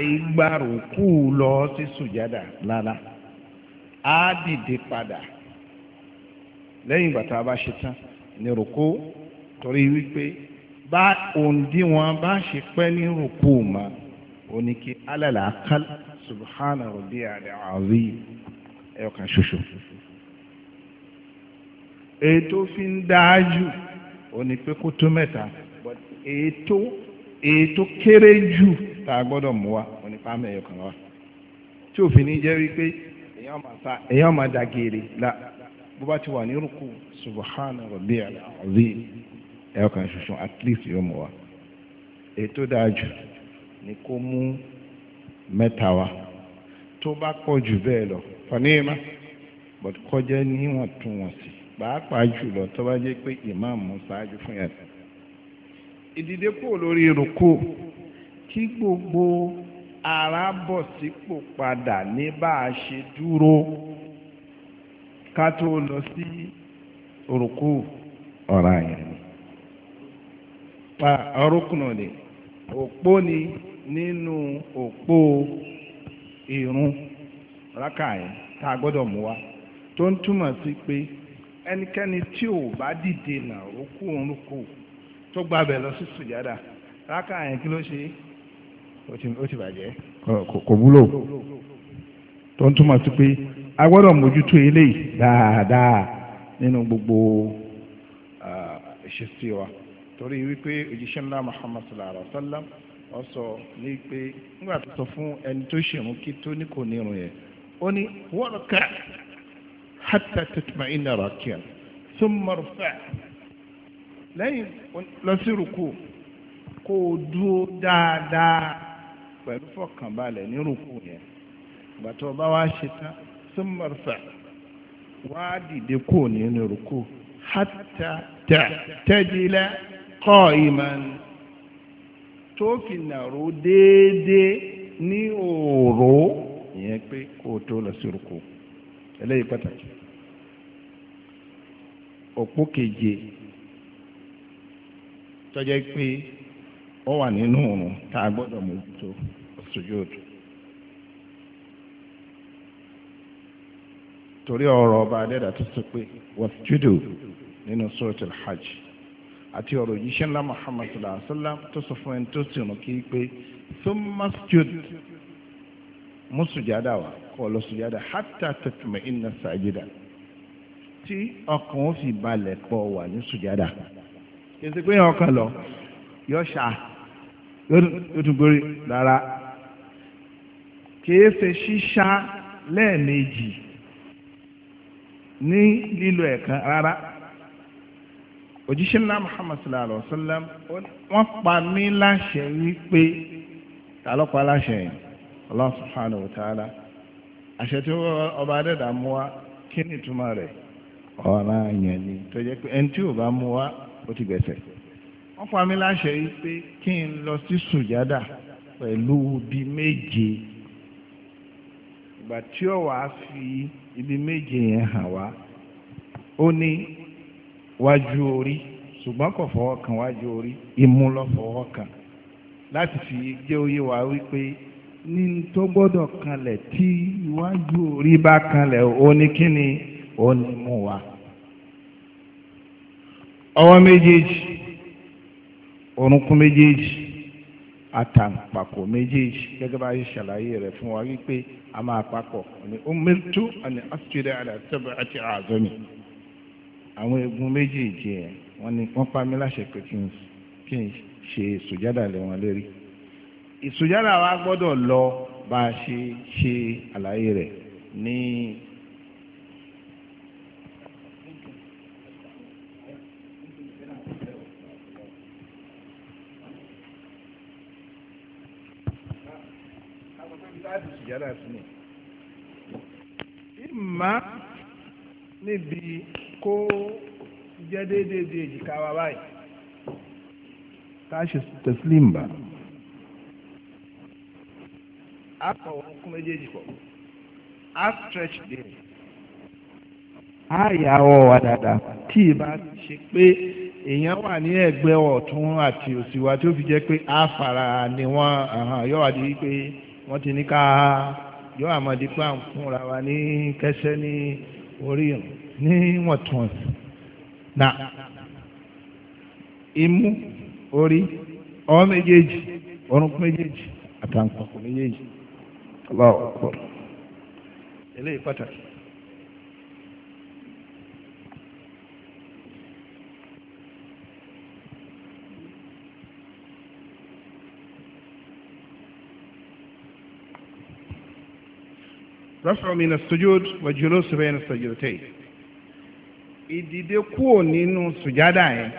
ìgbà rùkú lọ sí sùjádà lára á dìde padà lẹ́yìn ìgbà tá a bá ṣe tán ní rùkú torí wípé bá òǹdíwọ̀n bá ṣe pẹ́ ní rùkú mọ́ oníke alàlà akal subhana rabbi alaazí ẹ̀yọ̀kan ṣoṣo èyí tó fi ń dáájú òní pé kó tó mẹ́ta èyí ètò kéré jù tá a gbọ́dọ̀ mú wa wọn ni fámì ẹ̀yọ̀ kan wá tí òfin ní jẹ́ wípé èèyàn máa da geere la bó bá ti wà ní rúkú subahana rabi alazim ẹ̀yọ̀ kan ṣoṣo at least yóò mú wa ètò dáa jù ni kó mú mẹ́ta wa tó bá pọ̀ jù bẹ́ẹ̀ lọ faniima but kọjá níwọ̀ntúnwọ̀nsì pàápàá jùlọ tó bá jẹ́ pé ìmáàmù ṣáájú fún yàtọ̀ ìdìde kúrò lórí ìrùkú kí gbogbo ara bọ̀ sípò padà ní bá a ṣe dúró ká tó lọ sí ìrùkú ọ̀rá yẹn ni pa ọrùkùnà ni òpó ni nínú òpó ìrun rákà yẹn tá a gbọ́dọ̀ mú wa tó ń túmọ̀ sí pé ẹnikẹ́ni tí ò bá dìde nà ó kú tó gba abẹ lọ sí sùjádà rákà yẹn kí ló ṣe ó ti bàjẹ́ kò wúlò tó ń túmọ̀ sí pé a gbọ́dọ̀ mójútó eléyìí dáadáa nínú gbogbo ìṣesí wa torí wípé òjíṣẹ́ ńlá Muhammad sallallahu alaihi wa sallam ó sọ ní pé nígbà tó sọ fún ẹni tó ṣèrún kí tó ní kò ní yẹn ó ní wọ́n kà hatta tatma'inna raki'an thumma irfa' lẹ́yìn lọ sí rúkú kó o dúró dáadáa pẹ̀lú fọkànbalẹ̀ ní rúkú yẹn gbàtọ́ bá wá ṣe tán súnmọ́rfà wá dìde kó nínú rúkú hátà tẹ̀ tẹ́jìlẹ̀ kọ́ ìmọ̀ tó fi nàró déédéé ní òòró ìyẹn pé kó o tó lọ eléyìí pàtàkì òpó keje tọ́jẹ́ pé ó wà nínú òun tá a gbọ́dọ̀ mójútó sùjúdù. torí ọ̀rọ̀ ọba adẹ́dà tó sọ pé wasjudu nínú suratul hajj àti ọ̀rọ̀ òjíṣẹ́ ńlá muhammad sallallahu alaihi wasallam tó sọ fún ẹni tó sì rún kí pé thumma sujud mú sùjádà kọ́ lọ sùjádà hatta tatma'inna sàjìdà tí ọkàn ó fi balẹ̀ pọ̀ wà ní sùjádà kèsì pé yàn ọkàn lọ yọ ṣá yóò tún gbórí rárá kìí ṣe ṣíṣá lẹ́ẹ̀mejì ní lílo ẹ̀kan rárá òjíṣẹ́ ńlá muhammad sallallahu alaihi wa sallam wọ́n pa mí láṣẹ wípé ta ló pa láṣẹ yìí allah subhanahu wa ta'ala àṣẹ tí ọba adẹ́dàá mú wa kí ni ìtumọ̀ rẹ̀ ọ̀ràn yẹn ni tó jẹ́ pé ẹni tí ò bá mú wa ó ti gbẹ̀sẹ̀ wọ́n pa mí láṣẹ yìí pé kí n lọ sí sùjádà pẹ̀lú ibi méje ìgbà tí ó wàá fi ibi méje yẹn hàn wá ó ní wájú orí ṣùgbọ́n kò fọwọ́ kan wájú orí imú lọ fọwọ́ kan láti fi jẹ́ òye wá wípé ní tó gbọ́dọ̀ kanlẹ̀ tí iwájú orí bá kanlẹ̀ ó ní kíni ó ní mú wa. ọwọ́ méjèèjì orúnkún méjèèjì àtàǹpàkò méjèèjì gẹ́gẹ́ bá ṣe ṣàlàyé rẹ̀ fún wa wípé a máa papọ̀ ní umirtu àni asjida ala sab'ati a'zami àwọn egun méjèèjì ẹ̀ wọ́n ní wọ́n pa mí láṣẹ pé kí n ṣe sùjádà lé wọn lérí ìsùjádà wa gbọ́dọ̀ lọ bá a ṣe ṣe àlàyé rẹ̀ ní àlùjálàsì nù ìmá níbi kó jẹ́ déédéé di èjìká wa báyìí táṣì tẹ̀sílìm bá a kọ̀ orúnkún méjèèjì pọ̀ a stretch there a yà ọ wa dáadáa tí ì bá ṣe pé èèyàn wà ní ẹ̀gbẹ́ ọ̀tún àti òsì wa tí ó fi jẹ́ pé a fara ni wọ́n yọ̀ wá di wípé wọ́n ti ní ká yọ àmọ̀dípá fúnra wa ní kẹsẹ́ ní orí ní wọ̀ntúnwọ̀nsì na imú orí ọwọ́ méjèèjì orúnkún méjèèjì àtàǹpàkò méjèèjì ọlọ́ọ̀pọ̀ eléyìí pàtàkì. rafa min as-sujud wa julus bayna as-sujudayn ìdìde kúrò nínú sùjádà yẹn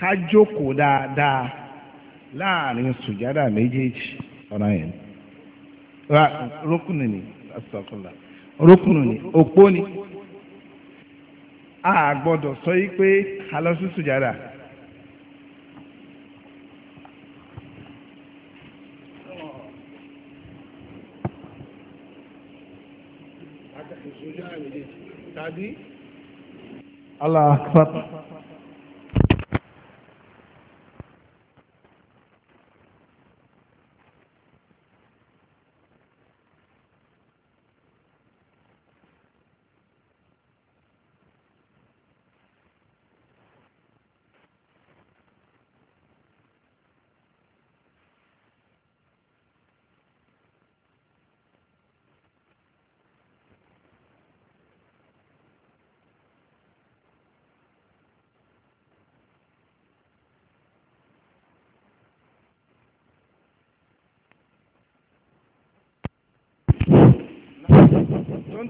ká jókòó dáadáa láàrin sùjádà méjèèjì ọ̀nà yẹn rúkùnù ni asọ̀kùnlá rúkùnù ni òpó ni a gbọ́dọ̀ sọ yí pé a lọ sí sùjádà. tàbí. Allah akbar.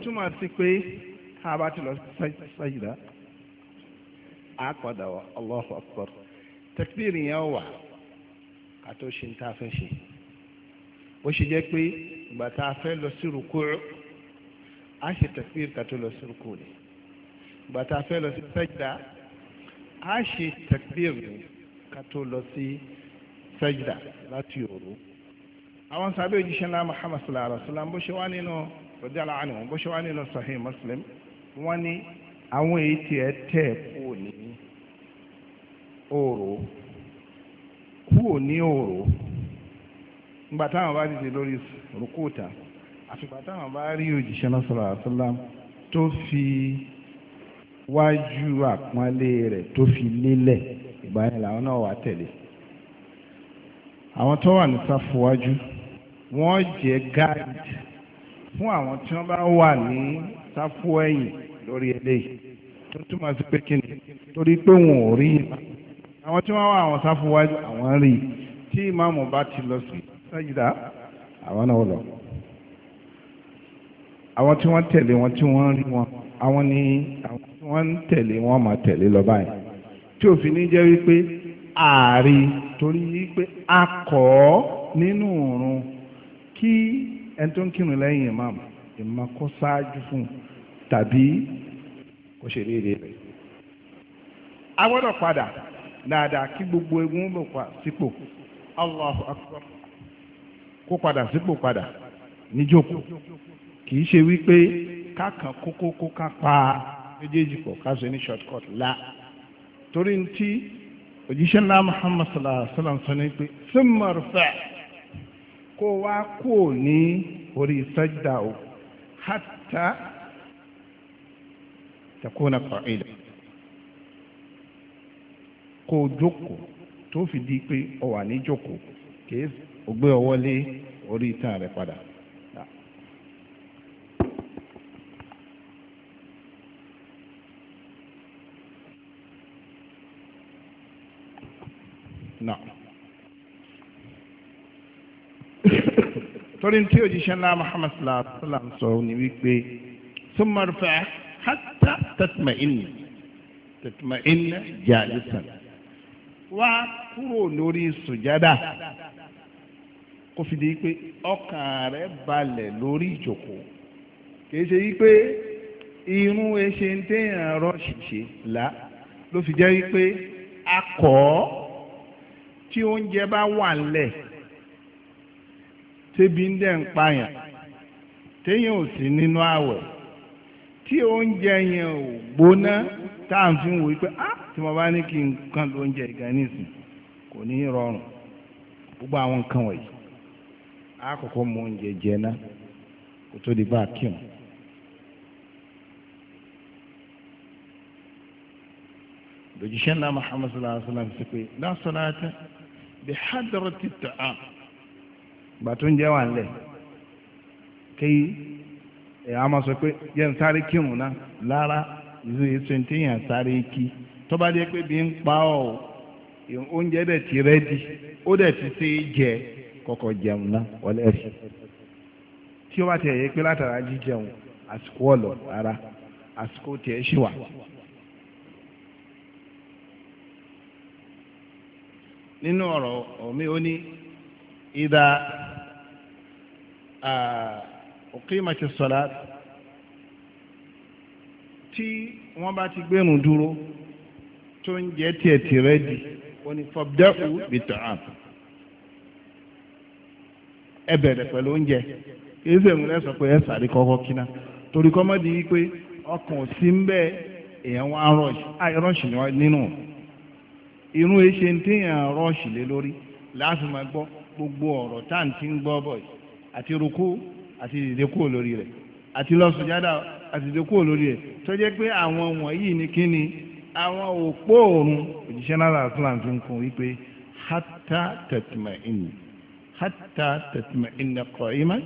túmọ̀ sí pé a bá ti lọ sájìdá a padà wá Allahu Akbar tẹkbírì yẹn wà ká tó ṣe ń tá a fẹ́ ṣe ó ṣe jẹ́ pé ìgbà tá a fẹ́ lọ sí rúkú a ṣe tẹkbírì ká tó lọ sí rúkú ni ìgbà tá a fẹ́ lọ sí sájìdá a ṣe tẹkbírì ká tó lọ sí sájìdá láti òru àwọn sábẹ́ òjíṣẹ́ ńlá Muhammad sallallahu alaihi wa sallam bó ṣe wá nínú rọjàlá àná wọn bó ṣe wá nínú sahih muslim wọn ní àwọn èyí tí ẹ tẹ kúrò ní òòrò kúrò ní òòrò ńgbà táwọn bá dìde lórí rúkúta àfìgbà táwọn bá rí òjìṣẹ́ náà sọ̀rọ̀ àṣọlá tó fi wájú àpọ́nlé rẹ̀ tó fi lélẹ̀ ìgbà yẹn làwọn náà wà tẹ̀lé àwọn tó wà ní sáfù wájú wọ́n jẹ́ gáàdì fún àwọn tí wọ́n bá wà ní sáfù ẹ̀yìn lórí eléyìí tó túmọ̀ sí pé kíni torí pé wọn ò rí ìmọ̀ àwọn tí wọ́n wà àwọn sáfù wájú àwọn rí i tí ìmáàmù bá ti lọ sí sájìdá àwọn náà lọ àwọn tí wọ́n tẹ̀lé wọn tí wọ́n rí wọn àwọn ni àwọn tí wọ́n ń tẹ̀lé wọn máa tẹ̀lé lọ báyìí tí òfin ní jẹ́ wípé ààrí torí wípé a nínú òrun kí ẹni imam ìmọ̀ kó ṣáájú fún tàbí kó ṣe léèrè rẹ̀ a gbọ́dọ̀ padà dáadáa kí gbogbo egun ló pa sípò Allahu akbar kó padà sípò padà kì í ṣe wípé kákan kókó kó ká pa ní la torí Muhammad sallallahu wa sallam sọ pé summa kó wá orí sájúdà o hátà takuna qa'ila kó o jókòó tó fi di pé ọ wà ní jókòó kìí ògbé ọwọ́ lé orí itan rẹ̀ padà. Now. torí tí òjíṣẹ́ ńlá Muhammad sallallahu alaihi wa sallam sọ ni wípé summa irfa' hatta tatma'inna tatma'inna jalisan wá kúrò lórí sùjádà kó fi di pé ọkàn rẹ̀ balẹ̀ lórí ìjókòó kìí ṣe wípé irun ẹṣẹ ń téèyàn rọ ṣìṣe ló fi jẹ́ wípé akọ̀ tí oúnjẹ bá wà ńlẹ̀. ṣébi ń dẹ̀ ń pààyàn ni nínú àwẹ̀ tí oúnjẹ yẹn ò gbóná tá à ń fi wò pé ah tí mo bá ní kí n kan lóúnjẹ ìgbà nísìn kò ní rọrùn gbogbo àwọn nǹkan wọ̀nyí a mọ oúnjẹ jẹ kó tó di bá ìgbà tó ń jẹ́ wà ńlẹ̀ kí ẹ̀yà máa sọ pé yẹn sáré kírun náà lára ìlú èso tí yẹn sáré kí tó bá dé pé bí ń pa ọ́ oúnjẹ dẹ̀ ti rẹ́dì ó dẹ̀ ti ṣe é jẹ kọ́kọ́ jẹun náà wọlé ẹ̀sìn tí ó bá ti ẹ̀yẹ pé látara jíjẹun àsìkò ọ̀lọ̀ rárá àsìkò tiẹ̀ ṣì wà. nínú ọ̀rọ̀ omi ó ní ìdá. ọ̀kímàtì sọ̀lá tí wọ́n bá ti gbẹ̀rùn dúró tó ń jẹ́ tiẹ̀ tì rẹ́dì wọ́n fọ́bdẹ́kù ẹ pẹ̀lú oúnjẹ kíná torí sí wá rọ́ọ̀ṣì àìrọ́ọ̀ṣì nínú irú eṣe rọ́ọ̀ṣì gbọ́ gbogbo ọ̀rọ̀ gbọ́ bọ̀ àti rukú àti dìde kúrò lórí rẹ̀ àti lọ sùjádà àti dìde kúrò lórí rẹ̀ tó jẹ́ pé àwọn wọ̀nyí ni kí ni àwọn òpó òrun òjíṣẹ́ náírà islam fi ń kún wípé hatta tatma'inna hatta tatma'inna qa'iman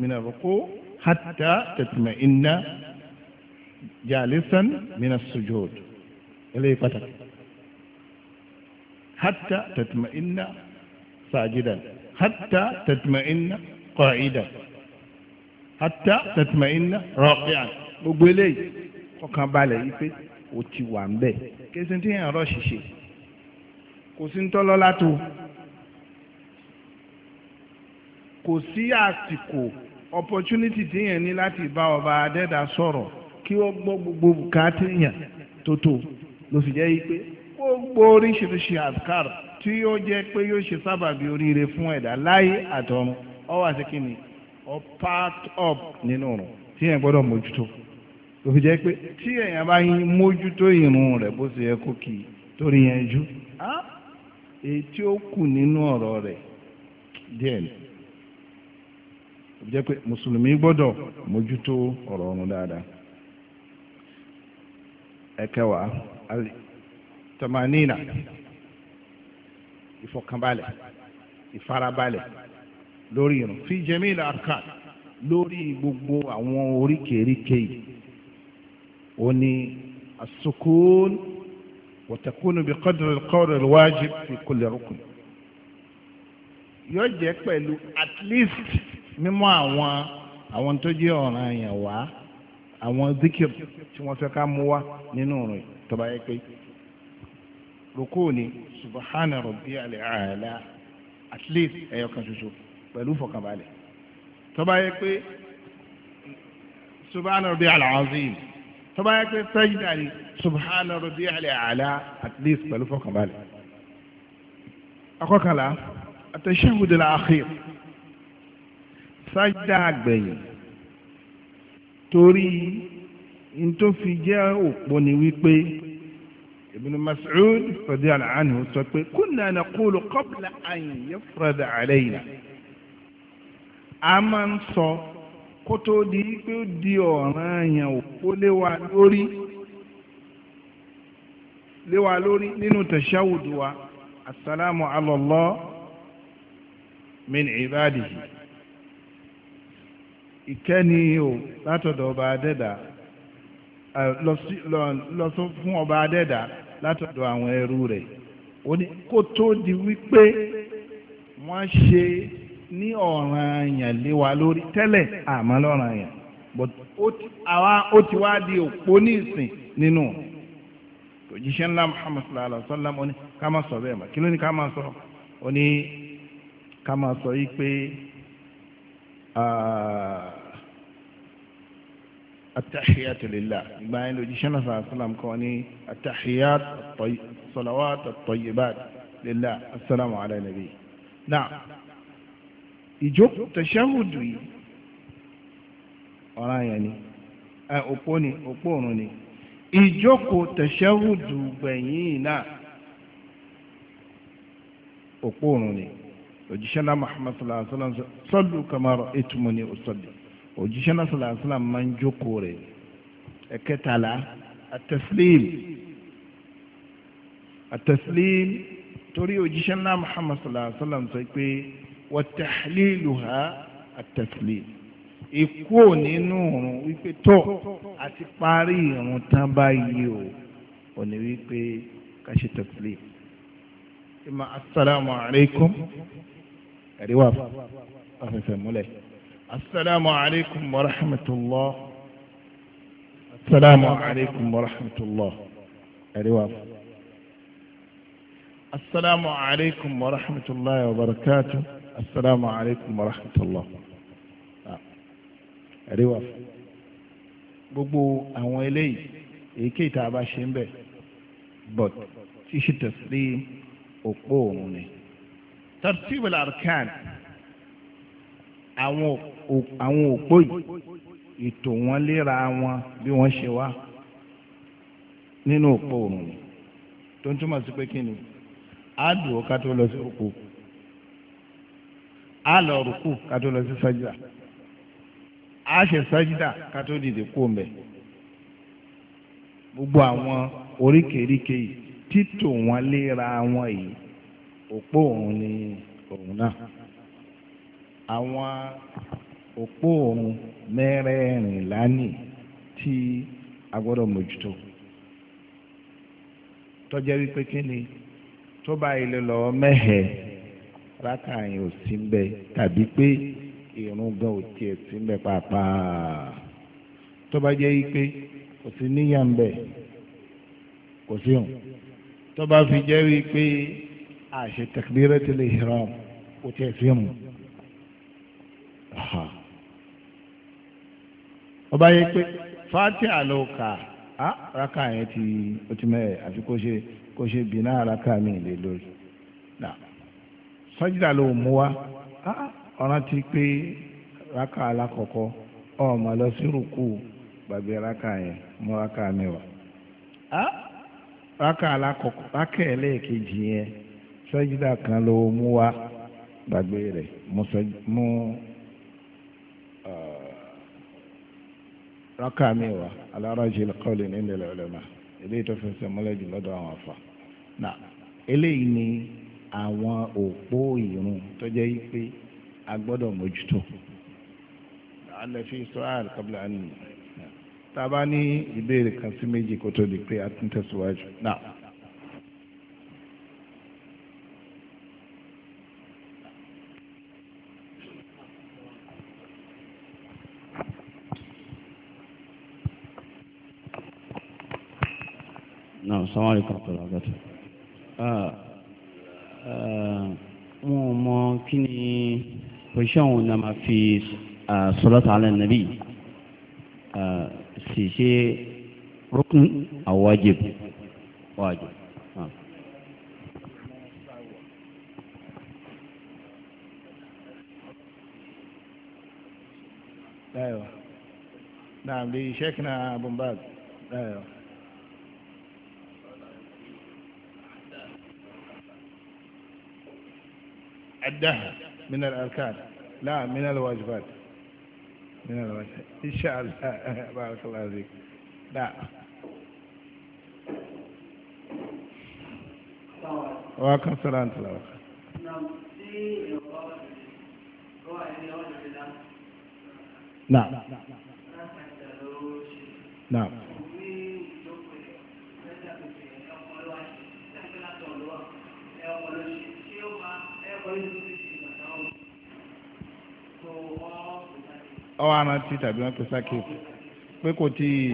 min ar-ruku hatta tatma'inna jalisan min as-sujud eléyìí pàtàkì hatta tatma'inna sajidan hatta tatma'inna qa'idan hatta tatma'inna raqi'an gbogbo eléyìí ọkàn balẹ̀ yìí pé o ti wà ń bẹ̀ kéṣin tí yẹn rọ̀ ṣiṣẹ́ kò sí ń tọ́lọ́ látò kò sí àsìkò opportunity tí yẹn ní láti bá ọba adẹ́dà sọ̀rọ̀ kí ó gbọ́ gbogbo bùkátì yẹn tó tó ló fi jẹ́ yìí pé ó gbọ́ oríṣiríṣi àkàrà tí yóò jẹ́ pé yóò ṣe sábàbí oríire fún ẹ̀dá láyé àtọ̀run. ọ wà sí kíni ọ part up nínú ọ̀rọ̀ tí yẹn gbọ́dọ̀ mójútó tó fi jẹ́ pé tí èèyàn bá yín mójútó rẹ̀ bó ṣe yẹ kó kì í torí yẹn jú tí ó kù nínú ọ̀rọ̀ rẹ̀ díẹ̀ ni tó fi pé mùsùlùmí gbọ́dọ̀ mójútó ọ̀rọ̀ ọ̀run dáadáa lórí irun fi jẹ́mílì arkan lórí gbogbo àwọn oríkèéríkè yìí ó ní asukun wọ̀tẹ̀kùnú bí kọ́dùrú kọ́dùrú lọ́wájú fi kulli rukun yóò jẹ́ pẹ̀lú at least mímọ́ àwọn àwọn tó jẹ́ ọ̀ràn àyàn wá àwọn zikir tí wọ́n fẹ́ ká mú wá nínú ọ̀ràn tó bá yẹ pé rukuni subhana rabbi al-aala at least ẹ̀yọ̀ kan ṣoṣo. pẹ̀lú fọkànbalẹ̀ tó bá yẹ pé subhana rabbiyal azim tó bá yẹ pé sẹ́yìdà ni subhana rabbiyal a'la at least pẹ̀lú fọkànbalẹ̀. akọ́kànlá at-tashahhudul akhir sájà àgbẹ̀yìn torí ntòfi jẹ́ òpó ni wípé ibn Mas'ud radiyallahu anhu sọ pé kunna naqulu qabla an yafrada alayna. a máa ń sọ kó tó di pé ó di ọ̀ràn àyàn ó lé lórí lé lórí nínú tashawud wa asalaamu ala Allah min ibadihi ìkẹ́ni o látọ̀dọ̀ ọba adẹ́dà lọ fún ọba adẹ́dà látọ̀dọ̀ àwọn ẹrú rẹ̀ kó tó di wípé wọ́n ṣe ní ọ̀ràn yẹn lé wa lórí tẹ́lẹ̀ àmọ́ lọ́ràn yẹn but ó ti wá di òpó ní ìsìn nínú òjíṣẹ́ ńlá Muhammad sallallahu alaihi wa sallam ó ní ká máa sọ bẹ́ẹ̀ mọ́ kí ló ní ká máa sọ ó ní ká máa sọ yìí pé attahiyatu ìgbà yẹn lójíṣẹ́ ńlá sallallahu alaihi wa sallam kọ́ ní attahiyat salawat at-tayyibat lillah assalamu ala nabi ìjókòó tẹ̀síáhùdù yìí ọ̀ràn yẹn ni òpó ni òpó òrùn ni ìjókòó tẹ̀síáhùdù gbẹ̀yìn náà òpó òrùn ni òjíṣẹ́ náà Muhammad sallallahu kama ra'aytumuni usalli òjíṣẹ́ náà sallallahu alaihi wasallam máa ń jókòó rẹ̀ ẹ̀kẹtàlá at-taslim torí òjíṣẹ́ náà Muhammad sallallahu alaihi wasallam sọ pé. wàtàlílùhà àtẹ̀sílẹ̀ ìkú nínú òrùn wípé tó àti parí ìrùn tán báyìí o òní wípé ká ṣe tẹ̀sílẹ̀ ìmọ̀ asalaamu alaykum ẹ̀rí wà fẹ́fẹ́ múlẹ̀ asalaamu alaykum wa rahmatulah asalaamu alaykum wa rahmatulah السلام عليكم ورحمة الله وبركاته asalaamu alaykum wa rahmatulah ah, ẹ̀rí wà fún gbogbo àwọn eléyìí èyíkéyìí tá a bá ṣe ń bẹ̀ but ṣíṣe tẹ̀sílẹ̀ òpó òun ni tartibul arkan àwọn òpó yìí ètò wọn léra wọn bí wọ́n ṣe wá nínú òpó òun ni tó ń túmọ̀ sí pé kí ni á dùn tó lọ sí òpó á lọ rùkú ká tó lọ sí sájídà á ṣe sájídà ká tó dìde kú mbẹ gbogbo àwọn oríkèéríkèé yìí títò wọn léra wọn yìí òpó òun ni òun náà àwọn òpó òun mẹ́rẹ̀ẹ̀rìnlá nì tí a gbọ́dọ̀ mójútó tọ́jẹ́ wípé kí ni tó bá ilé lọ mẹ́hẹ̀ẹ́ rákà yẹn ò sí ń bẹ tàbí pé ìrun gan ò tiẹ̀ sí ń bẹ pàápàá tó bá jẹ́ pé kò sí níyà ń bẹ kò sí hàn tó bá fi jẹ́ pé àṣẹ takbiratul ihram kò tiẹ̀ sí hàn ọba yẹ pé fati aloka a ti o ti mẹ àfi kó ṣe kó ṣe bìnnà raka mi lè lórí sọ́jídà ló mú wa ah, ọ̀ràn ti pé rákà alákọ̀ọ́kọ́ ọmọ lọ sí rúkú gbàgbé rákà yẹn mú rákà mẹ́wàá ah, rákà alákọ̀ọ́kọ́ rákà ẹlẹ́ẹ̀kejì yẹn sọ́jídà kan ló mú wa gbàgbé rẹ̀ mú ah, rákà mẹ́wàá alárajì kọ́lé nílẹ̀ lọ́lọ́mà eléyìí tó fẹsẹ̀ mọ́lẹ́jù lọ́dọ̀ àwọn afa. eléyìí ni àwọn òpó ìrun tó jẹ́ pé a gbọ́dọ̀ mójútó. alẹ́fi israel kabla a bá ní ìbéèrè kan sí méjì kó tó di pé a ti ń tẹ̀síwájú náà. Now, somebody come to that. Uh, wọn mọ kí ni position wọn náà máa fi salatu ala nabi sì ṣe rukun aw wajib wajib. ايوه نعم لشيخنا بن باز ايوه عدها من الأركان لا من الواجبات من الواجبات إن شاء الله بارك الله فيك لا وعليكم السلام ورحمة الله نعم نعم نعم ọwọ́ arántí tàbí wọ́n pè sákè pé kò tí ì.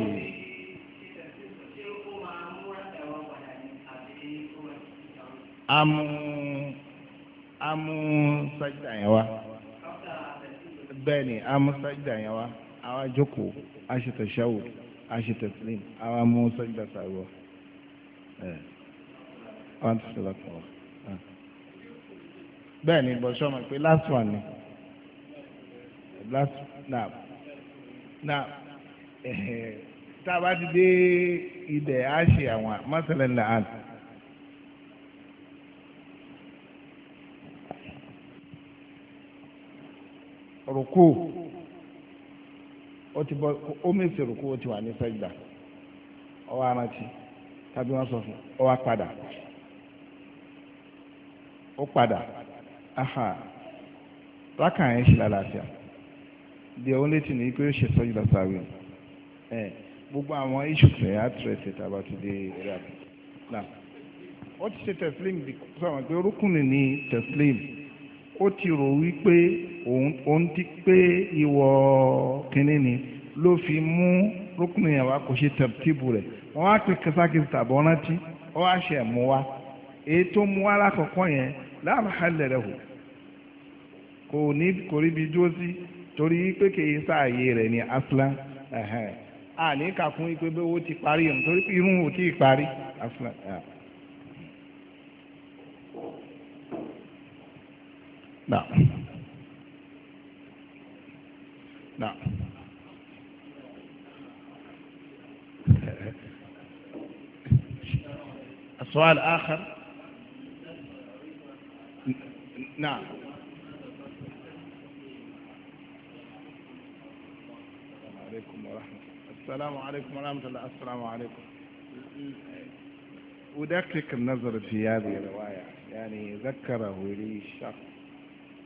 amu amu sajida yẹn wa bẹ́ẹ̀ ni amu sajida yẹn wa àwa jókòó a ṣe tẹ̀síáwò a ṣe tẹ̀sílẹ̀m àwa mú sajida sàrò ẹ̀ ọ́n ti sọ̀rọ̀ kọ́ ọ́. bẹ́ẹ̀ ni pé last one ni last na na tá a bá ti dé ilẹ̀ á ṣe àwọn mọ́sálẹ̀ ńlá àn. rùkú o ti bọ́ ó mèsì rùkú ó ti wà ní aha rákà yẹn ṣe lálàáfíà the only thing ni pé ó ṣe sọ́jú lọ́sàáwì ẹ̀ gbogbo àwọn issues rẹ̀ á tẹ̀rẹ̀ ṣètò àbátí dé ẹ̀rẹ́ àbí náà ó ti ṣe tẹ̀sílìm sọ̀rọ̀ pé orúkùnrin ní tẹ̀sílìm ó ti rò wípé òun ti pé ìwọ kínní ni ló fi mú orúkùnrin yẹn wá kò ṣe tẹ̀tíìbù rẹ̀ wọ́n á pe kẹsàkẹsà tàbí ọ̀rántí ó wá ṣe ẹ̀mú wa èyí tó mú wa lákọ̀ọ́kọ́ yẹn la mahalla lahu kò ní kò rí bi dúró sí torí pé kìí sáàyè rẹ̀ ní aslan àní kàkún pé bí owó ti parí ọ̀nà torí pé irun ò tí ì parí aslan. Now. آخر نعم عليكم ورحمة السلام عليكم ورحمة الله السلام عليكم أدقق النظر في هذه الرواية يعني ذكره لي شخص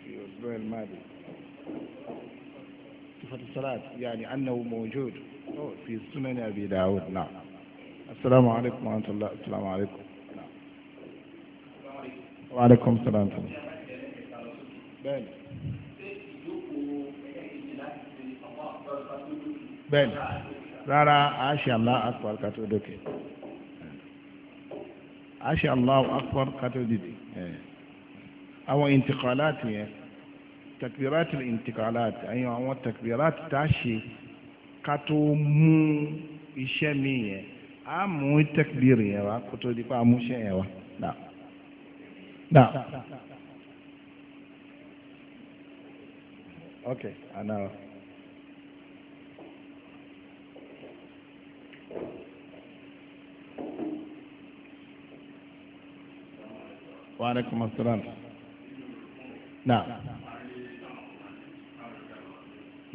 في الأسبوع الماضي صفة الصلاة يعني أنه موجود في سنن أبي داود نعم السلام عليكم ورحمة الله السلام عليكم نعم. وعليكم السلام ورحمة الله bẹ́ẹ̀ni. bẹ́ẹ̀ni rárá aṣàlá akpọ̀r kàtó dókè aṣàlá akpọ̀r kàtó dìde àwọn intikaláàtì yẹn takbiratul intikaláàtì àyàn àwọn takbiratul tá a ṣe ká tó mú iṣẹ́ mi yẹn a mú takbir yẹn wa kó tó di pa amúṣẹ́ yẹn wa. Nah. Nah. Okay, an hour. Wa alaikum نعم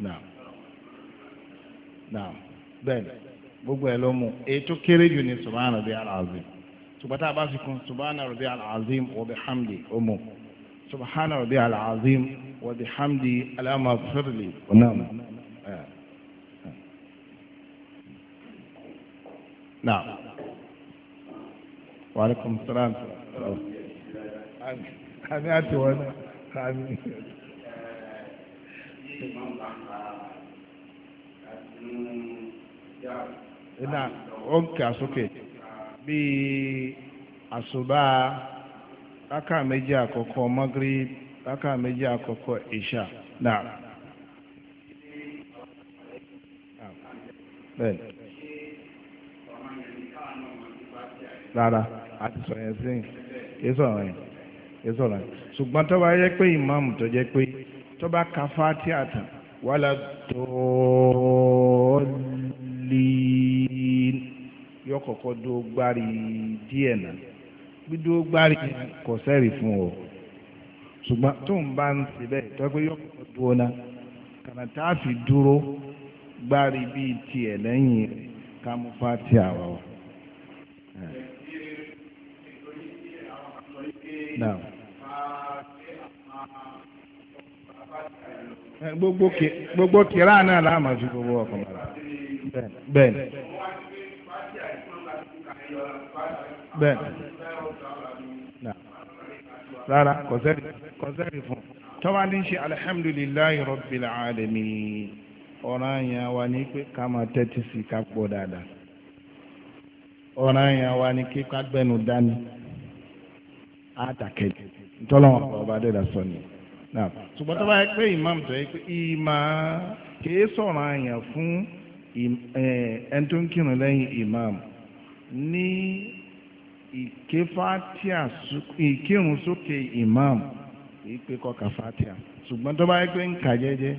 نعم Now. Now. Then. Gbogbo ẹ̀ ló mú. Èyí tó kéré jù ní Subhana Rabi Al-Azim. Ṣùgbọ́n tá a bá fi kún Subhana Rabi Al-Azim wa bihamdi ó mú. Subhana Rabi Al-Azim وبحمدي اللهم اغفر لي ونعم نعم وعليكم السلام أنا أتي وأنا نعم أوكي أسوكي بي àsùbá rákà méjì àkọ́kọ́ magrib rákà méjì àkọ́kọ́ isha, náà. bẹ́ẹ̀ rárá a ti sọ̀rọ̀ yẹn sẹ́yìn kìí sọ̀rọ̀ yẹn kìí sọ̀rọ̀ yẹn ṣùgbọ́n tó bá yẹ pé ìmáàmù tó jẹ́ pé tó bá ka fáti àtàn wàlá tóólì yóò kọ́kọ́ dó gbárí díẹ̀ náà gbídó gbárí kò sẹ́rì fún o ṣùgbọ́n tó ń bá ń ṣe bẹ́ẹ̀ tó pé yóò kọ́kọ́ dúró náà kàrà tá a fi dúró gbárí bíi tiẹ̀ lẹ́yìn rẹ̀ ká mú fáti àwa wa. gbogbo kìrá náà láàmú fi gbogbo ọkọ̀ mọ́ra bẹ́ẹ̀ bẹ́ẹ̀ rárá kọ̀sẹ́rì fún tọ́ba ní ṣe alihamdulilayi rabbil alamin ọ̀ràn yẹn wa ní pé ká máa tẹ́tí sí ká pọ̀ dáadáa ọ̀ràn yẹn wa ní kí ká gbẹnu dání àtàkẹ́jì ntọ́lọ́wọ́n ọba dẹ́dà sọ ni ṣùgbọ́n tọ́ba yẹ pé imam sọ yẹ pé ìmà kìí sọ̀rọ̀ àyàn fún ẹni tó ń kírun lẹ́yìn imam ní ìkírun sókè imam ìpè kọkà fatia ṣùgbọ́n tó bá yẹ pé ń kà jẹ́jẹ́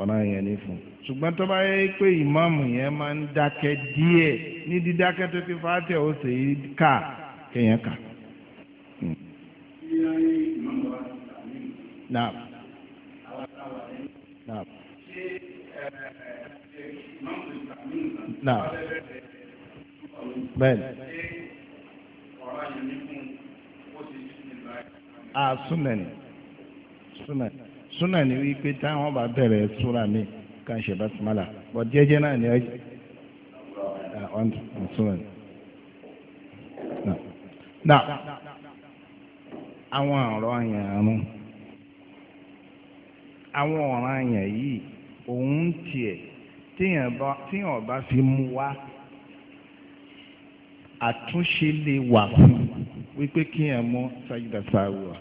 ọ̀ràn yẹn ni fún ṣùgbọ́n tó bá yẹ pé imam yẹn máa ń dákẹ́ díẹ̀ ní dídákẹ́ tó fi fatia ó sì kà kéèyàn kà. Hmm. Naam. Naam. Naam àsúnà ah, ni súnà súnà ni wípé táwọn bá bẹ̀rẹ̀ súnà mi ká ṣe bá sùmọ́là bọ́ jẹ́jẹ́ náà ni ọ̀n ah, súnà ni. na àwọn ọ̀rọ̀ àyàn àrùn àwọn ọ̀rọ̀ àyàn yìí òun tiẹ̀ tíyàn bá fi mú wá àtúnṣe lè wà fún wípé kí ẹ mọ sáyidàsáwà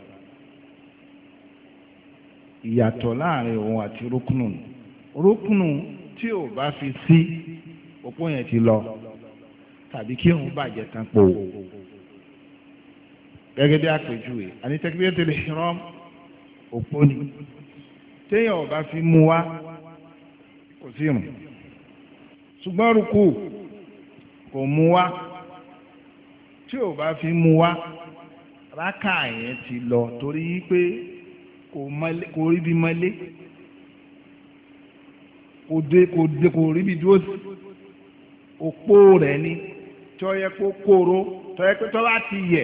ìyàtọ̀ láàrin òun àti rúkúnù rúkúnù tí ò bá fi sí òpó yẹn ti lọ tàbí kí òun bàjẹ́ tán pò gẹ́gẹ́ bí àpèjúwe àní tẹ́kíbíyẹ́tẹ̀lẹ̀ ìrọ́m òpó ni téèyàn ò bá fi mú wá kò sí ìrùn ṣùgbọ́n rúkú kò mú wá tí ò bá fi mú wa rákà yẹn ti lọ torí pé kò rí bí kò dé kò dé kò rí dúró sí òpó rẹ̀ ni tó yẹ kó kóró tó yẹ pé tó bá ti yẹ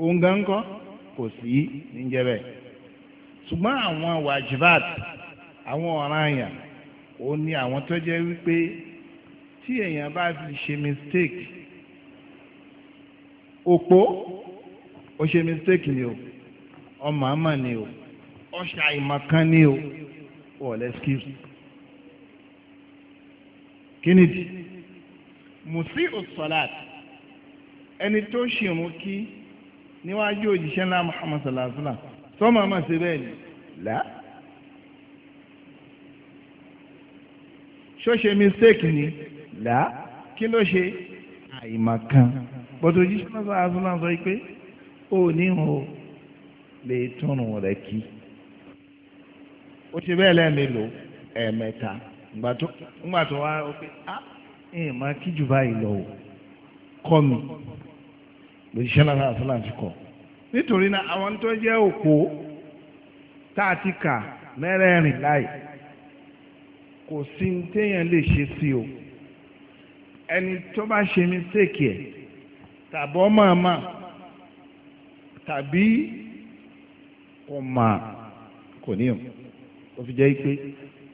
òun gan kọ́ kò sí níjẹ́ bẹ́ẹ̀ ṣùgbọ́n àwọn wajibat àwọn ọ̀ràn àyàn òun ni àwọn tó wípé tí èèyàn bá fi ṣe mistake òpó ó ṣe mistake ni o ọmọ àmà ni o ọṣà ìmọ̀kan ni o wọ̀lẹ̀ excuse kínìdì mùsí ọ̀sọ̀láàt ẹni tó ṣìrún kí níwájú òjíṣẹ́ ńlá Muhammad salasala sọ́mọ àmà sí bẹ́ẹ̀ ni là ṣó ṣe mistake ni là kí ló ṣe àìmọ̀kan bọ́tò jíṣẹ́ náà sọ àfúnà sọ pé ó ní ìhùn lè túnrùn rẹ̀ kí ó ti bẹ́ẹ̀ lẹ́ẹ̀mélòó ẹ̀ẹ̀mẹ́ta ńgbà tó wá ó pé á ẹ̀yìn máa kí jù báyìí lọ o kọ́ mi lòṣìṣẹ́ náà sọ àfúnà fi kọ́ nítorí náà àwọn tó jẹ́ òpó tá a ti kà mẹ́rẹ̀ẹ̀rin láì kò sí téèyàn lè ṣe sí o ẹni tó bá ṣe mistake ẹ̀ tàbọ́ màmá tàbí ọmọ kò níyàn ó fi jẹ́ pé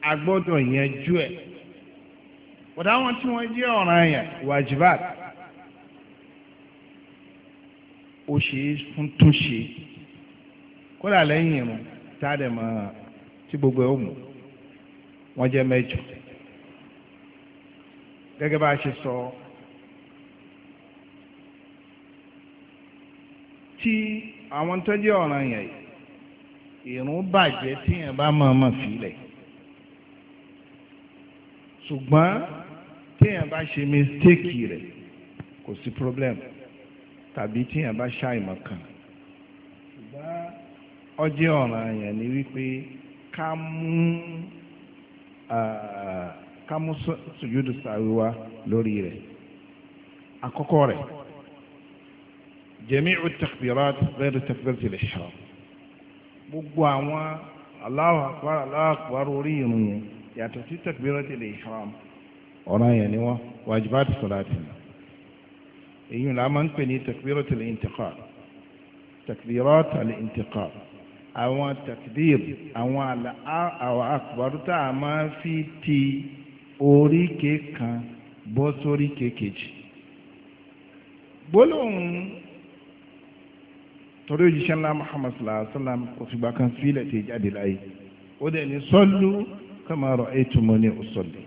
a gbọ́dọ̀ yanjú ẹ̀ ọ̀dà àwọn tí wọ́n jẹ́ ọ̀ràn yẹn wajibat ó ṣe é fún túnṣe kódà lẹ́yìn irun tá a dẹ̀ mọ̀ tí gbogbo ẹ̀ ó mú wọ́n jẹ́ mẹ́jọ gẹ́gẹ́ bá a ṣe sọ. So, ti àwọn tó jẹ́ ọ̀ràn yẹn ìrún bàjẹ́ tíyẹn bá máa ma filẹ̀ ṣùgbọ́n tíyẹn bá ṣe mistake rẹ̀ kò sí problem tàbí tíyẹn bá ṣàìmọ̀ kan ṣùgbọ́n ọjẹ́ ọ̀ràn yẹn ni wípé ká mú ká mú sùjúdù lori lórí rẹ̀ àkọ́kọ́ rẹ̀. jẹ̀míù takbirat gẹ́rù takbirat al-ihram gbogbo àwọn Allahu akbar Allahu akbar orí irun yẹn yàtọ̀ sí takbirat al-ihram ọ̀ràn yẹn ni wọ́n wajibat salati èyí ni a máa ń pè ní takbirat al-intiqal takbirat al-intiqal àwọn takbir àwọn àwọn akbar tá a máa fi ti oríkèé kan bọ́ sóríkèé kejì gbólóhùn torí òjíṣẹ́ ńlá muhammad sallallahu alayhi wa sallam kò fìgbà kan sílẹ̀ tí jáde láyé ó dẹ̀ ní sọ́lú kàmáàrọ̀ ètùmọ̀ ní òsọ̀lẹ̀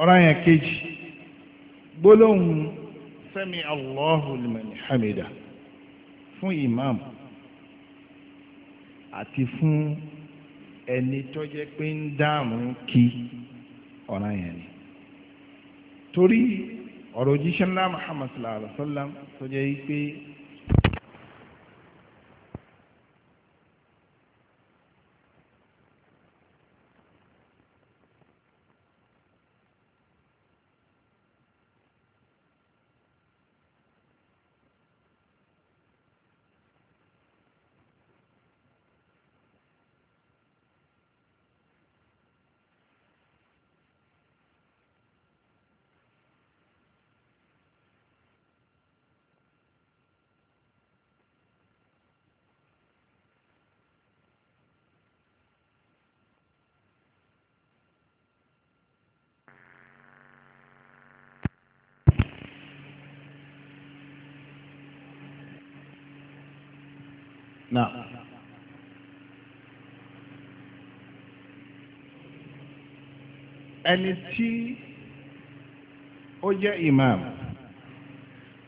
ọ̀rọ̀ yẹn kejì gbólóhùn sami allahu liman hamida fún imam àti fún ẹni tó jẹ́ pé ń dáàmú kí ọ̀rọ̀ yẹn ni torí ọ̀rọ̀ òjíṣẹ́ ńlá muhammad sallallahu alayhi wa sallam tó jẹ́ pé نعم، ẹni tí ó jẹ́ imam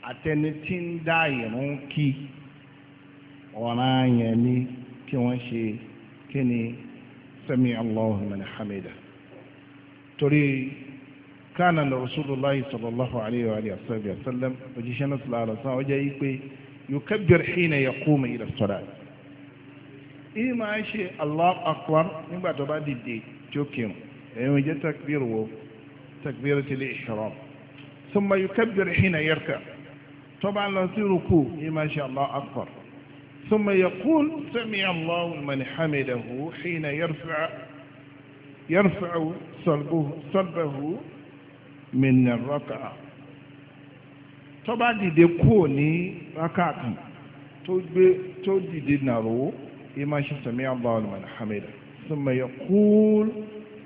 àtẹni tí ń dá ìrun kí ọ̀ràn yẹn ni kí wọ́n ṣe kí ni sami allahu min hamida torí kánà lọ rasulullah sallallahu alayhi wa sallam òjíṣẹ́ náà sallallahu alayhi ó jẹ́ yí يكبر حين يقوم إلى الصلاة إما إيه ما شيء الله أكبر بعد بعد الدين تكيم يعني وجه تكبير تكبيرة الإحرام ثم يكبر حين يركع طبعا لا ركوع إما إيه ما شاء الله أكبر ثم يقول سمع الله من حمده حين يرفع يرفع صلبه, صلبه من الركعه tó bá dìde kúò ní rákàtì tó gbé tó dìde nàró ìmọ̀ ṣe sami Allahu liman hamida thumma yaqul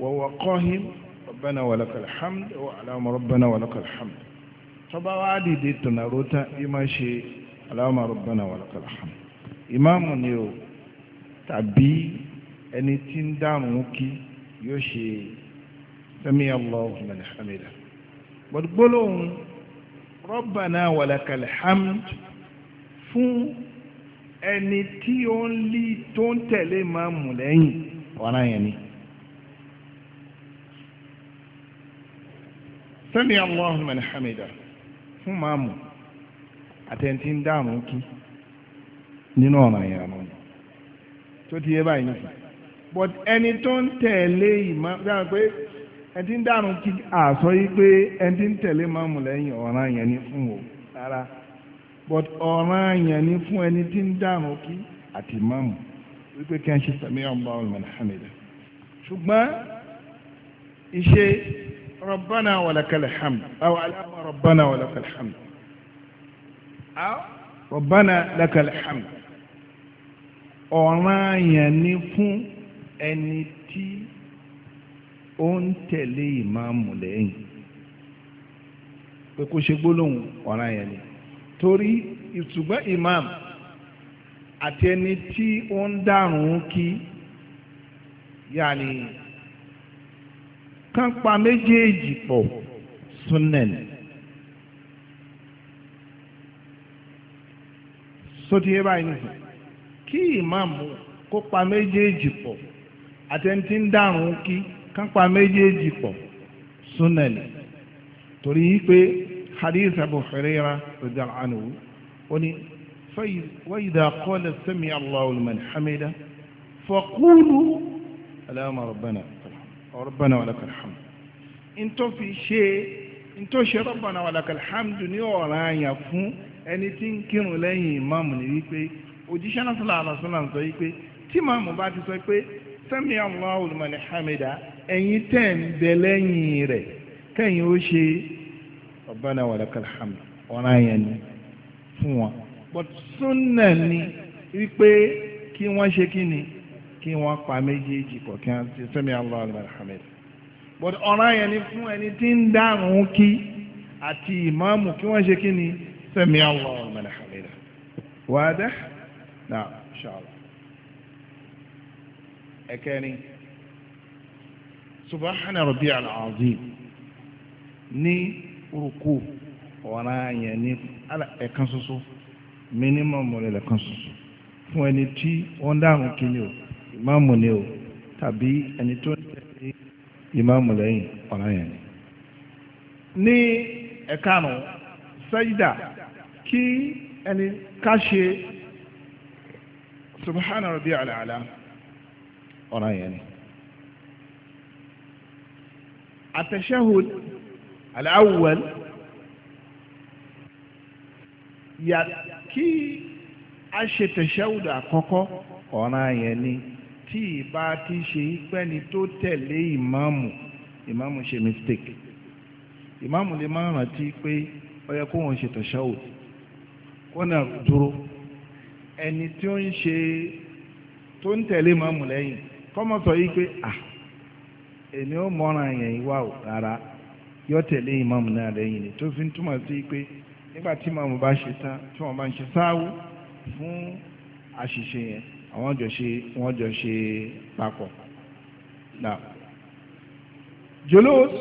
wa huwa qahim rabbana wa lakal hamd wa alama rabbana wa lakal hamd tó bá wá dìde tọ̀nàró tán ìmọ̀ ṣe alama rabbana hamd ìmáàmù ni o tàbí ẹni tí ń dárùn kí yóò ṣe sami Allahu liman hamida Rabbana walakal hamd fún ẹni tí ó ń lí tó ń tẹ̀lé máa mù lẹ́yìn ọ̀ràn yẹn ni. sami Allahu liman hamida fún máa mù àtẹ̀ntì ń dáàmú kí nínú ọ̀ràn yẹn àná tó ti yé báyìí nìkan but ẹni tó ń tẹ̀lé ìmọ̀ dáhùn pé ẹtí ń dànù kí àsọ yìí pé ẹtí ń tẹ̀lé máàmù lẹ́yìn ọ̀ràn yẹn ni fún o rárá but ọ̀ràn yẹn ni fún ẹni tí ń dànù kí àti máàmù wípé kí n ṣe sami Allahu liman hamidah ṣùgbọ́n ìṣe rabbana walakal hamd aw alama rabbana walakal hamd aw rabbana lakal ọ̀ràn yẹn ni fún ẹni tí ó ń tẹ̀lé ìmáàmù lẹ́yìn pé kó ṣe gbólóhùn ọ̀ràn yẹn ni torí ìtùgbọ́n ìmáàmù àti ẹni tí ó ń dàrún kí yàní kán pa méjèèjì pọ̀ súnnẹ̀nì. sóti yé báyìí nìyí kí ìmáàmù kó méjèèjì pọ̀ àti ẹni tí ń dàrún kí kápá méjèèjì pọ̀ súnẹ̀lì torí pé hadith abu hurairah radiyallahu anhu ó ní wa idha qala sami'a Allahu liman hamidah faqulu allahumma rabbana rabbana wa lakal hamd ntọ́fi ṣe ntọ́ṣe rabbana wa lakal hamd ní ọ̀ràn àyà fún ẹni tí ń kírun lẹ́yìn ìmáàmù ni wípé òjíṣẹ́ náà sallallahu alaihi sọ wípé tí màmù bá ti sọ pé sami Allahu liman hamida ẹ̀yin tẹ́ ń bẹ lẹ́yìn rẹ̀ kẹ́yìn ó ṣe rabbana walakal hamd ọ̀ràn yẹn ni fún wọn. but sunna ni wípé kí wọ́n ṣe kí ni kí wọ́n pa méjèèjì pọ̀ kí wọ́n ti sami Allahu liman hamida. but ọ̀ràn yẹn ni fún ẹni tí ń dárun kí àti ìmáàmù kí wọ́n ṣe kí ni sami Allahu liman hamida. wàá náà insha ẹ̀kẹrin subahana rabi al-azim ní ruku ọ̀ràn yẹn ní ẹ̀kan ṣoṣo mínímọ̀mù rẹ̀ lẹ́kan ṣoṣo fún ẹni tí wọ́n dáhùn kíni o ìmáàmù ni o tàbí ẹni tó ń tẹ̀lé ìmáàmù lẹ́yìn ọ̀ràn yẹn ni. ní ẹ̀karùn-ún kí ẹni ká ṣe subahana rabi al ọ̀ràn yẹn ni. àtẹ̀ṣẹ́hùn aláwọ̀l yà kí a ṣe tẹ̀ṣẹ́hùn àkọ́kọ́ ọ̀ràn yẹn ni tí ìbá ti ṣe pẹ́ni tó tẹ̀lé ìmáàmù ìmáàmù ṣe mistake ìmáàmù lè máa rántí pé ó yẹ kó wọn ṣe tẹ̀ṣẹ́hùn kó dúró ẹni tí ó ń ṣe tó ń tẹ̀lé ìmáàmù lẹ́yìn kọ́mọ sọ yìí pé à ah, èmi ò mọ́ràn yẹn wá o rárá yọ tẹ̀lé ìmáàmù náà lẹ́yìn ni tó fi ń túmọ̀ sí pé nígbà tí ìmáàmù bá ṣe tán tí wọ́n bá ń ṣe sáwó fún àṣìṣe yẹn àwọn jọ ṣe wọ́n jọ ṣe papọ̀. jòlóòs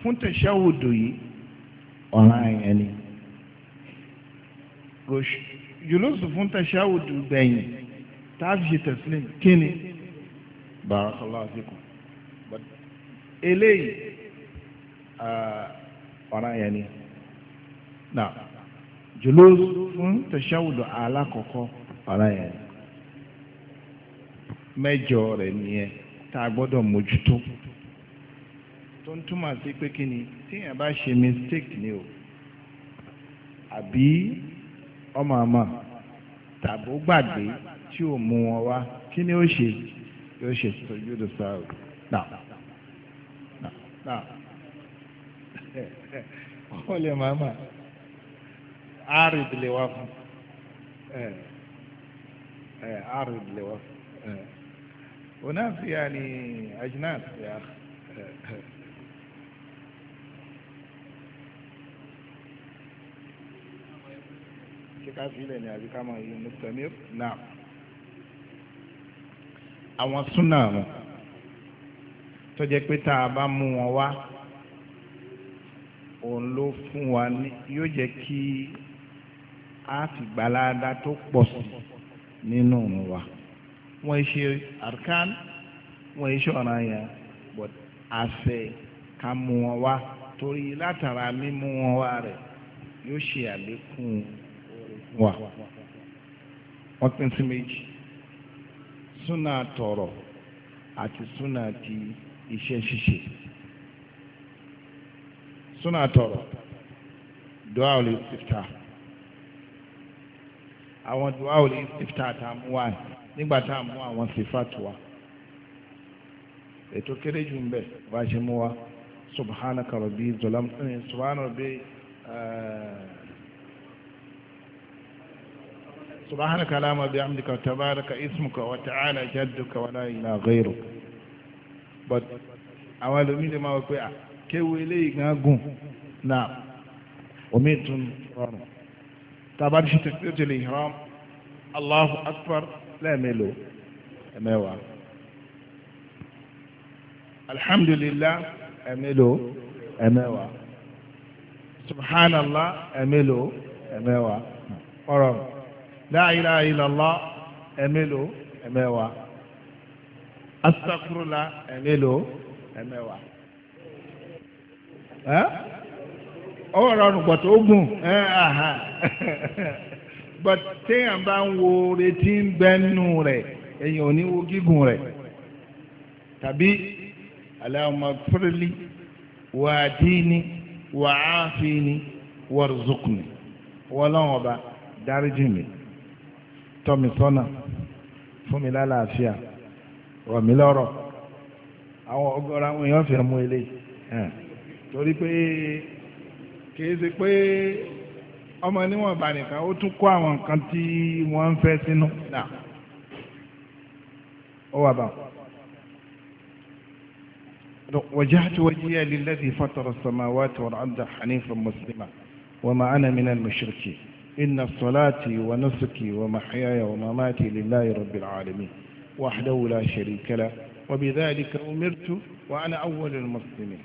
fún tẹ̀síàwòdò yìí ọ̀ràn yẹn ni jòlóòs fún tẹ̀síàwòdò gbẹ̀yìn tààfi ṣe tẹ̀sílẹ̀ kí ni barakallahu fikum eléyìí ah, ọ̀ràn yẹn ni na jùlọ fún tẹ̀síwájú alákọ̀ọ́kọ́ ọ̀ràn yẹn ni mẹ́jọ rẹ̀ nìyẹn tá a gbọ́dọ̀ mójútó tó ń túmọ̀ sí pé kí tíyẹn bá ṣe mistake ni o àbí ọmọ àmọ́ tàbó gbàgbé tí ò mú wọn wá kí ni ó ṣe yóò ṣe sujudu sahwi náà náà wọ́n lè máa mà áàrùd lè wá fún áàrùd lè wá fún هناك يعني أجناس يا أخي كيف عارف هنا يعني كما هي مستمر نعم àwọn súnà wọn tó jẹ́ pé tá a bá mú wọn wá òun ló fún wa ní yóò jẹ́ kí a fi gbalada tó pọ̀ sí nínú wa wọ́n ṣe arkan wọ́n ṣe ọ̀ràn yẹn but àṣẹ ká mú wọn wá torí látara mímú wọn wá rẹ̀ yóò ṣe àlékún wa wọ́n pín sí méjì súnà tọ̀rọ̀ àti súnà ti iṣẹ́ ṣíṣe súnà tọ̀rọ̀ dùá ò lè sìftà àwọn dùá ò lè sìftà tá a mú wa nígbà tá a mú àwọn sífàtù wa ètò kéré jù ń bẹ bá ṣe mú wa subhanaka rabbi zolam eh, subhanaka rabbi. Eh, سبحانك اللهم بحمدك وتبارك اسمك وتعالى جدك ولا إله غيرك but àwọn ẹlòmíì lè máa wọ pé kéwu eléyìí gan gùn náà omi tún rọrùn tàbá ti ṣètò tó tẹlẹ ìhàn Allahu akbar lẹ́ẹ̀mélòó ẹ̀mẹ́wàá alhamdulillah ẹ̀mélòó ẹ̀mẹ́wàá subhanallah ẹ̀mélòó ẹ̀mẹ́wàá ọ̀rọ̀. la ilaha illallah ẹ̀mẹ́lò ẹ̀mẹ́wàá asakúrúlá ẹ̀mẹ́lò ogun but téèyàn bá ń wo retí ń bẹ́nu rẹ̀ èyàn ò ní wo gígùn rẹ̀ tàbí tọ́ mi sọ́nà fún mi lálàáfíà rọ̀ mí lọ́rọ̀ àwọn ọ̀gọ̀rọ̀ àwọn èèyàn fẹ́ mú eléyìí torí pé kìí ṣe pé ọmọ níwọ̀nba nìkan ó tún kó àwọn nǹkan tí wọ́n ń fẹ́ sínú náà ó wà báwọn. وجهت وجهي للذي فطر السماوات والأرض حنيفا مسلما وما أنا من المشركين إن صلاتي ونسكي ومحياي ومماتي لله رب العالمين وحده لا شريك له وبذلك أمرت وأنا أول المسلمين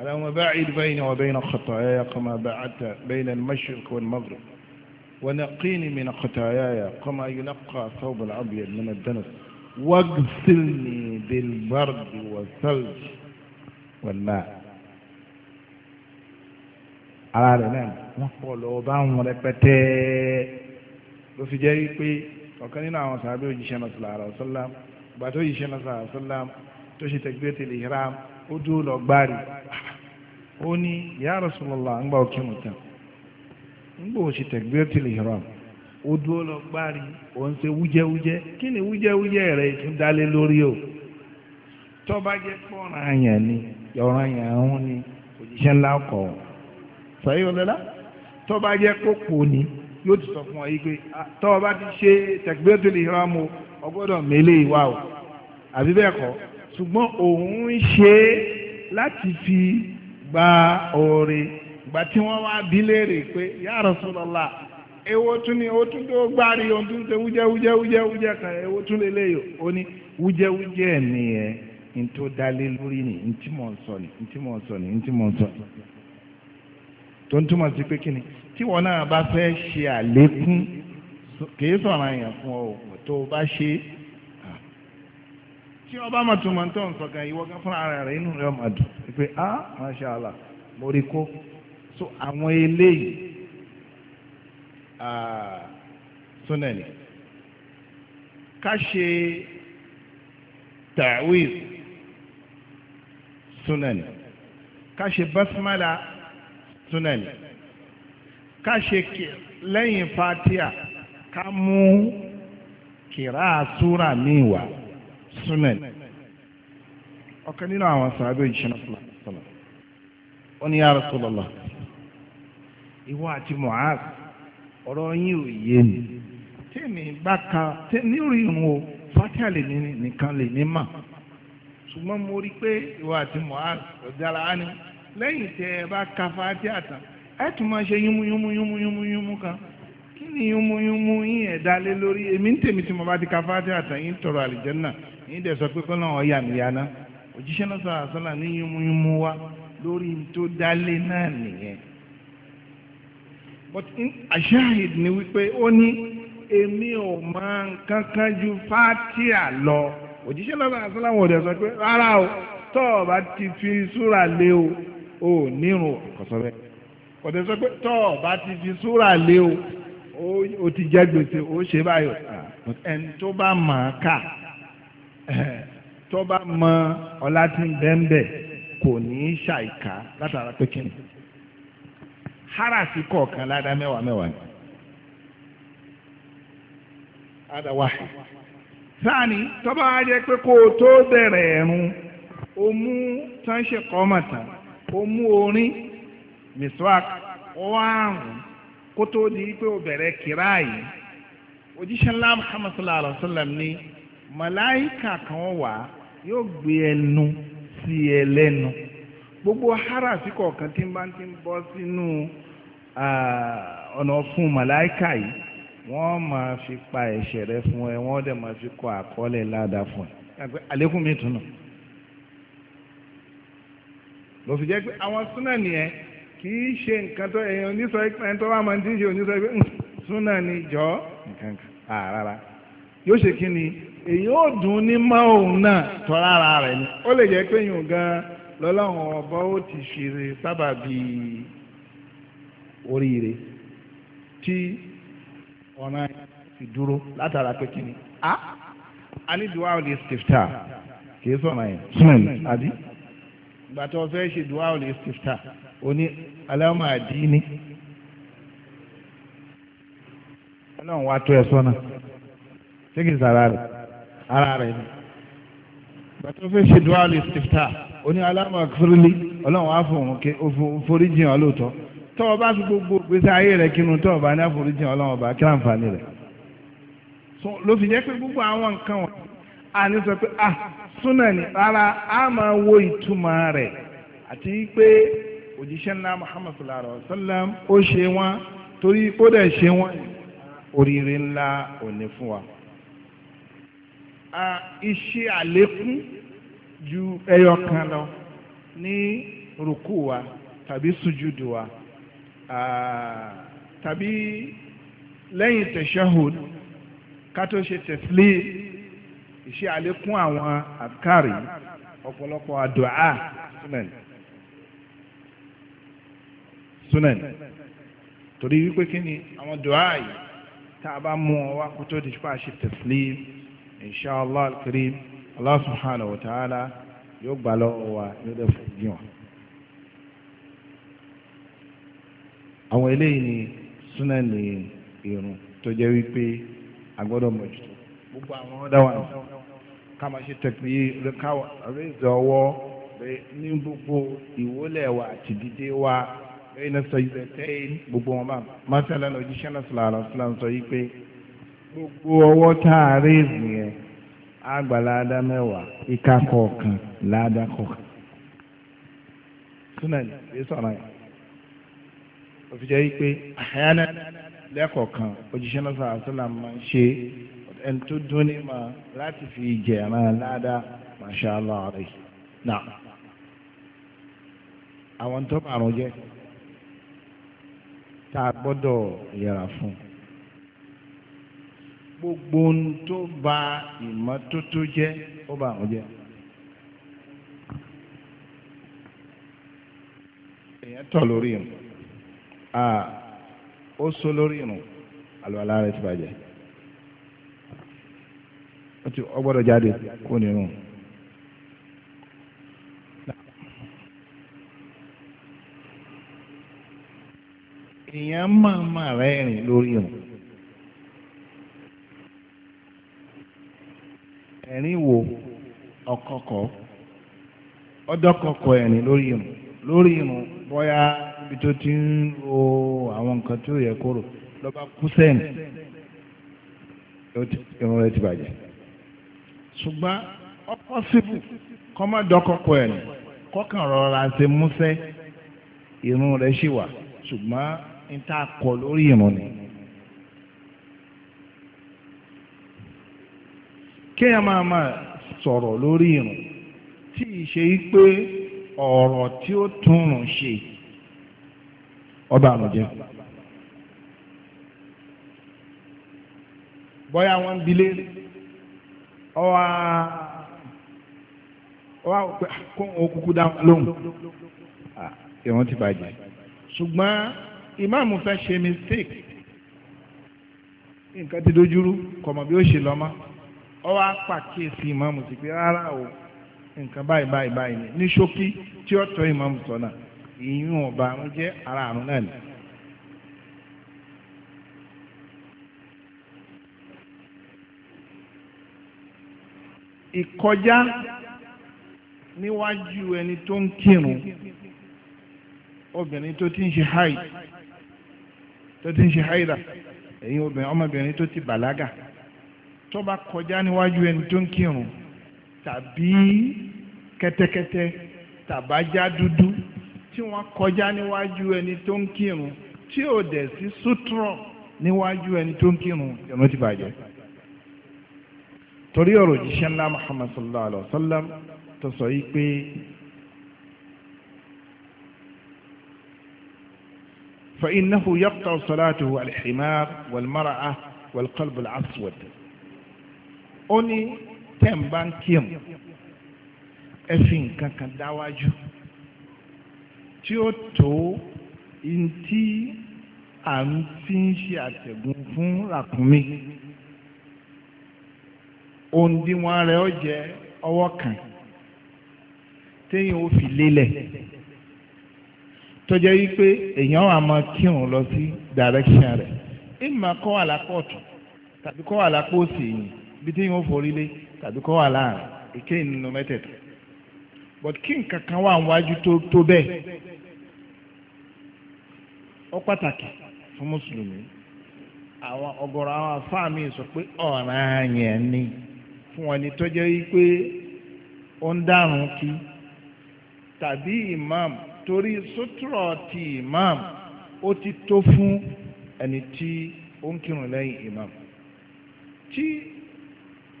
اللهم باعد بيني وبين خطاياي كما بعدت بين المشرق والمغرب ونقيني من خطاياي كما ينقى ثوب الأبيض من الدنس واغسلني بالبرد والثلج والماء ara rẹ̀ náà wọ́n pọ̀ lọ bá wọn rẹpẹtẹ ló fi jẹ́ pé ọ̀kan nínú àwọn sàbẹ̀ òjíṣẹ́ náà sọ̀rọ̀ àrà ọ̀sọ́lá ìgbà tó yíṣẹ́ náà sọ̀rọ̀ àrà tó ṣe tẹ̀gbẹ́ ó dúró lọ ya Rasulullah ń òkè mọ̀tàn ń ó ṣe ó dúró lọ gbárí ó ń ṣe o tó bá ọ̀ràn àyàn ni ọ̀ràn àyàn ni sọ̀yìn olóla tó bá jẹ́ kó pò ní yóò ti sọ fún ọ yìí pé tó o bá ti ṣe takbiratul ihram o o gbọ́dọ̀ mélé ìwà o àbí bẹ́ẹ̀ kọ́ ṣùgbọ́n òun ń ṣe láti fi gba oore ìgbà tí wọ́n wá bí léèrè pé ya Rasulullah èwo tún ni ó tún tó gbárí ohun tó ń ṣe wújẹ wújẹ wújẹ wújẹ kan èwo tún lélẹ̀ yìí ó ní wújẹ wújẹ ni ẹ n tó dalé lórí ni n tí mò ń sọ ni n tí mò ń sọ ni n tí mò ń sọ ni tó ń túmọ̀ sí pé kí ni tí wọn náà bá fẹ́ ṣe àlékún kìí sọ̀rọ̀ àyàn fún ọ tó o bá ṣe tí ọba mọ̀tòmọ̀ tó ń sọ̀kan ìwọ kan fún ara rẹ̀ inú rẹ̀ ọmọ dùn pé a masha Allah mo rí kó so àwọn eléyìí ah, súnẹ̀lì ká ṣe ta'wil súnẹ̀lì ká ṣe basmala. súnà ni ká ṣe lẹ́yìn fatia ká mú kìrá súra míì wá súnà ni ọ̀kan nínú àwọn sàábẹ̀ ìṣẹ́nà fúlàfúlà ó ní ya Rasulullah ìwọ àti Mu'az ọ̀rọ̀ yín ò yé mi bá ka tèmi rí irun o fatia lè ní nìkan lè ní mà ṣùgbọ́n mo rí pé ìwọ àti Mu'az á ní. lẹ́yìn tẹ́ ẹ bá ka fàtí àtà ẹ tún máa ṣe yúnmú yúnmú yúnmú yúnmú yúnmú kan kí ni yúnmú yúnmú yín ẹ̀ dá lé lórí èmi ń tèmi tí mo bá ti ka fàtí àtà yín tọrọ àlìjẹ́nà yín dẹ̀ sọ pé kọ́nà ọ̀yà mi òjíṣẹ́ náà sọ̀rọ̀ àṣọlá ní yúnmú yúnmú wa lórí tó dá náà nìyẹn but àṣàhìd ni wípé ó ní èmi ò máa ń kankan ju fàtíà lọ òjíṣẹ́ náà sọ̀rọ̀ àṣọlá wọn ò dẹ̀ sọ pé rárá o tọ́ọ̀ bá ti fi súrà lé o o nírun kọ̀sọ́ bẹ́ẹ̀ kọ̀dẹ̀ sọ pé tọ́ ọ bá ti fi súrà lé o ó ti jẹ́ gbèsè ó ṣe báyọ̀ ẹni tó bá mọ̀ ọ́n kà tó bá mọ ọlá tí ń bẹ́ẹ̀ bẹ́ẹ̀ kò ní í ṣàìkà látara pé kíni háràsì kọ̀ọ̀kan ládàá mẹ́wàá mẹ́wàá ni. Adáwà. Sáàni tọ́ba á jẹ́ pé kó o tó bẹ̀rẹ̀ ẹ̀rùn, o mú tán ṣe kọ́ mọ̀ tán ó mú orin miswak ó wá àrùn kó tó di pé ó bẹ̀rẹ̀ kíra yìí òjíṣẹ́ ńlá muhammad sallallahu alayhi wa sallam ní malaika kan wà yóò gbé ẹnu sí ẹ lẹ́nu gbogbo harafi kọ̀ọ̀kan tí ń bá ti ń bọ́ sínú ọ̀nà fún màláìkà yìí wọ́n máa fi pa ẹ̀ṣẹ̀ rẹ fún ẹ wọ́n dẹ̀ máa fi kọ àkọọ́lẹ̀ ládàá fún ẹ àlékún mi tún náà. lọ fi jẹ́ pé àwọn súnà nìyẹn kì í ṣe nǹkan tó èèyàn onísọ ẹni tó bá máa ń hmm, súnà ni jọ nǹkan kan yóò ṣe kí ni èèyàn ò dùn ní mọ́ òun náà tọ́ rárá rẹ̀ ni ó lè jẹ́ pé gan lọ́lọ́run ọba ó ti oríire tí ti dúró látara pé kí a a ní kì í sọ̀rọ̀ yẹn àbí. ìgbà tó fẹ́ ṣe dùwà ò lè stifta oní aláwọ̀mọ̀ àdínní ọlọ́run wa tó ẹ sọ́nà ṣé kìí sara rẹ̀ ara rẹ̀ ni ìgbà tó fẹ́ ṣe dùwà ò lè stifta oní aláwọ̀mọ̀ àkúrúlé ọlọ́run wa fòun ké foríjìn ọlọ́tọ̀ tọ́ ọ bá fi gbogbo gbèsè ayé rẹ̀ kinu tọ́ ọ bá ní àforíjìn ọlọ́run ọba kí láǹfààní rẹ̀ ló jẹ́ pé gbogbo àwọn nǹkan wọn àní sọ pé ah súnà ní rárá a máa wo ìtumọ̀ rẹ̀ àti pé òjíṣẹ́ ńlá muhammad sallallahu alayhi wa sallam ó ṣe wọ́n torí ó dẹ̀ ṣe wọ́n oríire ńlá òní fún wa. iṣẹ́ àlékún ju ẹyọ kan lọ ní rùkú wa tàbí sùjúdù wa tàbí lẹ́yìn tẹ̀ṣẹ́hùn ká tó ṣe tẹ̀sílẹ̀ ìṣe àlékún àwọn àkàrí ọ̀pọ̀lọpọ̀ àdúà sunan sunan torí wípé kí ni àwọn àdúà yìí tá a bá mú ọ wá kó tó di ṣùpá ṣe taslim inshallah al-karim Allah subhanahu wa ta'ala yóò gbà lọ́wọ́ wa yóò fún yín wa. àwọn eléyìí ni sunan ni irun tó jẹ́ wípé a gbọ́dọ̀ mọ̀jútó gbogbo àwọn ọ̀dà wà ní ká máa ṣe tẹ̀pì rẹ́ẹ̀zì ọwọ́ ní gbogbo ìwólẹ̀ wa àti dídé wa ẹ̀yin náà sọ yìí tẹ́ gbogbo wọn bá masala náà ojúṣe náà sọ̀rọ̀ àlọ́ sílá sọ yìí pé gbogbo ọwọ́ tá a rẹ́ẹ̀zì yẹn àgbà láàdá mẹ́wàá ìka kọ̀ọ̀kan láàdá kọ̀ọ̀kan súnà ní ìsọ̀rọ̀ yẹn òfìjẹ́ yìí pé àyànnà lẹ́kọ̀ọ̀kan òjíṣẹ́ náà sọ̀rọ̀ ẹni tó dún ní ma láti fi jẹ̀ràn ládàá masha Allah rẹ̀ náà àwọn tó bàrún jẹ́ tá a gbọ́dọ̀ yẹra fún gbogbo ohun tó ba ìmọ́tótó jẹ́ ó bàrún jẹ́. èèyàn tọ̀ lórí irun ó so lórí irun àlùwàlá rẹ̀ ti bàjẹ́. ó gbọ́dọ̀ jáde kó nínú. èèyàn máa máa rẹ́rìn lórí ìrùn. ẹ̀rín wo ọkọkọ ọdọkọkọ ẹ̀rín lórí irun lórí irun bóyá ibi tó ti ń ro àwọn nǹkan tó yẹ kóró lọ́ba kú sẹ́yìn irun rẹ ti bàjẹ́. ṣùgbọ́n ọkọ síbù kọ́mọ́dọ́kọ̀kọ̀ ẹ̀ kọ́kàn rọra ṣe músẹ́ irun rẹ̀ ṣì wà ṣùgbọ́n n ta kọ lórí irun ni. kéèyàn máa máa sọ̀rọ̀ lórí irun tí ì ṣe pé ọ̀rọ̀ tí ó túnrùn ṣe ọba àmọ̀jẹ́. bóyá wọ́n ń bi léèrè. ọwọ́ ọwọ́ kó lóhùn ìwọ̀n ti bàjẹ́ ṣùgbọ́n ìmáàmù fẹ́ ṣe nǹkan ti dojúrú kọ̀mọ̀ bí ó ṣe lọ́mọ́ ìmáàmù sí pé o nǹkan báyìí báyìí báyìí ní ṣókí tí ó tọ́ ìmáàmù ìyún ara àrùn náà ìkọjá níwájú ẹni tó ń kírun obìnrin tó ti ń ṣe haid tó ti ń ṣe haida èyí obìnrin ọmọbìnrin tó ti bàlágà tó bá kọjá níwájú ẹni tó ń kírun tàbí kẹ́tẹ́kẹ́tẹ́ tàbájá dúdú tí wọ́n kọjá níwájú ẹni tó ń kírun tí ò dẹ̀ sí sútúrọ̀ níwájú ẹni tó ń kírun ìrun ti bàjẹ́ torí ọ̀rọ̀ òjíṣẹ́ ńlá muhammad sallallahu alayhi wa sallam tó sọ yìí pé فإنه يقطع صلاته الحمار والمرأة والقلب الأسود ó ní tẹ́ ń bá ń kírun ẹ fi nǹkan kan dáwájú tí ó tó ntí à ń fi ń ṣe àtẹ̀gùn fún ràkúnmí òǹdíwọ̀n rẹ̀ ó jẹ́ ọwọ́ kan téèyàn ó fi lélẹ̀ tó jẹ́ wípé èèyàn á máa kírun lọ sí direction rẹ̀ ìmọ̀ kọ́ wà lápò ọ̀tún tàbí kọ́ wà lápò òsì yìí bí téèyàn ó forí lé tàbí kọ́ wà láàrin èké nínú but kí nǹkan kan wà níwájú tó bẹ́ẹ̀ ó pàtàkì fún mùsùlùmí àwọn ọ̀gọ̀rọ̀ àwọn afáàmì sọ pé ọ̀ràn yẹn ni. fún ẹni tó jẹ́ wípé ó ń dárun kí tàbí imam torí sótúrọ̀ ti imam ó ti tó fún ẹni tí ó ń kírun lẹ́yìn imam tí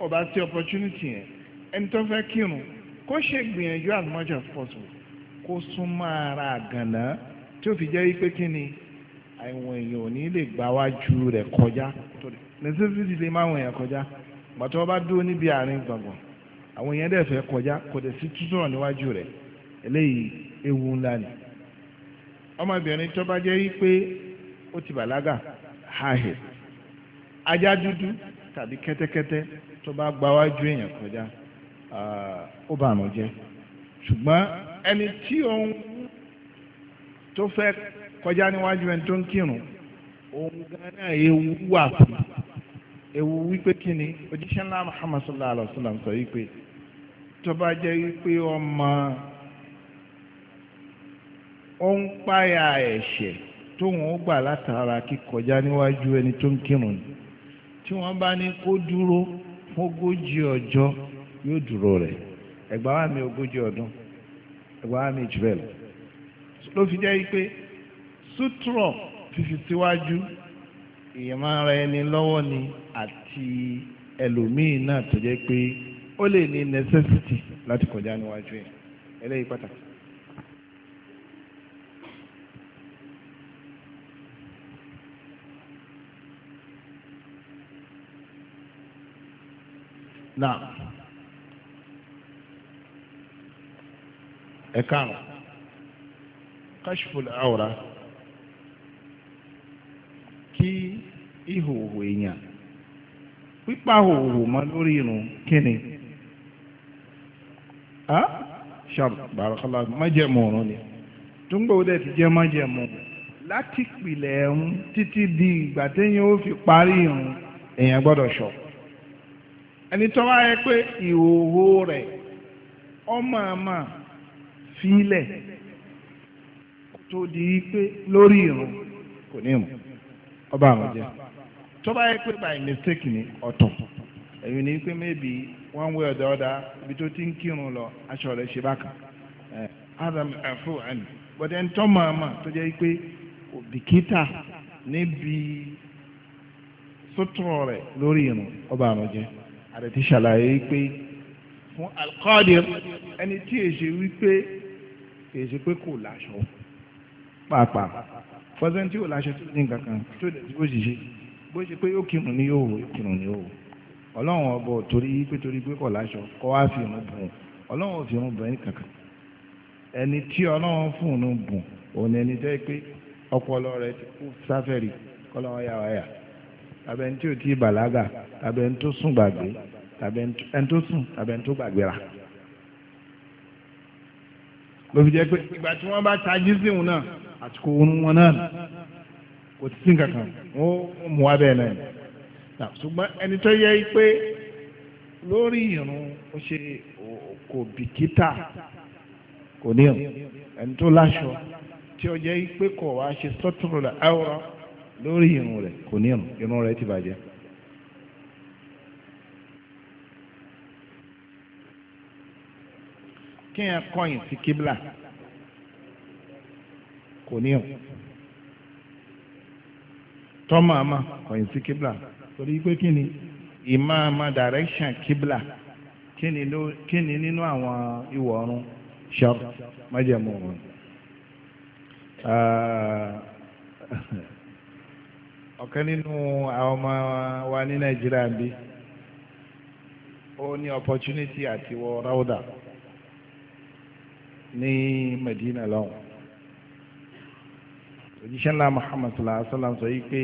ó bá sí opportunity yẹn ẹni tó fẹ́ kírun kó ṣe gbìyànjú as much as possible kó súnmọ́ ara àgànná tí ó fi jẹ́ wípé kí ni àwọn èèyàn ò ní lè gbáwájú rẹ̀ kọjá necessity lè máa wọ̀nyẹn kọjá bàtí ọba bá dúró níbi àárín gbọ̀ngàn àwọn èèyàn dẹ̀ fẹ́ kọjá kò dẹ̀ sí níwájú rẹ̀ eléyìí ewu ńlá ni ọmọbìnrin tó bá jẹ́ wípé ó ti bàlágà hahir ajá dúdú tàbí kẹ́tẹ́kẹ́tẹ́ tó bá èèyàn kọjá ó ẹni tí òun tó fẹ́ kọjá ewu wà fún ewu wípé kí ni òjíṣẹ́ ńlá Muhammad sallallahu alaihi wa sallam sọ wípé tó bá jẹ́ wípé ọmọ ó ń páyà ẹ̀ṣẹ̀ tóun ó gbà látara kíkọjá níwájú ẹni tó ń kírun tí wọ́n bá ní kó dúró fún ogójì ọjọ́ yóò dúró rẹ̀ ẹ̀gbọ́n wa ogójì ọdún ẹ̀gbọ́n wa mi ló fi jẹ́ wípé sútúrọ̀ fífi síwájú. Si ìmọ̀ra ẹni lọ́wọ́ ni àti ẹlòmíì náà tó jẹ́ pé ó lè ní necessity láti kọjá níwájú ẹ̀ eléyìí pàtàkì. náà ẹ̀ka àrùn kashful awra. ìhòòhò èèyàn pípa hòòhò irun kíni ṣàrù bàrọ̀kọ́lá májẹ̀mú ọ̀run ni tó ń gbòó dẹ̀ ti jẹ́ májẹ̀mú lati pìlẹ̀ ẹ̀hún titi di igba téèyàn ó fi parí irun èèyàn gbọ́dọ̀ ṣọ ẹni tó bá pé ìhòòhò rẹ̀ ọmọ àmà fílẹ̀ tó di pé lórí irun kò ní mọ̀ ọba àmọ̀jẹ́. tó bá yẹ pé by mistake ni ọ̀tọ̀ èyí ni pé maybe one way or the other ibi tó ti ń kírun lọ aṣọ rẹ̀ ṣe bákan adam ẹ̀fọ́ But bọ́dẹ̀ ń tọ́ màmá tó jẹ́ pé òbíkítà níbi sótúrọ̀ rẹ̀ lórí irun ọba àrùn jẹ́ àrẹ ti ṣàlàyé pé fún alqadir ẹni tí èṣe wípé èṣe pé kò láṣọ pàápàá pọ́sẹ́ntì ò láṣọ tó ní nǹkan kan tó dẹ̀ tí kò ṣiṣẹ́. bó ṣe pé yóò kírun ní yóò kírun ní yòówó ọlọ́run ọbọ̀ torí pé torí pé kọ̀ láṣọ fi irun bùn ọlọ́run fi irun bùn ẹni kankan ẹni tí ọlọ́run fún un bùn òun ẹni tẹ́ pé ọpọlọ rẹ ti kú sáfẹ́rì kọ́lọ́run yà wáyà tàbí ẹni tí ò tí ì bàlágà tàbí ẹni tó fi jẹ́ pé ìgbà tí wọ́n bá kò sí kankan wọ́n mú wa bẹ́ẹ̀ náà ṣùgbọ́n ẹni tó yẹ pé lórí irun ó ṣe kò bìkítà kò ní ọ ẹni tó láṣọ tí ó yẹ pé kò wá ṣe sọ́tùrù rẹ̀ ẹ̀rọ lórí irun rẹ̀ kò ní ọ irun rẹ̀ ti bàjẹ́. kéèyàn kọ̀yìn sí kíbla kò ní ọ. tọ́mọ̀ àmà kọ̀yìn sí kíbla torí pé kí ni ìmọ̀ àmà direction kíbla kí ni nínú àwọn ìwọ̀ ọ̀run ṣọ́r májẹ̀mú ọ̀run. ọ̀kan nínú àwọn ọmọ wa ní nàìjíríà ń bí ó ní opportunity àti wọ ráúdà ní Medina lọ́hùn. òjíṣẹ́ ńlá Muhammad sallallahu alaihi wa sallam sọ yìí pé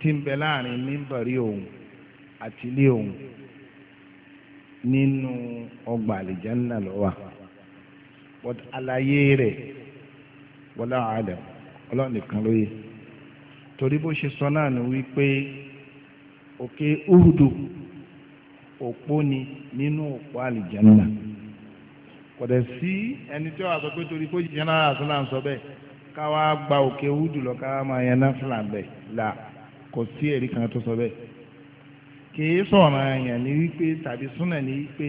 ti ń bẹ láàrin mímbàrí òun àti ilé òun nínú ọgbà àlìjánná lọ́wọ́ but àlàyé rẹ̀ wọlé àdàm ọlọ́run nìkan ló yẹ torí bó ṣe sọ náà ni wípé òkè uhudu òpó ni nínú òpó àlìjánná kò dẹ̀ sí ẹni tí wàá sọ pé torí kó jìjẹ́ náà àtúnlá ń sọ bẹ́ẹ̀ ká wá gba òkè wúdù lọ ká máa yan náfìlà bẹ̀ là kò sí ẹ̀rí kan tó sọ bẹ́ẹ̀ kìí sọ̀rọ̀ àyàn ní wípé tàbí súnà ní wípé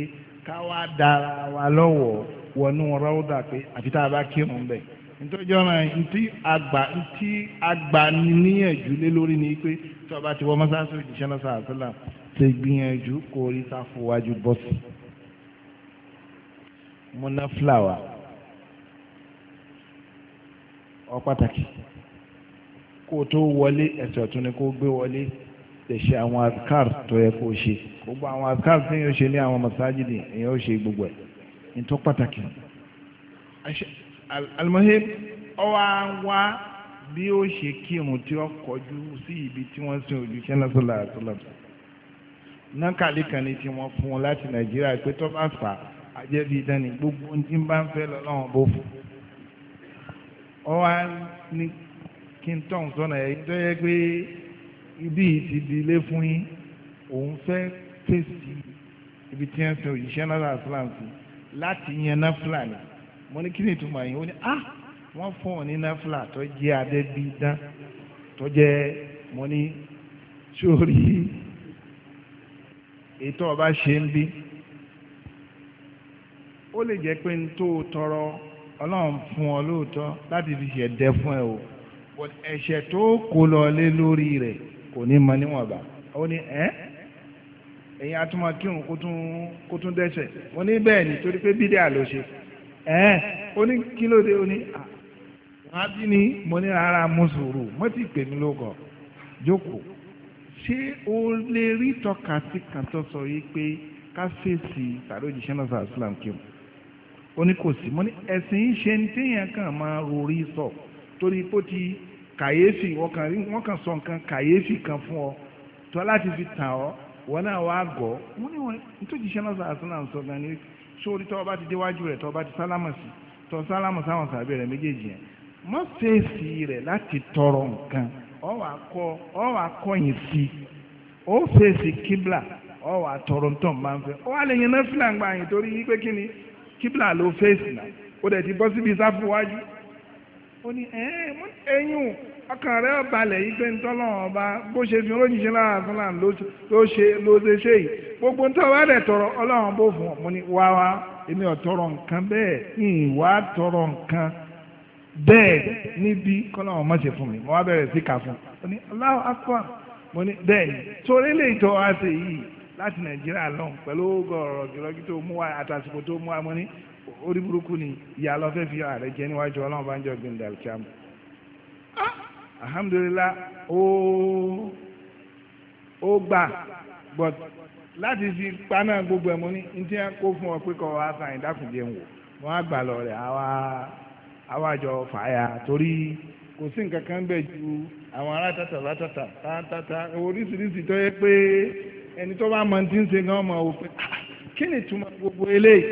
ká wá dára wa lọ́wọ́ wọnú ráúdà pé àfi tá a bá kírun bẹ̀ nítorí ọ̀nà ntí àgbà ntí àgbà níyànjú lé lórí ni pé tí ọba ti wọ́n mọ́sáàsì òjíṣẹ́ náà sàásìlà ti gbìyànjú kó orí sáfù wájú bọ́sì múnáfìlà wa ọ pàtàkì kó tó wọlé ẹsẹ̀ ọ̀tún ni kó gbé wọlé lè ṣe àwọn azkar tó yẹ kó ṣe gbogbo àwọn azkar tí yóò ṣe ní àwọn masajidi èyàn ó ṣe gbogbo ẹ̀ nítorí pàtàkì almuhim ọwọ́ wa bí ó ṣe kírun tí ó kọjú sí ibi tí wọ́n sin òjúṣẹ́ náà sọ́lá àtúlọ̀ nákàlí kan ní tí wọ́n fún un láti nàìjíríà pé tó bá fà á jẹ́ bí dání gbogbo ohun tí ń bá ń fẹ́ bó fún un. Ọwa ni kí n tọ̀ sọ́nà ẹ̀ tó yẹ pé ibi ti di fún yín òun fẹ́ tẹ̀sí ibi tí wọ́n sin òyìnṣẹ́ náírà àtúnláǹsì láti yan náfìlà ni mo ní kí ni ìtumọ̀ yìí ó ní ah wọ́n fún ọ ní náfìlà tó jẹ́ adé bíi dán tó jẹ́ mo ní sórí ètò ọba ṣe ń bí ó lè jẹ́ pé n tó tọrọ. ọlọ́run fún ọ lóòótọ́ láti fi ṣẹ̀dẹ́ fún ẹ o but ẹ̀ṣẹ̀ tó kó lọ lé lórí rẹ̀ kò ní mọ níwọ̀nba ó ní ẹ́ ẹ̀yin atúmọ̀ kírun kó tún dẹ́ṣẹ̀ ó ní bẹ́ẹ̀ ni torí pé bídíà ló ṣe ẹ́ ó ní kí ló dé ó ní wọ́n á bí ní mo ní rárá mùsùlùmí mo ti pè mí lóko jókòó ṣé o lè rí tọ́ka sí tó sọ yìí pé ká fèsì tàbí òjíṣẹ́ náà sàásùlàm kírun. ó ní kò sí mo ní ẹ̀sìn yìí ṣe ní téèyàn kan máa rorí sọ torí pé ti kàyéfì wọn kan sọ nǹkan kàyéfì kan fún ọ tó láti fi tàn ọ́ wọn náà wá mo ní wọn nítorí náà sàásùn náà sọ gan ni sórí tọ́ ti déwájú rẹ tọ́ ọba ti sálámà sí tọ́ sáwọn sàbẹ̀ méjèèjì yẹn ọ wà ọ wà tọrọ máa ọ wà lè yẹn náà fìlà ń gbà kíbla ló fèsì náà ó dẹ̀ ti bọ́ síbi sáfù wájú ó ní ẹ̀yìn ọkàn rẹ̀ balẹ̀ yìí pé ntọ́lọ́wọ́n ọba bó ṣe fi ròyìnṣẹ́ lára fúnra ló ṣe ló ṣe ṣe yìí gbogbo ntọ́ wa dẹ̀ tọrọ ọlọ́run bó fún ọ mo ní wá wá èmi ò tọrọ nǹkan bẹ́ẹ̀ ìyìn wá tọrọ nǹkan bẹ́ẹ̀ níbi kọ́lọ́run má ṣe fún mi mo wá bẹ̀rẹ̀ sí kà fún un ní Allahu akbar mo ní bẹ́ẹ̀ ni torí lè tọ́ wa ṣe yìí láti nàìjíríà lọ pẹ̀lú ọ̀rọ̀ gírọ́gí tó mú wa àtàsìkò tó mú wa mọ́ ní orí burúkú ni ìyá lọ fẹ́ fi ààrẹ jẹ níwájú ọlọ́run bá ń jọ gbìn dàlù kíámù. Ah, alhamdulillah ó ó gbà but láti fi paná gbogbo ẹ̀ mọ́ ní ní tí wọ́n kó fún ọ pé kọ́ wa sàn ìdákùnjẹ́ ń wò wọ́n á gbà lọ rẹ̀ àwa àwa jọ fàáyà torí kò sí nǹkan kan bẹ́ẹ̀ ju àwọn ará tata látata tata oríṣiríṣi tó yẹ pé. ẹni tó bá mọ ti ń ṣe gan mọ òfin ah, kí ni ìtumọ̀ gbogbo eléyìí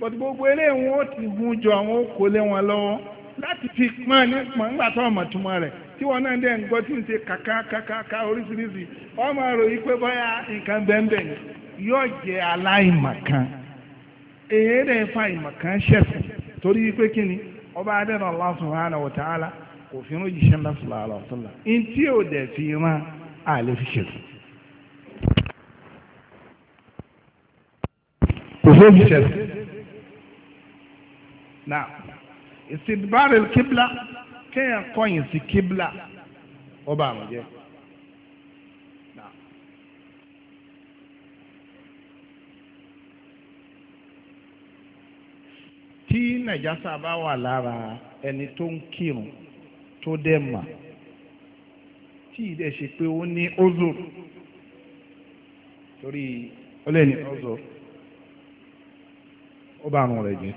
bọ́tù gbogbo eléyìí wọn ó ti hun jọ àwọn ó kó lé wọn lọ́wọ́ láti fi pọ́n ní pọ́n ńgbà tó ọmọ túmọ̀ rẹ̀ tí wọn náà dẹ̀ ń gbọ́ tí ń ṣe kàkà kàkà ká oríṣiríṣi ọmọ ròyìn pé bóyá nǹkan bẹ́ẹ̀ yóò jẹ́ aláìmọ̀kan èyí rẹ̀ fa ìmọ̀kan ṣẹ̀sìn torí pé kí ni ọba adẹ́nà Allah subhanahu wa ta'ala kò sóòjì ṣẹlẹ̀. now ìsìdìbárè kíbla kéèyàn kọ̀yìn sí kíbla ọba àrùn jẹ́. tí nàìjásá bá wà lára ẹni tó ń kírun tó dẹ̀ mà tí ìdẹ̀ ṣe pé ó ní ozor torí ó lè ní ozor ó bá àrùn rẹ̀ jẹ́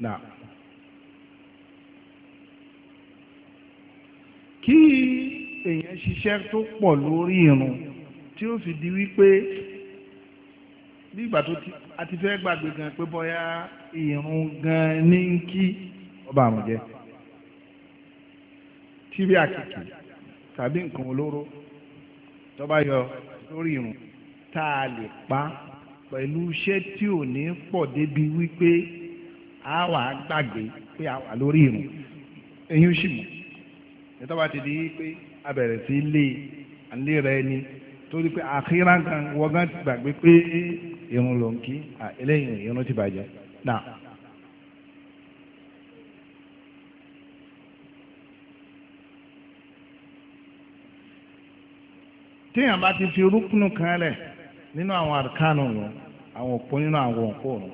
náà. kí èèyàn ṣiṣẹ́ tó pọ̀ lórí irun tí ó fi di wípé nígbà tó a ti fẹ́ gbàgbé gan pé bóyá irun gan ní kí ọba àrùn jẹ tíbi àkìkì tàbí nǹkan olóró tó bá yọ lórí irun tá a lè pa á pẹ̀lú iṣẹ́ tí ò ní pọ̀ débi wípé a wà gbàgbé pé a wà lórí ìrùn eyín sì mọ̀ nítorí wàá ti di pé a bẹ̀rẹ̀ sí lé àlè rẹ ni torí pé àkírá kan wọ́gán ti gbàgbé pé irun ló ń kí eléyìí irun ti bàjẹ́ náà. téèyàn bá ti fi rúkúnù kan lẹ̀ nínú àwọn àrùkánù rùn àwọn òpó nínú àwọn òpó rùn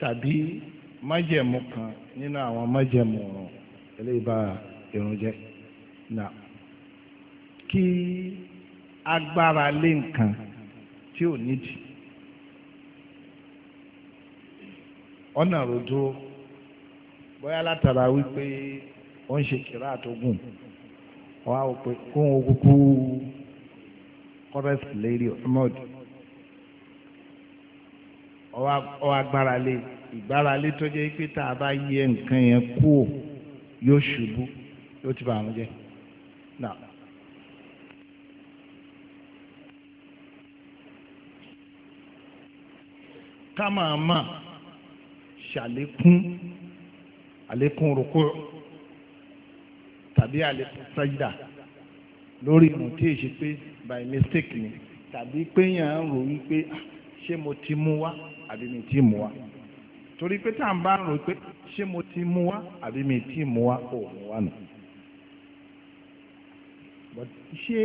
tàbí májẹ̀mú kan nínú àwọn májẹ̀mú rùn eléyìí bá irun jẹ́ nà kí agbára lé nǹkan tí ò nídìí ọ̀nà rojo bóyá látara wípé ó ń ṣe kìrá àtọ́gùn wọ́n á wò kóhun okùnkùn kọ́rẹ́sì lérí ọmọdé ọwọ́ agbára lé ìgbára lé tó jẹ́ pé tá a bá yẹ nǹkan yẹn kúò yóò ṣubú yóò ti bà wọ́n jẹ́ náà. ká máa máa ṣàlékún àlékún rúkú tàbí àlékún sájídà lórí ìrùn tí èṣe pé by mistake ni tàbí pé yàn án rò wípé ah, ṣé mo ti mú wá àbí mi ti mú wa torí pé tá à ń bá rò pé ṣé mo ti mú wa àbí mi ti mú wa ò mú wa nù. ṣé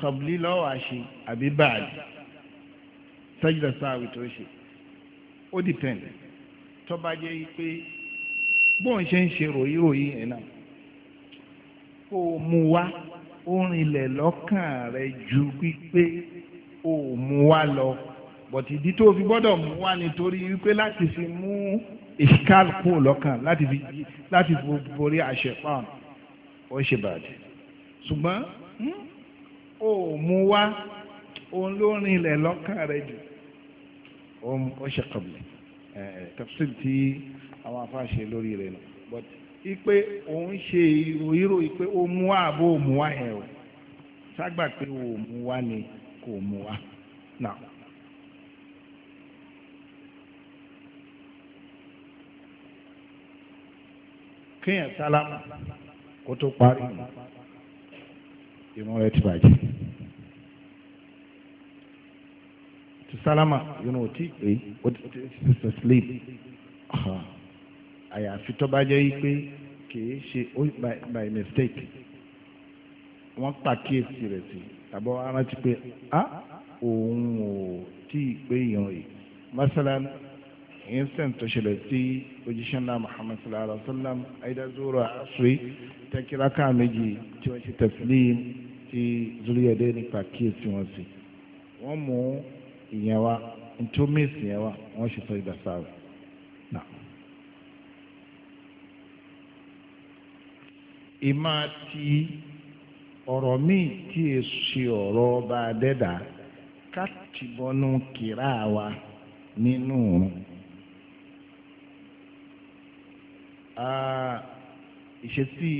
kọ̀bìlì lọ́wọ́ àṣe àbí báàdì sájúdà sáàwì tó ṣe ó dìpẹ́ǹd tó bá jẹ́ pé bóun ṣe ń ṣe ròyìn ròyìn ẹ̀ náà kó o mú wa ó rinlẹ̀ lọ́kàn rẹ̀ ju wípé o ò wa lọ bọ̀tì ìdí tó fi gbọ́dọ̀ mú wá nítorí wípé láti fi mú ìṣkál kúrò lọ́kàn láti fi láti fi borí àṣẹ pàm ó ṣe bàjẹ́ ṣùgbọ́n hmm, ó mú wá òun ló rinlẹ̀ lọ́kàn rẹ jù ó ṣe kọ̀bìlẹ̀ tafsir tí àwọn afáṣe lórí rẹ̀ nù but ipe òun ṣe ìròyìnrò ipe ó mú wá àbó òmùwá ẹ̀ o ságbà pé òmùwá ni kò mú wá náà. kéèyàn sálámà kó tó parí ìrun rẹ̀ ti bàjẹ́ ti sálámà ìrun ò tí pé ó ti ti sleep àyàfi tó bá jẹ́ yí pé kìí ṣe by mistake wọ́n pàkíyèsí rẹ̀ sí tàbọ̀ arántí pé ah, òun ò tí ì pé ìrun yìí masalan instant tó ṣẹlẹ̀ sí òjíṣẹ́ ńlá muhammad sallallahu alaihi wa sallam aidazura asri tẹ́kíráká méjì tí wọ́n ṣe taslim tí zuliyade nípa kíyèsí wọn sí wọ́n mú ìyẹn wa ntomis yẹn wa wọ́n ṣe sọ ìgbà sáré. ìmá ti ọ̀rọ̀ míì tí è ṣe ọ̀rọ̀ ọba adẹ́dà ká tìbọnú wa nínú òun ìṣesí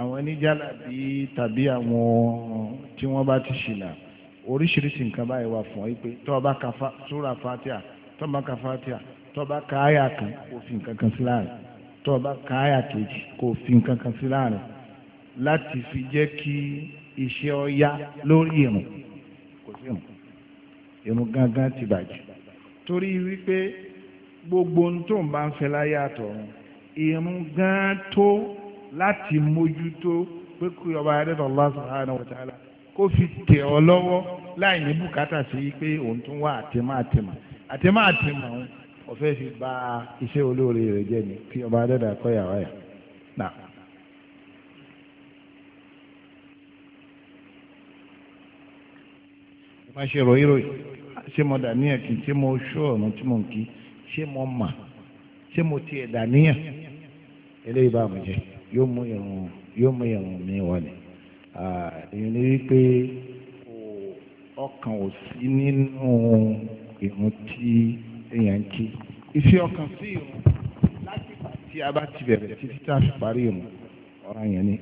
àwọn oníjàlá bíi tàbí àwọn tí wọ́n bá ti ṣìnà oríṣiríṣi nǹkan báyìí wà fún ọ pé tó bá ka súra fatia tó bá ka fatia tó bá ka àyà kan kò fi nǹkan kan sí láàrin tó bá ka àyà kejì kò fi nǹkan kan sí láàrin láti fi jẹ́ kí iṣẹ́ ọ lórí irun kò sí irun irun gangan ti bàjẹ́ torí wípé gbogbo ohun tó ń bá ń fẹ́ láyé àtọ̀run irun gan tó láti mójútó pé kí ọba adẹ́dọ̀ Allah subhanahu wa ta'ala kó fi tẹ̀ ọ́ lọ́wọ́ láì ní bùkátà sí pé òun tún wá àtẹ̀mọ́ àtẹ̀mọ́ àtẹ̀mọ́ àtẹ̀mọ́ òun ọ̀fẹ́ fi bà iṣẹ́ olóore rẹ̀ jẹ́ ni kí ọba adẹ́dọ̀ akọ́yà wáyà náà. má ṣe ròyìn ròyìn ṣé mo dà níyàn kí ṣé mo ṣó ọ̀run tí mo ń kí ṣé mo mà ṣé mo tiẹ̀ dà eléyìí bá mi jẹ yóò mú irun yóò mú irun mi wọlé ìrìn ni wípé ọkàn ò sí nínú irun tí èèyàn ń kí ìfi ọkàn sí irun láti ìgbà tí a bá ti bẹ̀rẹ̀ títí tá a fi parí irun ọ̀ràn yẹn ni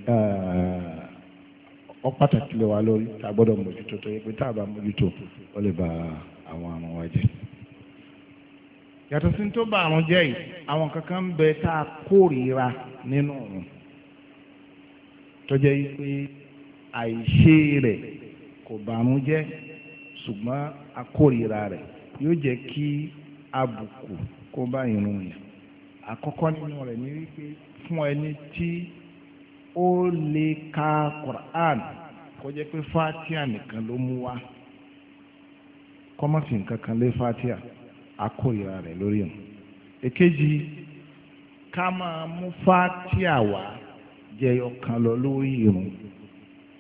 ọ pàtàkì lè wa lórí tá a gbọ́dọ̀ mójútó tó yẹ pé tá a bá mójútó ó lè ba àwọn àrùn wa jẹ́ yàtọ̀ sí tó bá àrùn jẹ́ yìí àwọn kankan ń bẹ tá a kórìíra nínú òun tó jẹ́ yìí pé àìṣe rẹ̀ kò bàrún jẹ́ ṣùgbọ́n a kórìíra rẹ̀ yóò jẹ́ kí àbùkù kó bá irun yẹn àkọ́kọ́ nínú rẹ̀ ní wípé fún ẹni tí ó lè ka Quran kó jẹ́ pé fatia nìkan ló mú wá kọ́mọ̀sì nǹkan kan lé fatia. Yeah. akórira rẹ̀ lórí ẹ̀ èkejì ká máa mú fátíà lọ lórí irun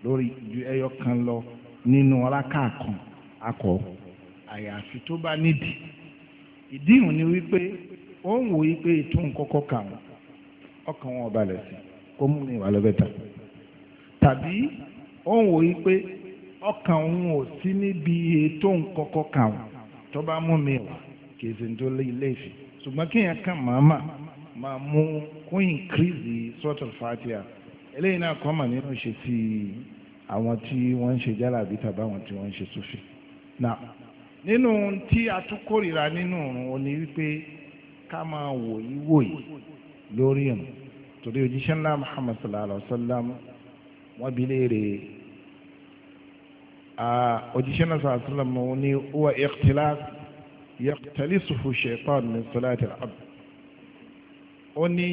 lórí ju ẹyọ kan lọ nínú akọ àyàfi tó bá nídìí ìdí ni wípé ó ń wò wípé ètò nǹkọ́kọ́ kà ọkàn wọn sí kó mú ní lọ́bẹ̀ta tàbí ó ń wò wípé kìí ṣe tó lé ìfì ṣùgbọ́n kéèyàn kàn màmá máa mú kó ìnkírìsì sọ́tọ̀ fatia eléyìí náà kọ́ mà nínú ṣe sí àwọn tí wọ́n ń ṣe jálàbí tàbí àwọn tí wọ́n ń ṣe sùfì. nínú tí a tún kórìíra nínú òrùn o ní wípé ká máa wòyí wòyí lórí ìrùn torí òjíṣẹ́ ńlá Muhammad sallallahu alayhi wa sallam wọ́n bi léèrè òjíṣẹ́ ńlá sallallahu alayhi wa sallam ní huwa ikhtilaf yaqtalisuhu shaitan min salati al-abd ó ní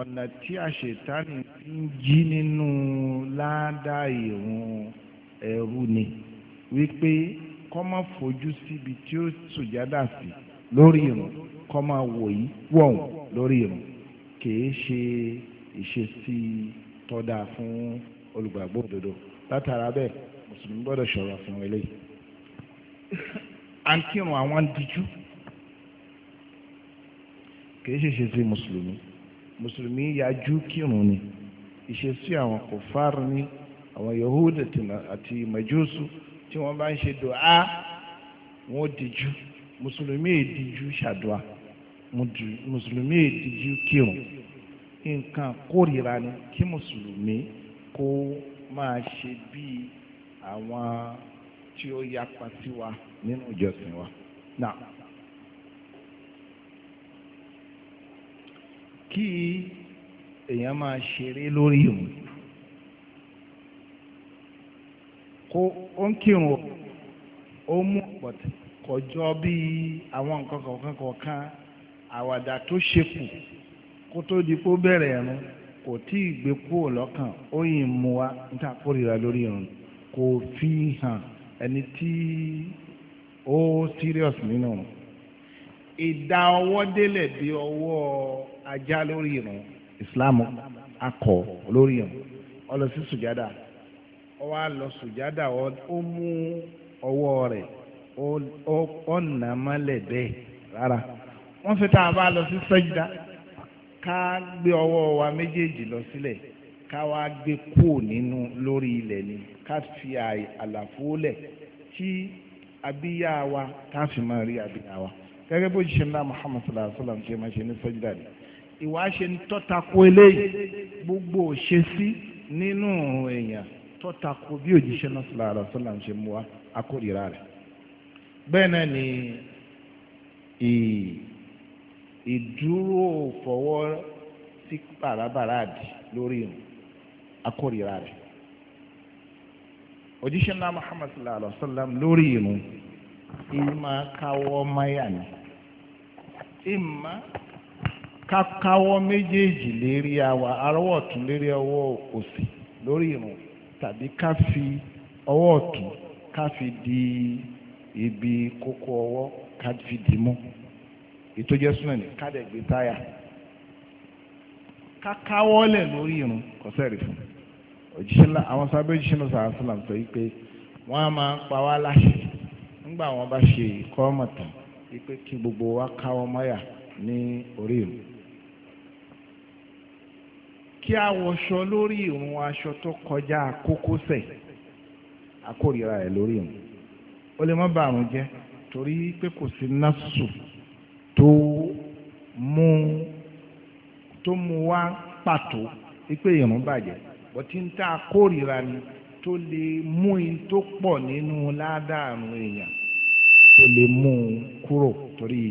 ọ̀nà tí àṣetánì ń jí nínú ládàá ìrun ẹ̀rú ni wípé kó má fojú síbi tí ó sùjádà sí lórí ìrun kó má wòyí wọ̀hún lórí ìrun kìí ṣe ìṣesí tọ́da fún olùgbàgbọ́ òdodo látara bẹ́ẹ̀ mùsùlùmí gbọ́dọ̀ ṣọ́ra fún eléyìí à ń kírun àwọn díjú kìí ṣèṣe sí mùsùlùmí mùsùlùmí yájú kírun ni ìṣesí àwọn kòfàrù ni àwọn yahudi àti mẹjọsù tí wọ́n bá ń ṣe dùá wọ́n díjú mùsùlùmí èdíjú ṣàdùá mùsùlùmí èdíjú kírun nǹkan kórìíra ni kí mùsùlùmí kó máa ṣe bíi àwọn. tí ó yapa wa nínú wa. Now, kí èèyàn máa ṣeré lórí ìrùn kó ó ń kírun ó mú ọ̀pọ̀tẹ̀ kọjọ́ bíi àwọn nǹkan kọ̀ọ̀kan kọ̀ọ̀kan àwàdà tó ṣekù kó tó di kó bẹ̀rẹ̀ ẹ̀rùn kò tí ì gbé kúrò lọ́kàn ó yìn mú fi hàn. ẹni tí ó serious nínú ìdá ọwọ́ délẹ̀ bí ọwọ́ ajá lórí irun Islam akọ lórí irun ó lọ sí sùjádà ó wá lọ sùjádà ó mú ọwọ́ rẹ̀ ó nà mọ́lẹ̀ bẹ́ẹ̀ rárá wọ́n fi tá a bá lọ sí sẹ́jìdá ká gbé ọwọ́ wa méjèèjì lọ sílẹ̀ ká wá gbé kúò nínú lórí ilẹ̀ ni ká fi àlàfo lẹ̀ kí abíyá wa ká fi máa rí abíyá wa gẹ́gẹ́ bó ṣe ńlá Muhammad sallallahu alaihi wa sallam ṣe máa ṣe ní sọ́jídà rẹ̀ ìwà ṣe ń tọ́tako eléyìí gbogbo òṣèṣí nínú èèyàn tọ́tako bí òjíṣẹ́ náà sallallahu alaihi wa sallam ṣe mú wa akórira rẹ̀ bẹ́ẹ̀ náà ni ìdúró fọwọ́ sí bàràbàrà àdì lórí akórira rẹ̀ òjíṣẹ́ ńlá muhammad sallallahu alaihi wa sallam lórí irun ìmọ̀ káwọ́ máyà ni ìmọ̀ kákáwọ́ méjèèjì lérí àwa arọ́wọ́ ọ̀tún lérí ọwọ́ òsì lórí irun tàbí ká fi ọwọ́ ọ̀tún ká fi di ibi kókó ọwọ́ ká fi dì mú ìtọ́jẹ́ súnmọ́ ní ká dẹ̀ gbé táyà kákáwọ́ lẹ̀ lórí irun kọ́sẹ́rì fún un. òjíṣẹ́ àwọn sábẹ́ òjíṣẹ́ náà sàrà sàlám sọ wípé wọ́n á máa ń pa wá láṣẹ nígbà wọn bá ṣe ìkọ́ ọmọ tán wípé kí gbogbo wa káwọ́ mọ́yà ní orí ìlú kí a wọṣọ lórí ìrun aṣọ tó kọjá kókósẹ̀ akórira ẹ̀ lórí ìrun ó lè má bà àrùn jẹ́ torí pé kò sí násù tó mú tó mú wá pàtó wípé ìrun bàjẹ́ bọ́tí ń tà kórìíra ni tó lè mú in tó pọ̀ nínú ládàrún èèyàn tó lè mú un kúrò torí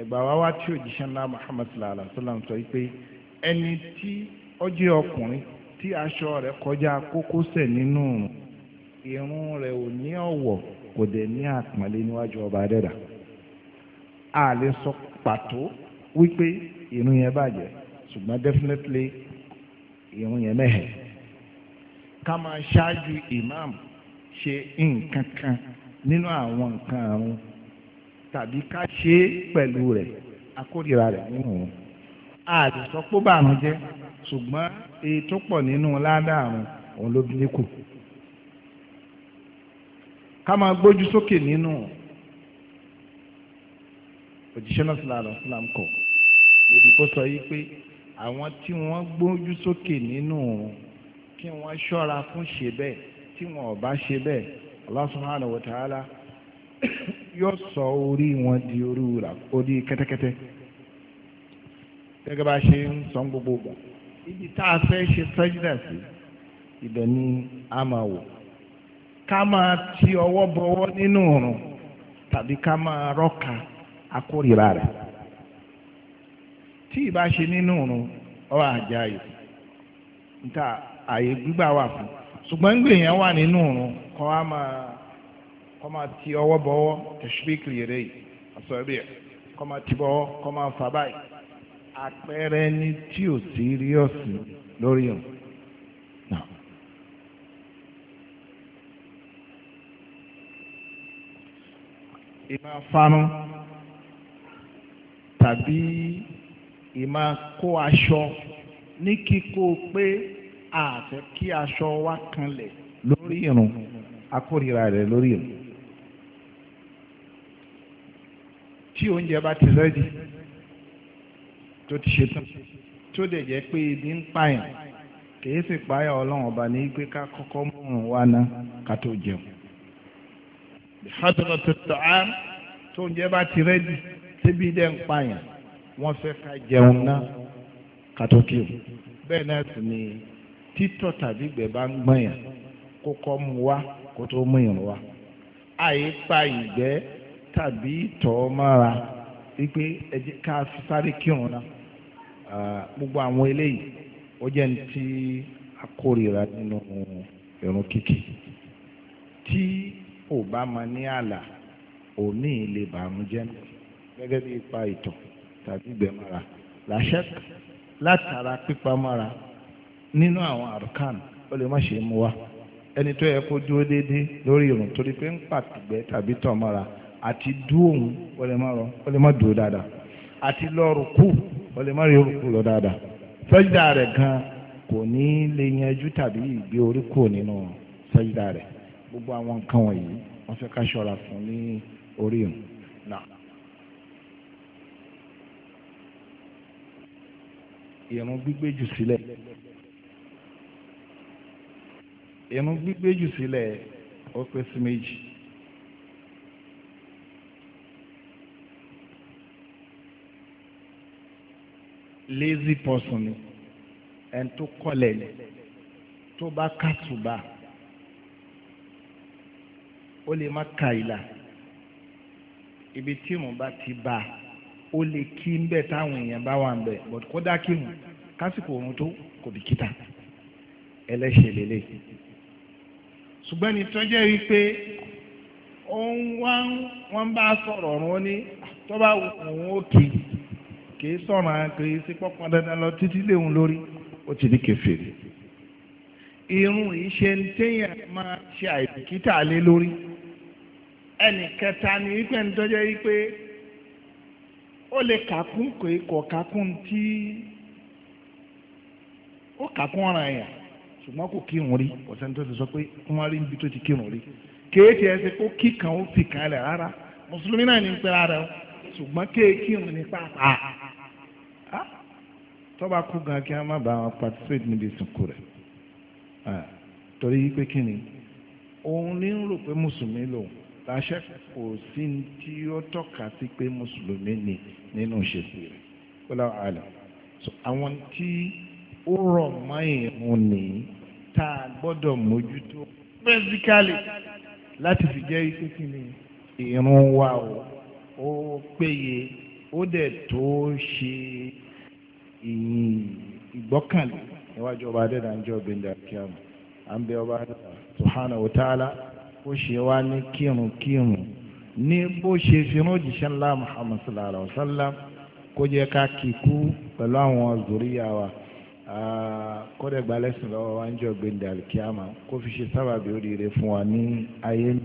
ẹgbà wa wá tí òjíṣẹ́ ńlá Muhammad sallallahu alaihi wa sallam sọ pé ẹni tí ọjọ́ ọkùnrin tí aṣọ rẹ̀ kọjá kókósẹ̀ nínú irun rẹ̀ ò ní ọ̀wọ̀ kò dẹ̀ ní àpọ́nlé níwájú ọba dẹ́dà a lè sọ pàtó wípé irun yẹn bàjẹ́ ṣùgbọ́n definitely ìrun yẹn mẹ́hẹ̀ ká máa ṣáájú imam ṣe nǹkan kan nínú àwọn nǹkan àrùn tàbí ká ṣe é pẹ̀lú rẹ̀ akórira rẹ̀ nínú òun àti sọ pé bàrùn jẹ́ ṣùgbọ́n èyí tó pọ̀ nínú ládàrún òun ló dínkù ká máa gbójú sókè nínú òjíṣẹ́ náà sílá àlọ́ sílá ń kó sọ yìí pé àwọn tí wọ́n gbójú sókè nínú òun kí wọ́n ṣọ́ra fún ṣe bẹ́ẹ̀ tí wọ́n ò bá ṣe bẹ́ẹ̀ Allah subhanahu wa ta'ala yóò sọ orí wọn di orí wùrà orí kẹ́tẹ́kẹ́tẹ́ gẹ́gẹ́ bá ṣe ń sọ gbogbo gbà ibi tá a fẹ́ ṣe sẹ́jìdà sí ibẹ̀ ni a máa wò ká máa ti ọwọ́ bọwọ́ nínú òrùn tàbí ká máa rọ́ka akórira rẹ̀. tí ìbá ṣe nínú òrùn ọwọ́ àjà yìí níta àyè gbígbà wà fún ṣùgbọ́n gbè wà nínú òrùn kọ́ á máa kọ́ máa ti ọwọ́ bọ́wọ́ tẹ̀síbíkì rè ọ̀sọ̀ ẹ̀ bíyẹ̀ kọ́ máa ti bọ́wọ́ kọ́ máa fà báyìí àpẹẹrẹ ni tí ò sí rí ọ̀sìn lórí òrùn. ìmọ̀ fanu tàbí ìmá kó aṣọ ní kíkó pé àfẹ kí aṣọ wa kanlẹ̀ lórí irun akórira rẹ̀ lórí irun tí oúnjẹ bá ti rẹ́dì tó ti ṣe tán tó dẹ̀ jẹ́ pé ibi ń pààyàn kìí sì pààyà ọlọ́run ọba ní pé ká kọ́kọ́ múrùn wá ná ká tó jẹun. ìfàtọ̀rọ̀ tuntun á tó oúnjẹ bá ti rẹ́dì tẹ́bí dẹ̀ ń pààyàn wọ́n fẹ́ ká jẹun náà kàtókì o bẹ́ẹ̀ náà sì ni títọ́ tàbí gbẹ̀ bá ń gbọ̀nyàn kó kọ́ mu wá kó tó mú yàn wá àyípa ìgbẹ́ tàbí ìtọ̀ mára wípé ẹ jẹ́ ká fi sáré kírun náà gbogbo àwọn eléyìí ó jẹ́ ní ti akórira nínú ìrun kíkì tí ò bá máa ní ààlà òní ìlè bàrún jẹ́ gẹ́gẹ́ bí ipa ìtọ̀ tàbí ìgbẹ̀mọ́ra làṣẹ látara pípamọ́ra nínú àwọn arkan ó lè má ṣe mú wa ẹni tó yẹ kó dúró déédéé lórí irun torí pé ń pàtìgbẹ́ tàbí tọ̀mọ́ra àti dúró òun ó lè má rọ ó lè má dúró dáadáa àti lọ́ọ̀rù kù ó lè má rí orúkú lọ dáadáa sọ́jídà rẹ̀ gan kò ní lè yanjú tàbí ìgbé orí kù nínú sọ́jídà rẹ̀ gbogbo àwọn nǹkan wọ̀nyí wọ́n fẹ́ ká ṣọ́ra fún ní orí irun náà. ìrun gbígbé jù sílẹ̀ ìrun gbígbé jù sílẹ̀ ó pé sí méjì. lazy person ni ẹni tó kọlẹ̀ ni tó bá kàtúbà ó lè má ka ibi tí mo bá ti bá a ó lè kí ń bẹ̀ táwọn èèyàn bá wà ń bẹ̀ but kódà kírun kásìkò òun tó kò bìkítà ẹlẹ́ṣẹ̀ lélẹ̀ ṣùgbọ́n ní tọ́jú rí pé wọ́n bá sọ̀rọ̀ ọ̀run ní tó bá òun ó kì í kì í sọ̀rọ̀ àǹkè sí pọ́pọ́n dandan lọ títí léun lórí ó ti ní kèfèrí irun ìṣe ń téèyàn máa ṣe àìbìkítà lé lórí ẹnì kẹta ni wípé ń tọ́jú rí pé ó lè kàkún kò kàkún tí ó kàkún ọ̀ràn ẹ̀yà ṣùgbọ́n kò kírun rí ọ̀sẹ̀ni tó ti sọ pé wọ́n rí níbi tó ti kírun rí kéèké ẹ ṣe ó fi kan rárá mùsùlùmí náà ní ń pera rẹ̀ ṣùgbọ́n kéèkírun ní pàápàá kú gan kí a má bàa wọn participate níbi ìsìnkú rẹ̀ torí pé kí ni òun ní ń rò pé mùsùlùmí lòun láṣẹ kò sí tí ó tọ́ka sí pé mùsùlùmí ni nínú ìṣesí rẹ̀ ó láwọn àlọ́ so àwọn tí ó rọ̀ mọ́ ìrun ní tá a gbọ́dọ̀ mójútó physically láti fi jẹ́ ike kí ni ìrun wa o ó péye ó dẹ̀ tó ṣe ìgbọ́kànlé níwájú ọba adẹ́dàá ń jẹ́ ọ̀gbìn à ń bẹ ọba adẹ́dàá subhanahu wa ta'ala ó ṣe wá ní kírunkírun ní bó ṣe fi rán ńlá muhammad sallallahu alaihi wa sallam kó jẹ́ ká kíkú pẹ̀lú àwọn zòríyà wa kó dẹ̀ gba lẹ́sìn lọ́wọ́ wa ń jọ gbẹ̀ndẹ̀ alikiyama kó fi ṣe sábàbí oríire fún wa ní ayé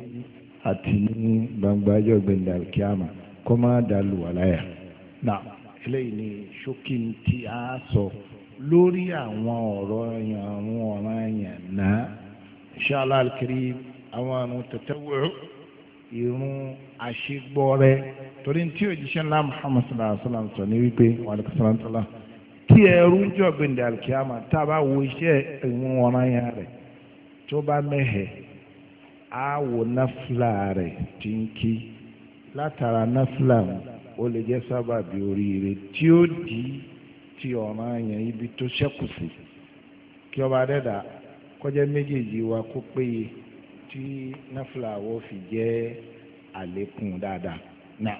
àti ní gbangba jọ gbẹ̀ndẹ̀ alikiyama kó má dàlù wà náà eléyìí ni ṣókí tí a sọ lórí àwọn ọ̀rọ̀ yẹn àwọn ọ̀ràn yẹn náà inshallah al àwọn àrùn tẹ̀tẹ̀wẹ̀ ìrun àṣegbọrẹ torí tí òjíṣẹ́ ńlá Muhammad sallallahu alaihi wa sallam sọ ní wípé wàlúkà sàlámùtàlá tí ẹrú ń jọ gbẹ̀ndẹ̀ àlùkìyàmà tá a bá wo iṣẹ́ ìrun ọ̀ràn yẹn rẹ̀ tó bá mẹ́hẹ̀ á wò náfìlà rẹ̀ tí látara náfìlà ó lè jẹ́ sábàbí oríire tí ó dì ti ọ̀ràn yẹn ibi tó ṣẹ́kù sí kí ọba adẹ́dà kọjá méjèèjì wa kó péye. tí náfìlà wọ́n fi jẹ́ àlékún dáadáa náà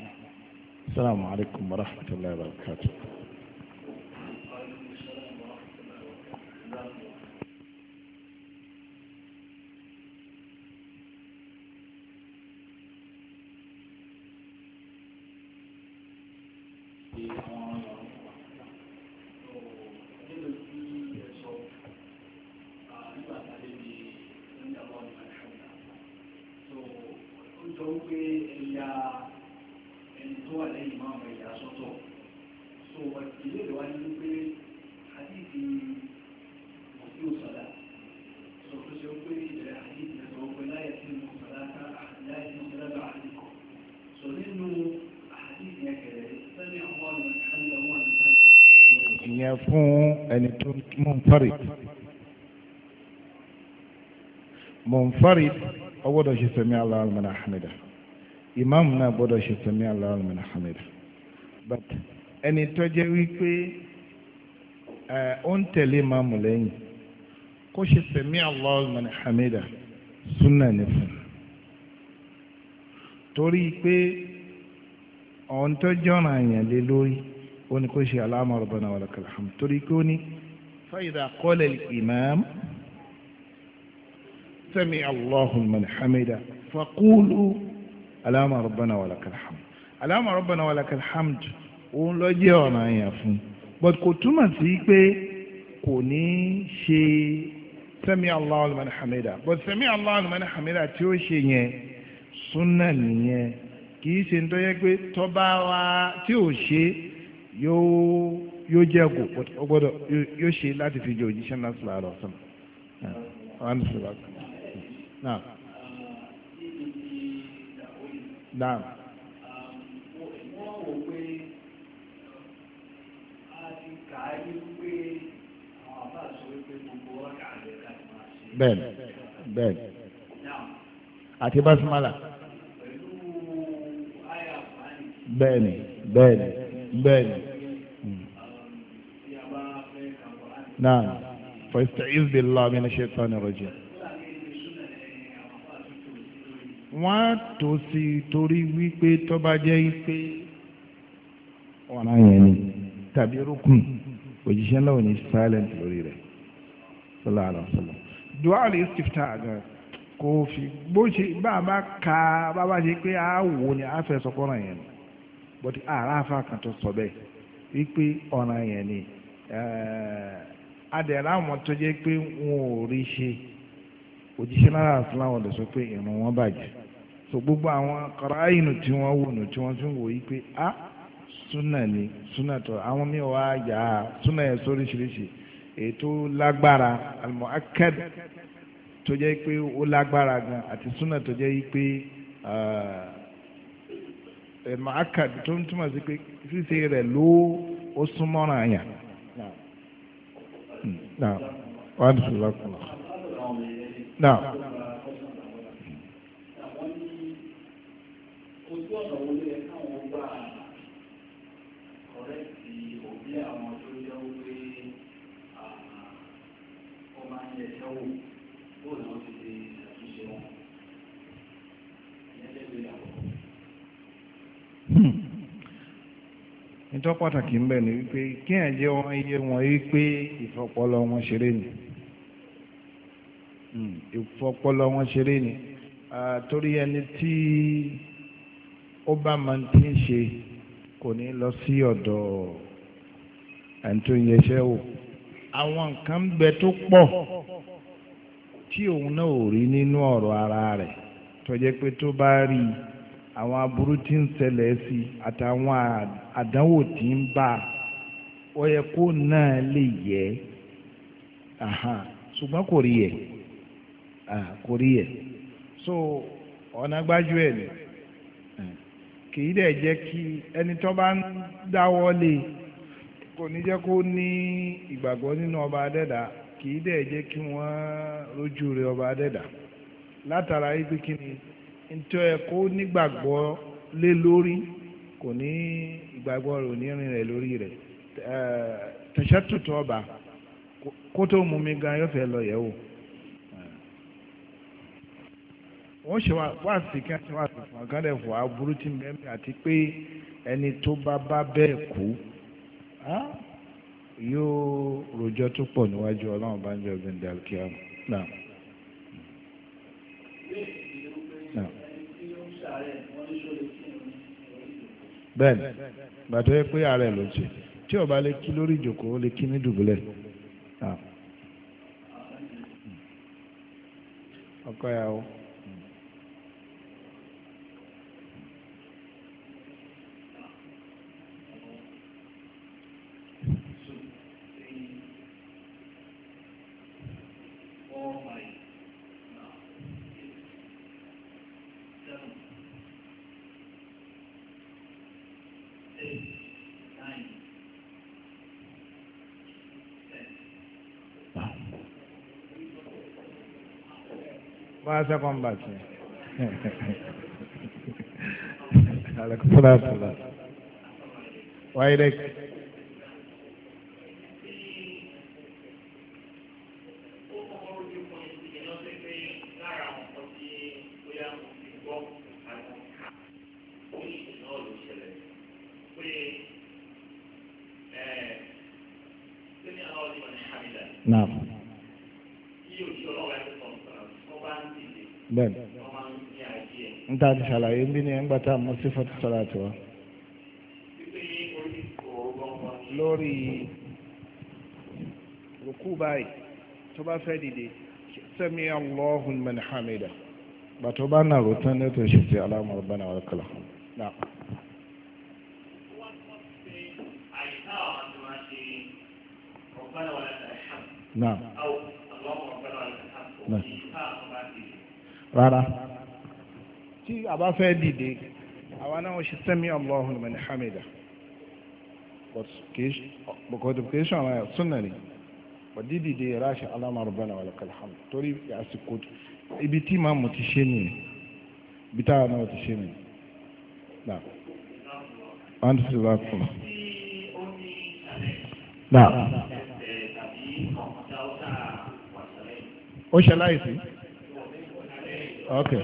salamu alaykum wa rahmatulahi wa barakatuh. ẹni tó mọ̀nfàrí mọ̀nfàrí ó gbọ́dọ̀ ṣe sami Allahu liman hamida ìmáàmù náà gbọ́dọ̀ ṣe sami Allahu liman but ẹni tó jẹ́ wípé ó ń tẹ̀lé ìmáàmù lẹ́yìn kó ṣe sami Allahu liman hamida súnà ní fún torí pé ọ̀n tó jọ̀ràn àyàn lé lórí ó ní kó ṣe aláàmà rabbana wa lakal hamd torí kí ó ní fa'idha qala al-imam sami Allahu liman hamida faqulu aláàmà rabbana wa lakal hamd aláàmà rabbana wa lakal hamd òun lọ jẹ́ ọ̀nà àyàn fún but kò túmọ̀ sí pé kò ní ṣe sami Allahu liman hamida but sami Allahu liman hamida tí ó ṣe yẹn súnà nìyẹn kì í ṣe ń tọ́jẹ́ pé tọ́ba wa tí ò ṣe é yóò yóò jẹ́ ẹ̀kọ́ ó gbọ́dọ̀ yóò ṣe láti fi jẹ òjíṣẹ́ náà sílá rọ̀ sọ́nà. Naam. Naam. Bẹ́ẹ̀ni, bẹ́ẹ̀ni. Àti Báṣímálà. Bẹ́ẹ̀ni, bẹ́ẹ̀ni. bẹ́ẹ̀ni Na fasta'iz billahi minash shaitani rajim wọ́n tó sí torí wípé tó bá jẹ́ ọ̀nà yẹn ni tàbí silent lórí rẹ̀ àgbà kò fi bó ka bá a bá ṣe pé a wò ni bọ́dí àràáfà kan tó sọ bẹ́ẹ̀ wípé ọ̀ràn yẹn ni eh, adẹ̀rẹ̀ àwọn tó jẹ́ pé wọn ò rí ṣe òjíṣẹ́ náírà àtúnláwọ̀ lọ sọ pé ìrun wọn bàjẹ́ so gbogbo àwọn kọ̀ráyìnù tí wọ́n wò nù tí wọ́n tún wò yí pé a ah, súnà ni súnà tó àwọn míì wá yà á súnà yẹn sóríṣiríṣi ètò lágbára àlùmọ́ akẹ́d tó jẹ́ pé ó lágbára gan àti súnà tó jẹ́ pé. Eh, ma'akad tó ń túmọ̀ sí pé ṣíṣe rẹ̀ ló ó súnmọ́ra yàn. Hmm. Now, wonderful, wonderful. Now. nítorí pàtàkì ń bẹ̀ ni wípé kí ẹ̀ jẹ́ wọn iye wọn wípé ìfọpọlọ wọn ṣeré ni hmm, ìfọpọlọ wọn ṣeré ni torí ẹni tí ó bá máa ti ń ṣe kò ní lọ sí ọ̀dọ̀ ẹni tó ń yẹṣẹ́ wò àwọn nǹkan ń bẹ tó pọ̀ tí òun náà ò rí nínú ọ̀rọ̀ ara rẹ̀ tó pé tó bá rí i. àwọn aburú ti ń ṣẹlẹ̀ sí àtàwọn àdánwò tí ń bá ọ yẹ kó náà lè yẹ ṣùgbọ́n kò rí yẹ kò rí yẹ so ọ̀nà gbájú ẹ̀ ni kì í dẹ̀ jẹ́ kí ẹni tó bá ń dáwọ́ lé e, kò ní jẹ́ kó ní ìgbàgbọ́ nínú ọba adẹ́dà kì í dẹ̀ jẹ́ kí wọ́n rójú rẹ̀ ọba adẹ́dà látara ibi kí ni. ntọ́ ẹ kó nígbàgbọ́ lé lórí kò ní ìgbàgbọ́ rẹ̀ ò ní rìn rẹ̀ lórí rẹ̀ tẹ̀sẹ̀ tuntun ọba kó tó mú mi gan yóò fẹ́ lọ yẹ̀ wò wọ́n ṣe wá sí kí wọ́n ṣe wá sí fún àgádẹ́ fún aburú tí àti pé ẹni tó bá bá bẹ́ẹ̀ kú yóò rojọ́ tó pọ̀ níwájú ọlọ́run bá ń jẹ́ ọ̀gbìn dàlkíá náà bẹ́ẹ̀ni gbàtọ́ yẹ pé ara ẹ̀ ló ṣe tí ó bá lè kí lórí ìjòkó lè kí ní dùbúlẹ̀ ah. ọkọ yà ó. wọ́n á sẹ́kọ̀n bá tiẹ̀. Alẹ́ kò fọ́lá fọ́lá. Wáyé dẹ́kì. níta ti ṣàlàyé bí ní ẹgbà tá a mú sí fọ́tí sọ́lá tó wa. lórí rukú báyìí tó bá fẹ́ dìde sẹ́mi Allahu liman hamida bàtò bá nàró tán ní tó ṣe ti aláàmọ̀ rabbana wa lakal Rárá tí a bá fẹ́ dìde àwa náà ṣe sẹ́mi Allahu liman hamida bọ̀kọ̀dùkẹ́sọ̀ àwọn ẹ̀sùnà ni wàdí dìde ráṣẹ alámọ̀rọ̀bọ̀nà wà lọ́kàlhàm torí àsìkò ibi tí màá mo ti ṣe nìyẹn ibi táwa náà ti ṣe nìyẹn. Ó ṣe láìsí? Okay.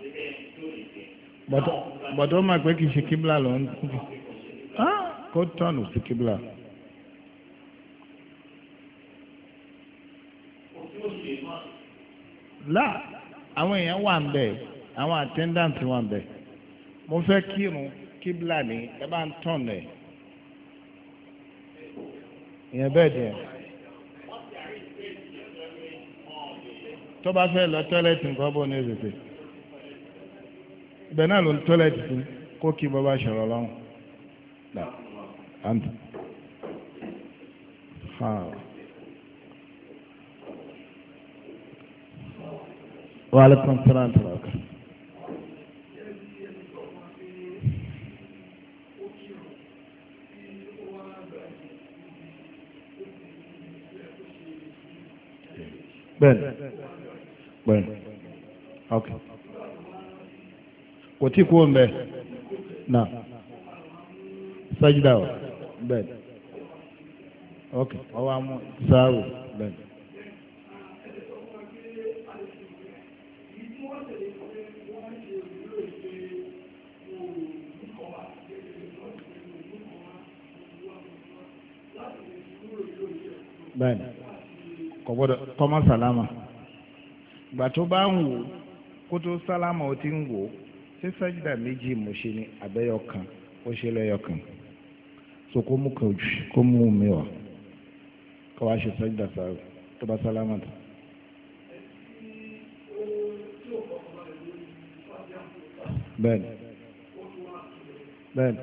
bọ̀dọ̀ ó máa pé kì í ṣe kíbla lọ ń kú kó tọ́nù sí kíbla. lá àwọn èèyàn wà ń bẹ̀ àwọn attendant wà ń bẹ̀ mo fẹ́ kírun kíbla ní ẹ bá ń tọ̀nù ẹ̀ ìyẹn bẹ́ẹ̀ dẹ̀. tó bá fẹ́ lọ tọ́lẹ̀tì nǹkan bó ní èsèké ibẹ̀ náà ló ń tọ́lẹ̀tì sí kó kí bọ́bá ṣọ̀rọ̀ lọ́rùn. wa alaikum salaam tó lọ́kàn. bẹ́ẹ̀ni bẹ́ẹ̀ni ok kò tí kú ọmọ ẹ náà sajida o ok ọwọ́ amú sáàrù bẹ́ẹ̀. bẹ́ẹ̀ni kò gbọ́dọ̀ kọmọ sálámà gbàtó bá ń wò kótó sálámà ó ti ń wò ṣé sájúdà méjì mo ṣe ni abẹ́yọ kan ó ṣe lọ́yọ kan so kó mú kan jù kó mú mi wá kó wá ṣe sájúdà sáré tó bá sálámà tó. bẹ́ẹ̀ni bẹ́ẹ̀ni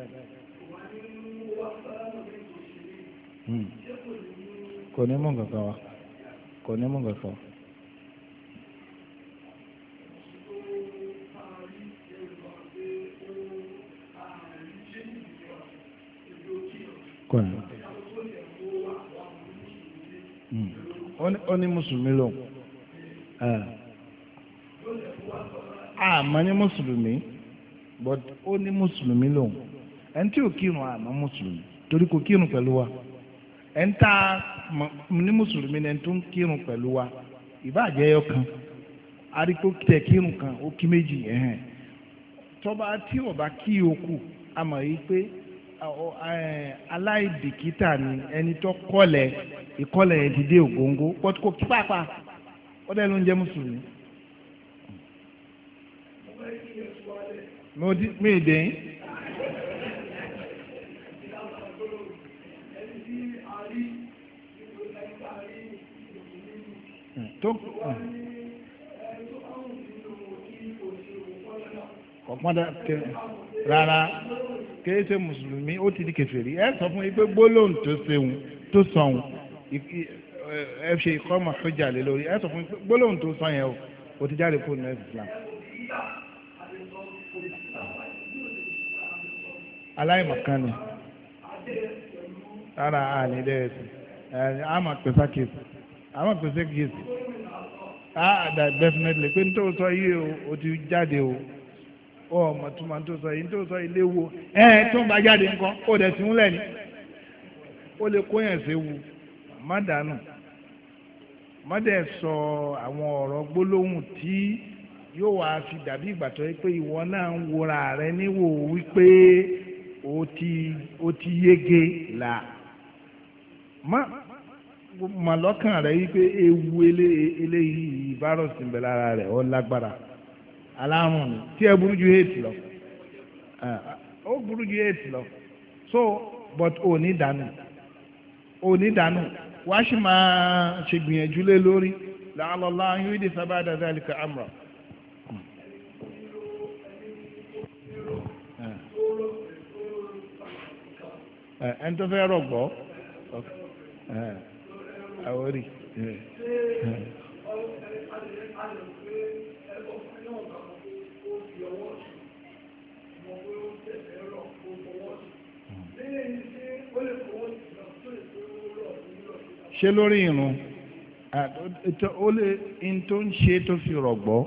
hmm. kò ní mú nǹkan kan wá kò ní mú nǹkan kan wá. kọ́ni. Hmm. ó ní mùsùlùmí lòun àmọ́ ní mùsùlùmí but ó ní mùsùlùmí lòun ẹni tí ò kírun àmọ́ mùsùlùmí torí kò kírun pẹ̀lú wa ẹni tá ní mùsùlùmí ni tó ń kírun Eh, aláìbìkítà ni ẹni tó kọ́lẹ̀ ìkọ́lẹ̀ yẹn ti dé ògóńgó pọ́tukọ̀ kí pàápàá ó dẹ́ ló ń jẹ́ mùsùlùmí. mo di mi dè yín. kọ̀pọ̀n dà rárá kìí mùsùlùmí ó ti di kèfèrí ẹ sọ fún yín pé gbólóhùn tó ṣeun tó sọhun ẹ ṣe ìkọ́mọ̀ tó jàlé lórí ẹ sọ fún yín pé gbólóhùn tó sọ yẹn o ó ti jáde kó nínú Islam. aláìmọ̀kan ni rárá àní dẹ́rẹ́sì ẹ̀ àmọ̀ pèsè kìsì àmọ̀ pèsè kìsì ah definitely pé nítorí sọ yìí o ti jáde o ọ mọ̀túnmọ̀ tó sọ yìí tó sọ ilé wo ẹ tó ń bá jáde nǹkan ó dẹ̀ sí múlẹ̀ ni ó lè kó yẹn ṣe wu má dànù má dẹ̀ sọ àwọn ọ̀rọ̀ gbólóhùn tí yóò wá fi dàbí ìgbà tó yẹ pé ìwọ náà ń wora rẹ níwò wípé o ti o ti yege là má mà lọ́kàn rẹ wípé ewu eléyìí virus ń bẹ lára rẹ̀ ó lágbára alárùn ni tí ẹ burú ju eight lọ ó burú ju eight lọ so but òní dànù òní dànù wàá sì máa ṣe gbìyànjú lé lórí làálọ́lá yóò dé sábà dáadáa lè ka amra. ẹni tó fẹ́ rọ̀gbọ́ àwọn orí. ṣe lórí irun ó lè in tó ń ṣe tó fi rọ̀gbọ́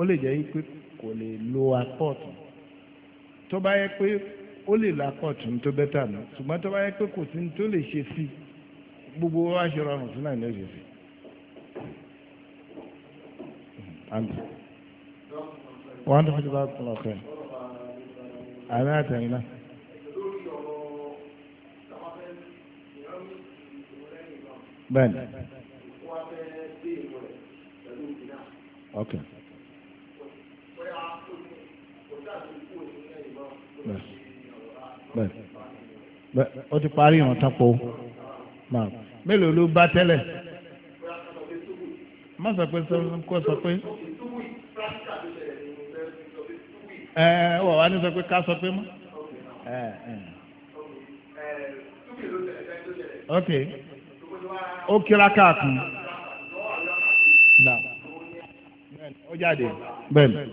ó lè jẹ́ pé kò lè lo apọ́ọ̀tù tó bá yẹ pé ó lè lo apọ́ọ̀tù tó bẹ́tà nù ṣùgbọ́n tó bá yẹ pé kò sí tó lè ṣe sí gbogbo wa ṣe rọrùn fún àìní òṣè sí. wọ́n á dọ́kọ̀ tó bá kún ọ̀kẹ́ àmì àtẹ̀yìn náà. bẹ́ẹ̀ni. ok. bẹ́ẹ̀ ó ti parí ìrìn tán po mélòó ló bá tẹ́lẹ̀ má sọ pé sọ́run kó sọ pé ẹ wọ̀ wá ní sọ pé ká sọ pé mọ́. ok ó kíra káàkùn ó jáde bẹ́ẹ̀ bẹ́ẹ̀.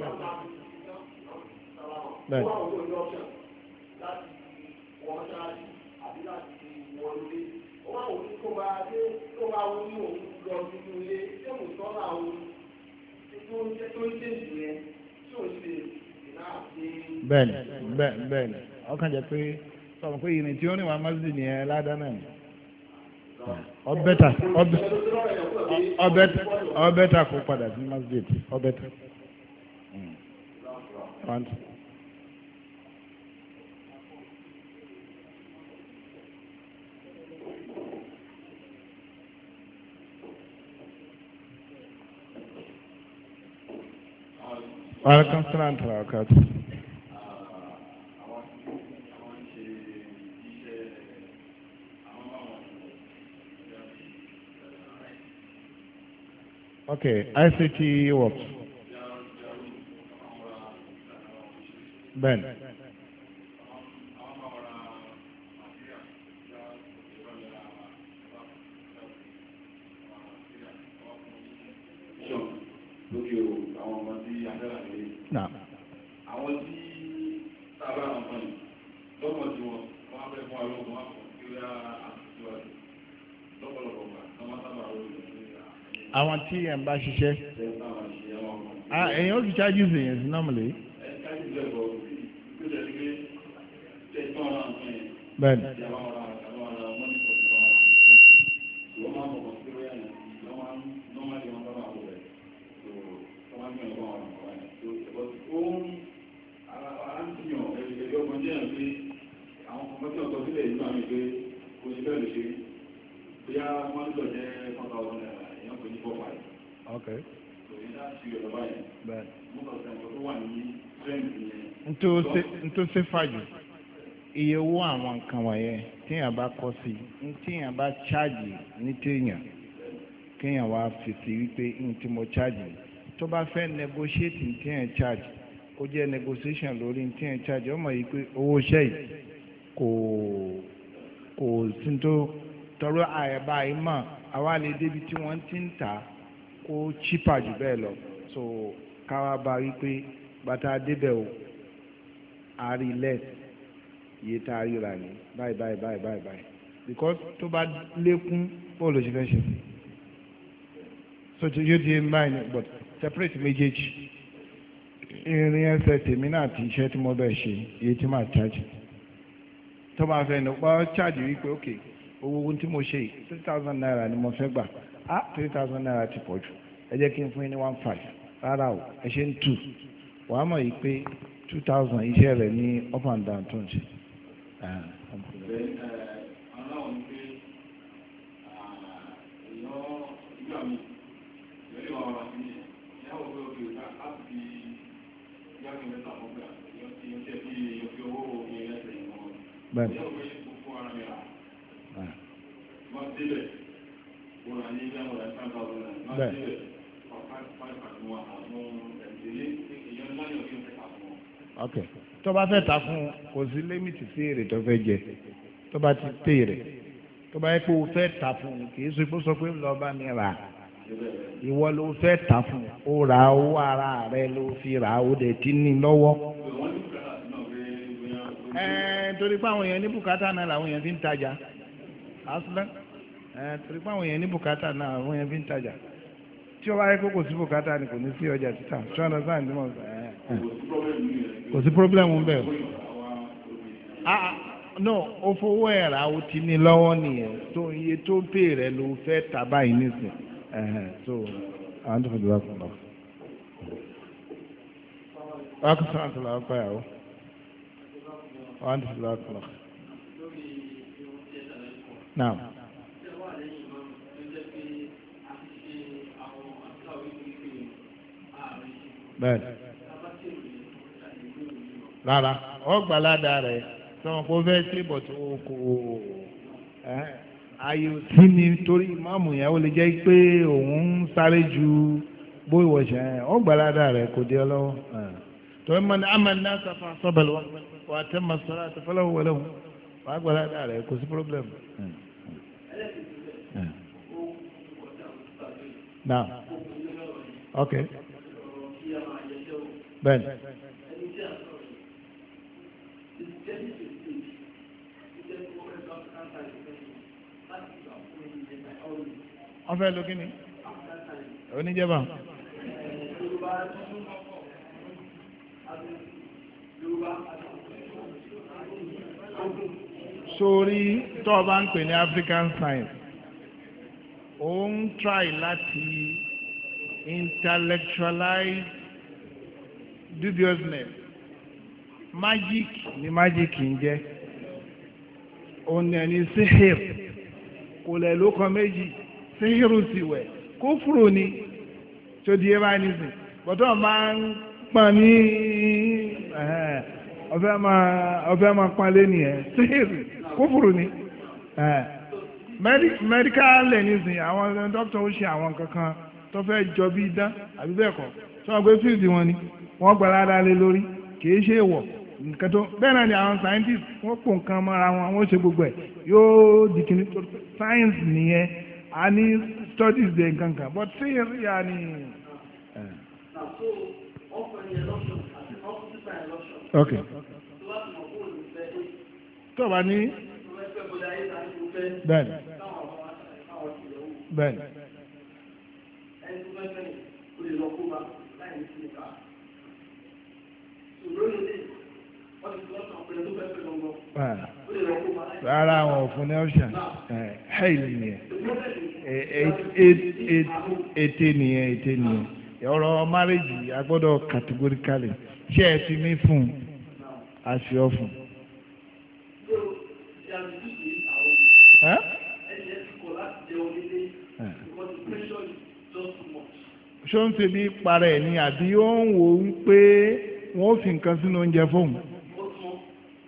bẹ́ẹ̀ni bẹ́ẹ̀ni ọkàn jẹ́ pé sọ̀rọ̀ pé ìrìn tí ó rìn wá mọ́sídìí ni ẹ ládàá náà ọbẹ̀ta ọbẹ̀ta kò padà sí masjid ọbẹ̀ta. Wa alaikum salaam wa rahmatullahi wa Okay, ICT works. Ben. ben. àwọn tí ẹ̀ ń bá ṣiṣẹ́ ẹ̀yìn ó fi charges èèyàn normally. bẹ́ẹ̀ni. tó ṣẹ́fà jù iye owó àwọn nǹkan wọ̀nyẹn téèyàn bá kọ́ sí i ní téèyàn bá ṣáàjì ní téèyàn kéèyàn wá fèsì wípé ní tí mo ṣáàjì tó bá fẹ́ negotiate ní téèyàn ṣáàjì kó jẹ́ negotiation lórí ní téèyàn ṣáàjì ọmọ yìí pé owó iṣẹ́ yìí kò kò sí tó tọrọ àyẹ̀bá yìí mọ̀ àwa lè débi tí wọ́n ti ń tà kó cheaper jù bẹ́ẹ̀ lọ so káwa bá wípé bàtà débẹ̀ o àárí less iye tá a ríra ní báyìí báyìí báyìí báyìí báyìí because tó bá lékún bó ló ṣe fẹ́ ṣe so to you dey mind but separate méjèèjì irin ẹsẹ̀ tèmi náà ti iṣẹ́ tí mo bẹ̀ ṣe iye tí màá charge tó bá fẹ́ nípa charge wípé ok owó ohun tí mo ṣe yìí three thousand naira ni mo fẹ́ gbà ah three thousand naira ti pọ̀ jù ẹ jẹ́ kí n fún yín ní one five rárá o ẹ ṣe ń two wàá mọ̀ yìí pé two thousand iṣẹ́ rẹ̀ ní up and down tó ṣe. Bẹ́ẹ̀ni. ok tó bá fẹ́ ta fún kò sí límìtì sí èrè jẹ tó ti tè rẹ̀ tó bá yẹ pé o fẹ́ ta fún kì lọ bá mi rà ìwọ ló fẹ́ ta fún ra owó ara rẹ ló fi rà o dẹ̀ lọ́wọ́. torí pé àwọn èèyàn ní bùkátà náà làwọn èèyàn fi ń tajà torí pé àwọn èèyàn ní bùkátà náà làwọn èèyàn fi ń tajà tí o bá yẹ ni kò ní sí ọjà títà kò sí pírọ́blẹ́mù bẹ́ẹ̀ ah, ah, náà ó fowó o rà ó ti ní lọ́wọ́ nìyẹn tó iye tó pè rẹ̀ ló fẹ́ tà báyìí nísìn so àwọn tó fẹ́ dúró kùn lọ. wàá sọ́nà tó lọ́wọ́ pàyàwó wàá tó fẹ́ dúró kùn lọ. Naam. Bẹ́ẹ̀ni rárá ọgbàládà rẹ̀ sọ̀rọ̀ kó fẹ́ sí bọ̀tù kò ayò tí ni torí ìmáàmù yẹn ó lè jẹ́ pé òun ń sáré ju bó ìwọ̀sẹ̀ ọgbàládà rẹ̀ kò dé ọlọ́wọ́ torí mọ́ ni amẹ́ náà sàfà sọ́bẹ̀lì wà tẹ́ mọ́ sọ́ra àti fọlọ́wọ́ wẹlẹ́ wọn wà gbàládà rẹ̀ kò sí pírọ́blẹ̀mù. Now, okay. Ben the dedicated to get to in wọ́n fẹ́ lo kí ni. oníjẹba. yorùbá tó o bá ń pè ní African science ó ń try láti intellectualize dubiousness Magic ni magic ń jẹ́ ọ̀nà ni síhìr kò lẹ̀ ló kan méjì síhìrù sì wẹ̀ kúfùrù ni tó di ẹ báyìí nìsín bọ́tọ̀ máa ń pọn ní ọ̀fẹ́ máa ọ̀fẹ́ máa pọn lé nìyẹn síhìrù ni medical lenisin àwọn doctor ó ṣe àwọn kankan tó fẹ́ jọ bí dán àbí bẹ́ẹ̀ kọ́ sọ pé fíìsì wọn ni wọ́n gbà lé lórí kì í ṣe wọ̀ nǹkan tó bẹ́ẹ̀ náà ni àwọn scientist wọ́n pò nǹkan mọ́ra wọn wọ́n ṣe gbogbo ẹ̀ yóò di kìíní tó science nìyẹn a ní studies de nǹkan kan but ṣé yà ni. ok tó bá ní. tó o lè lọ kó bá láì ní sí ní ká. ṣùgbọ́n rárá àwọn òfin ní option hail nìyẹn ète nìyẹn ète nìyẹn ọ̀rọ̀ márèjì agbọ́dọ̀ kàtígóríkálì ṣé ẹ ti mí fún un àṣì ọ̀fun. ṣó ń ṣe bí parẹ́ ni àbí ó ń wò ó pé wọ́n fi nǹkan sínú oúnjẹ fóun.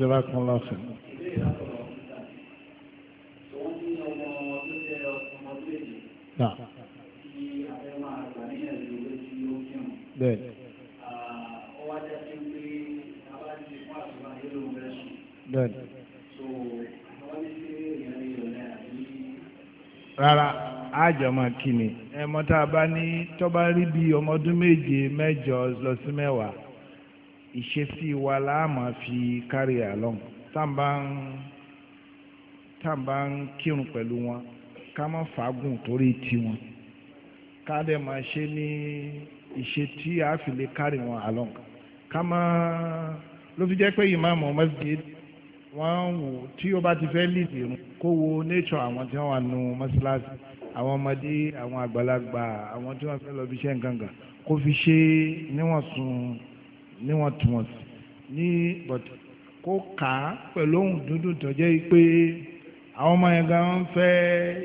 jọba kan lọ́fẹ̀. Bẹ́ẹ̀. Bẹ́ẹ̀. Rárá, àjọ máa kí ni. Ẹ̀mọ́ta bá ní tọ́ba rí bí ọmọ ọdún méje mẹ́jọ lọ sí mẹ́wàá ìṣesí wa láàmà fi kárí àlọ́n táàbà ń kírun pẹ̀lú wọn ká má fàágùn torí tiwọn ká dẹ̀ máa ṣe ní ìṣe tí a fi lè kárí wọn àlọ́n ká má ló fi jẹ́ pé ìmáàmù masjid wọ́n wò tí ó bá ti fẹ́ lìdì kó wo nature àwọn tí wọ́n wà nù mọ́ṣáláṣí àwọn ọmọdé àwọn àgbàlagbà àwọn tí wọ́n fẹ́ lọ fi ṣe nǹkan kan kó fi ṣe níwọ̀n sùn níwọ̀ntúnwọ̀nsì ní bọ̀tù kó kà á pẹ̀lú ohun dúdú tó jẹ́ pé àwọn ọmọ yẹn gan ń fẹ́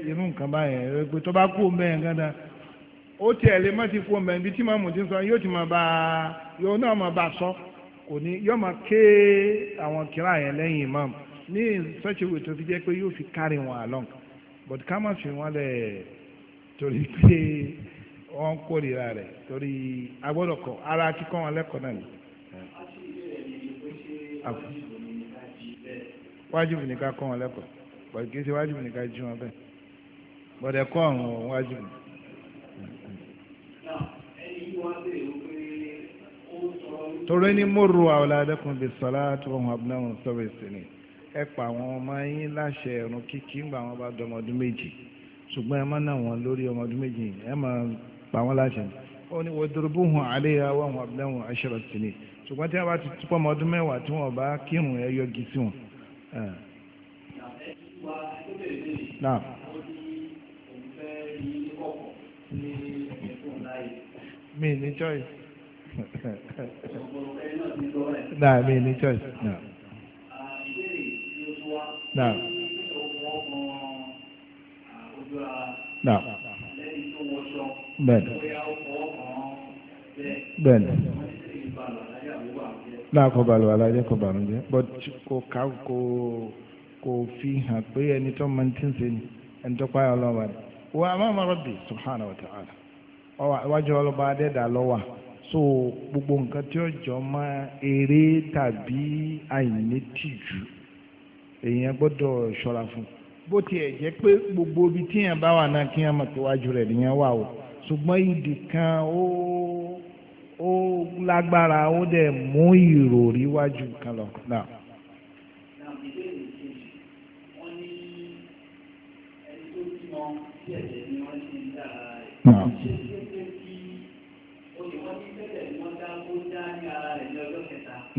irú nǹkan báyẹn pé tó bá kú òun bẹ́yẹn gan dáa ó tiẹ̀ lè má ti kú òun bẹ́yẹn ibi tí màmú ti ń sọ yóò ti máa bá a yóò náà máa bá a sọ kò ní yóò máa ké àwọn kíra yẹn lẹ́yìn imam ní sọ́ọ̀tì tó fi jẹ́ pé yóò fi carry wọn along but ká má fi wọn lẹ̀ torí pé wọ́n kórìíra rẹ̀ torí agbọ́dọ̀ kọ ara kíkọ́ wọn lẹ́kọ̀ọ́ náà àpò wájúbù nìkan kọ́ wọn lẹ́kọ̀ọ́ bọ̀dù kì í ṣe wájúbù nìkan jí wọn bẹ́ẹ̀ bọ̀dù ẹ̀kọ́ àwọn òun wájúbù. torí ní mòrò àwòládẹ́kùn bíi sọlá tó wọn abúláwọn sọ̀rọ̀ ìsìn ẹ pa àwọn ọmọ yín láṣẹ ẹ̀rùn kíkí ńgbà wọn bá dọmọdún méjì ṣùgbọ́n ẹ má nà wọn lórí ọmọdún méjì ẹ má pa wọn láṣẹ ó ní wọ́n dúró bóhùn àléyàwó àwọn abúláwọn aṣọ ṣùgbọ́n tí a bá ti túpọ̀ ọmọ ọdún mẹ́wàá tí wọ́n bá kírun ẹ yọgi sí wọn. mi ní choice. nah, mi ní choice. Nah. Nah. Bẹ́ẹ̀ni. Bẹ́ẹ̀ni náà kò bàlù alájẹ́ kò bànújẹ́ but kò ká kò kò fi hàn pé ẹni tó máa ń tí ń ṣe ni ẹni tó páyà ọlọ́wà rẹ̀ wọ́n a máa ma rọ́bì subhanahu wa ta'ala iwájú ọlọ́ba adẹ́dà lọ́wà so gbogbo nǹkan tí ó jọ mọ́ eré tàbí àìnítìjú èèyàn gbọ́dọ̀ ṣọ́ra fún bó tiẹ̀ jẹ́ pé gbogbo ibi tíyàn bá wà náà kíyàn mọ̀ pé wájú rẹ̀ nìyẹn wà o ṣùgbọ́n ìdì kan ó ó lágbára ó dẹ̀ mú ìròrí wájú kan lọ náà.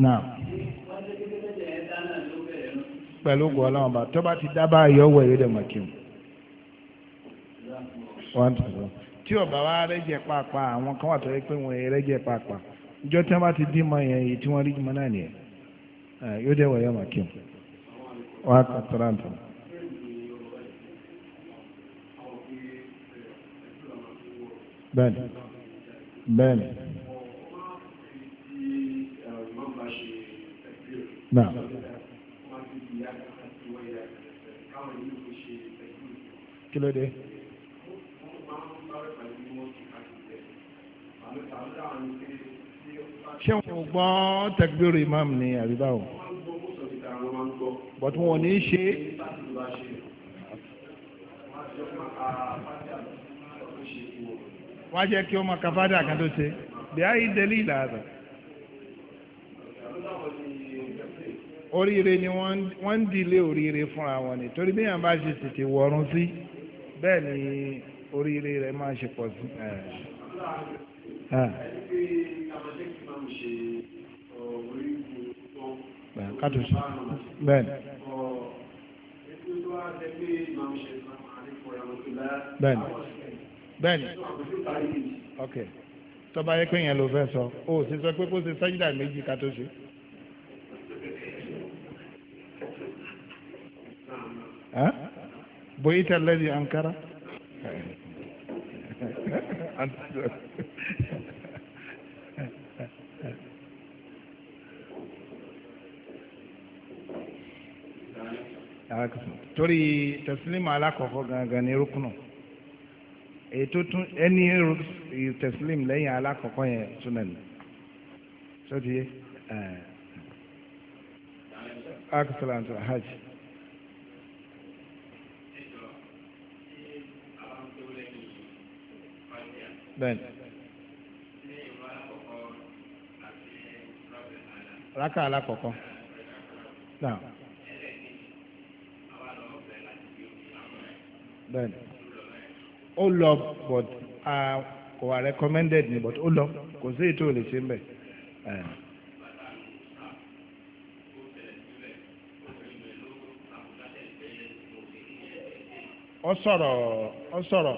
Naam. Pẹ̀lú ògùn ọlọ́run bá tó bá ti dábàá yọ̀wọ̀ èrè dẹ̀ mọ̀ kí n. One thousand. tí ọba wa rẹ́jẹ̀ pàpà àwọn kan wà tó yẹ pé wọ́n rẹ́jẹ̀ pàápàá ìjọ tí bá ti dín yẹn èyí tí wọ́n rí jùmọ̀ náà nìyẹn yóò dẹ̀ wọ̀nyẹ́ màkì wọn kà ṣé wọn gbọ́ tẹgbẹ́rẹ́ imam ní àríbá o bọ́tú wọn ní í ṣe. wọ́n á jẹ́ kí ọmọ kàfádà kan tó ṣe bí a yìí délé ìlànà. oríire ni wọ́n ń dilé oríire fúnra wọn ni torí bí yàn bá ṣe tètè wọ̀ọ́rùn sí bẹ́ẹ̀ ni oríire rẹ̀ máa ṣe pọ̀ sí. Ah. kátó sí bẹ́ẹ̀ bẹ́ẹ̀ bẹ́ẹ̀ ok tọ́ba yẹ pé yẹn ló fẹ́ sọ ó sì sọ pé kó ṣe sájídà méjì kátó sí. بويت الذي أنكر alákùsùn torí tẹ̀sílímù alákọ̀ọ́kọ́ gangan ní rúkùnù ètò tún ẹni tẹ̀sílímù lẹ́yìn alákọ̀ọ́kọ́ yẹn súnà ní sọ́tí alákùsùn àti hajj. bẹ́ẹ̀ni. raka alákọ̀ọ́kọ́ náà. bẹ́ẹ̀ni ó but kò wà recommended me but ó lọ kò sí ètò òlè ṣe ń bẹ̀. ọ sọ̀rọ̀ ọ sọ̀rọ̀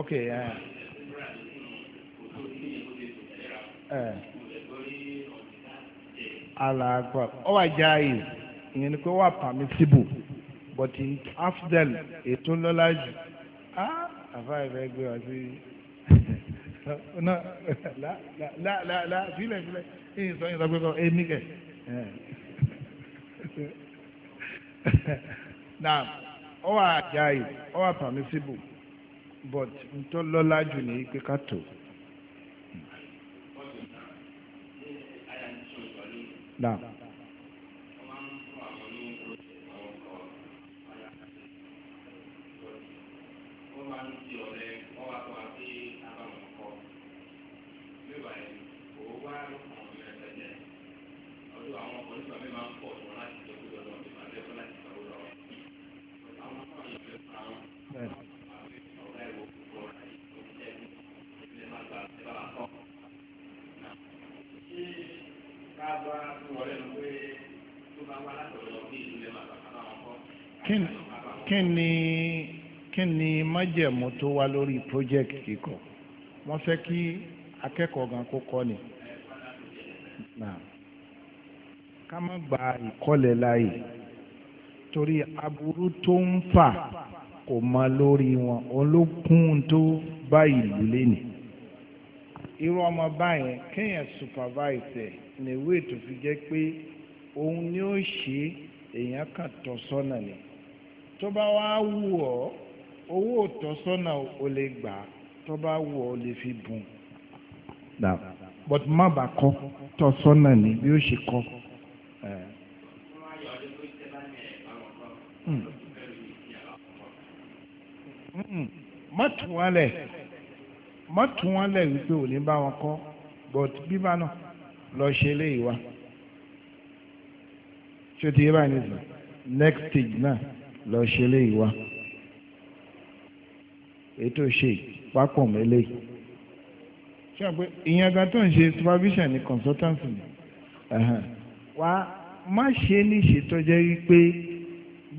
ok. Alaakwa, ọ wa jaa yi, but afdel ètò lọ́lá jù á àfa ìfẹ́ gbé wá sí láàlá sílẹ̀ sílẹ̀ èyí sọ yín sọ pé kọ́ èmi kẹ̀. na ọ wà àjáyé ọ wà permissible but ntọ́ lọ́lá jù ní pé ká tó. Now. májẹ̀mú tó wá lórí project kíkọ wọ́n fẹ́ kí akẹ́kọ̀ọ́ gan kó kọ́ ni ká má gba ìkọlẹ̀ láàyè torí aburú tó ń fà kò mọ lórí wọn olókùn tó bá ìlú lẹ́nu irú ọmọ báyẹn kéèyàn supervise ẹ̀ níwèé tó fi jẹ pé òun ni ó ṣe èèyàn kàn tọ́ sọ́nà ni tó bá wá wù ọ́ owó ìtọ́sọ́nà o lè gbà tó bá wù ọ́ lè fi bùn but má bàa kọ́ tọ́sọ́nà ni bí ó ṣe kọ́. Hmm. Hmm. má tún wọn lẹ̀ má tún wọn lẹ̀ wípé ò ní bá wọn kọ́ but bíbá náà lọ ṣe eléyìí wá ṣé ti yé báyìí nìyí next stage náà lọ ṣe eléyìí wá ètò ṣe pápọ̀ mẹ́lẹ̀ ṣe àpẹ ìyẹn gan tó ń ṣe supervision ní consultancy ni wà má ṣe ní ìṣètọ́jẹ́ wípé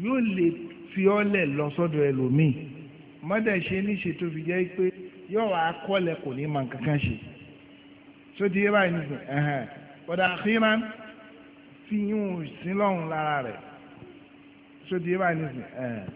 yóò lè fi ọ́lẹ̀ lọ sọ́dọ̀ ẹlòmíì mọ́dẹ̀ ṣe ní ìṣètò fi jẹ́ pé yóò wá kọ́lẹ̀ kò ní máa kankan ṣe tó ti yé báyìí nìsín bọ̀dà àkíyèmá fi yún un sí lára rẹ̀ tó ti yé báyìí nìsín.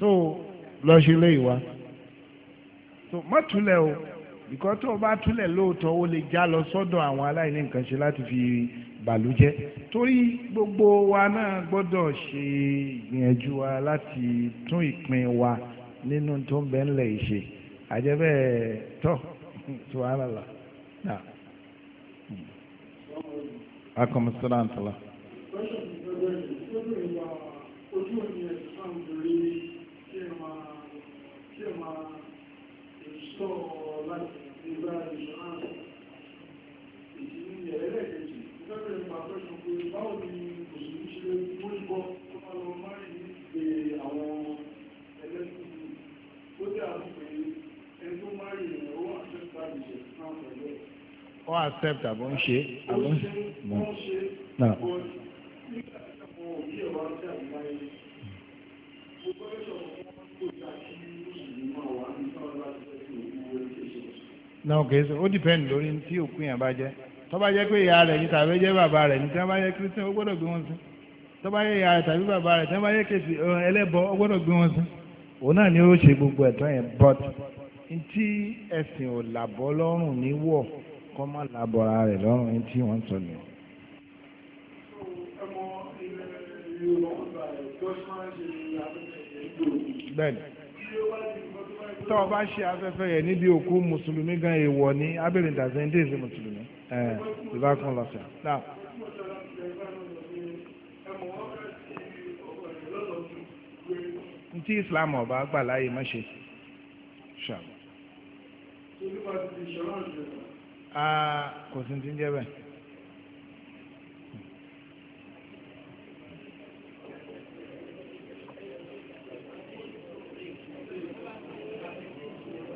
so lọ ṣe lé ìwà so má túlẹ̀ o ìkọ́ tó o bá túlẹ̀ lóòótọ́ o lè já lọ sọ́dọ̀ àwọn aláìní nǹkan ṣe láti fi bàlújẹ́ torí gbogbo wa náà gbọ́dọ̀ ṣe ìgbìyànjú wa láti tún ìpín wa nínú tó ń bẹ ńlẹ̀ ìṣe àjẹbẹ́ tọ́ tó ara là náà. akọ̀mọ̀sọ́lá ń tí ó máa sọ láti ìgbà ìṣọ́nà ìdí ní ẹ̀rẹ́lẹ́kẹ̀ẹ́jì lọ́pẹ̀ nípa pẹ́sùn pé báwo ni òṣèlú ṣe lè mójúbọ́ tó máa lọ máa ní pé àwọn ẹlẹ́sìn tó dẹ̀ àwọn pé ẹni tó máa rí ìrìnàwó accept àbíṣẹ́ náà pẹ̀lú ẹ̀. ó ṣe àbọ̀ kèésì ó dìpẹ́ǹdì lórí tí òkú yẹn bá jẹ́ tó bá jẹ́ pé ìyá rẹ̀ ní tàbí jẹ́ bàbá rẹ̀ ní tí wọ́n bá jẹ́ kírísítẹ́n ó gbọ́dọ̀ gbé wọn sí tó bá jẹ́ ìyá rẹ̀ tàbí bàbá rẹ̀ tí wọ́n bá jẹ́ kèsì ẹlẹ́bọ ó gbọ́dọ̀ gbé wọn sí òun náà ni ó ṣe gbogbo ẹ̀tọ́ yẹn but ntí ẹ̀sìn ò làbọ́ lọ́rùn níwọ̀ kọ́ má làbọ̀ra rẹ̀ lọ́rùn ntí wọ́n sọ nìyẹn. bẹ́ẹ̀ni tó o bá ṣe afẹ́fẹ́ yẹn níbi òkú mùsùlùmí gan èèwọ̀ ní abẹ́rẹ́ ìdàsẹ́ ní dèsè mùsùlùmí ẹ̀ ìbákan lọ́sẹ̀ náà. ntí islam ọba gbà láàyè má ṣe ṣàbọ̀. kò sí ti ń jẹ́ bẹ́ẹ̀.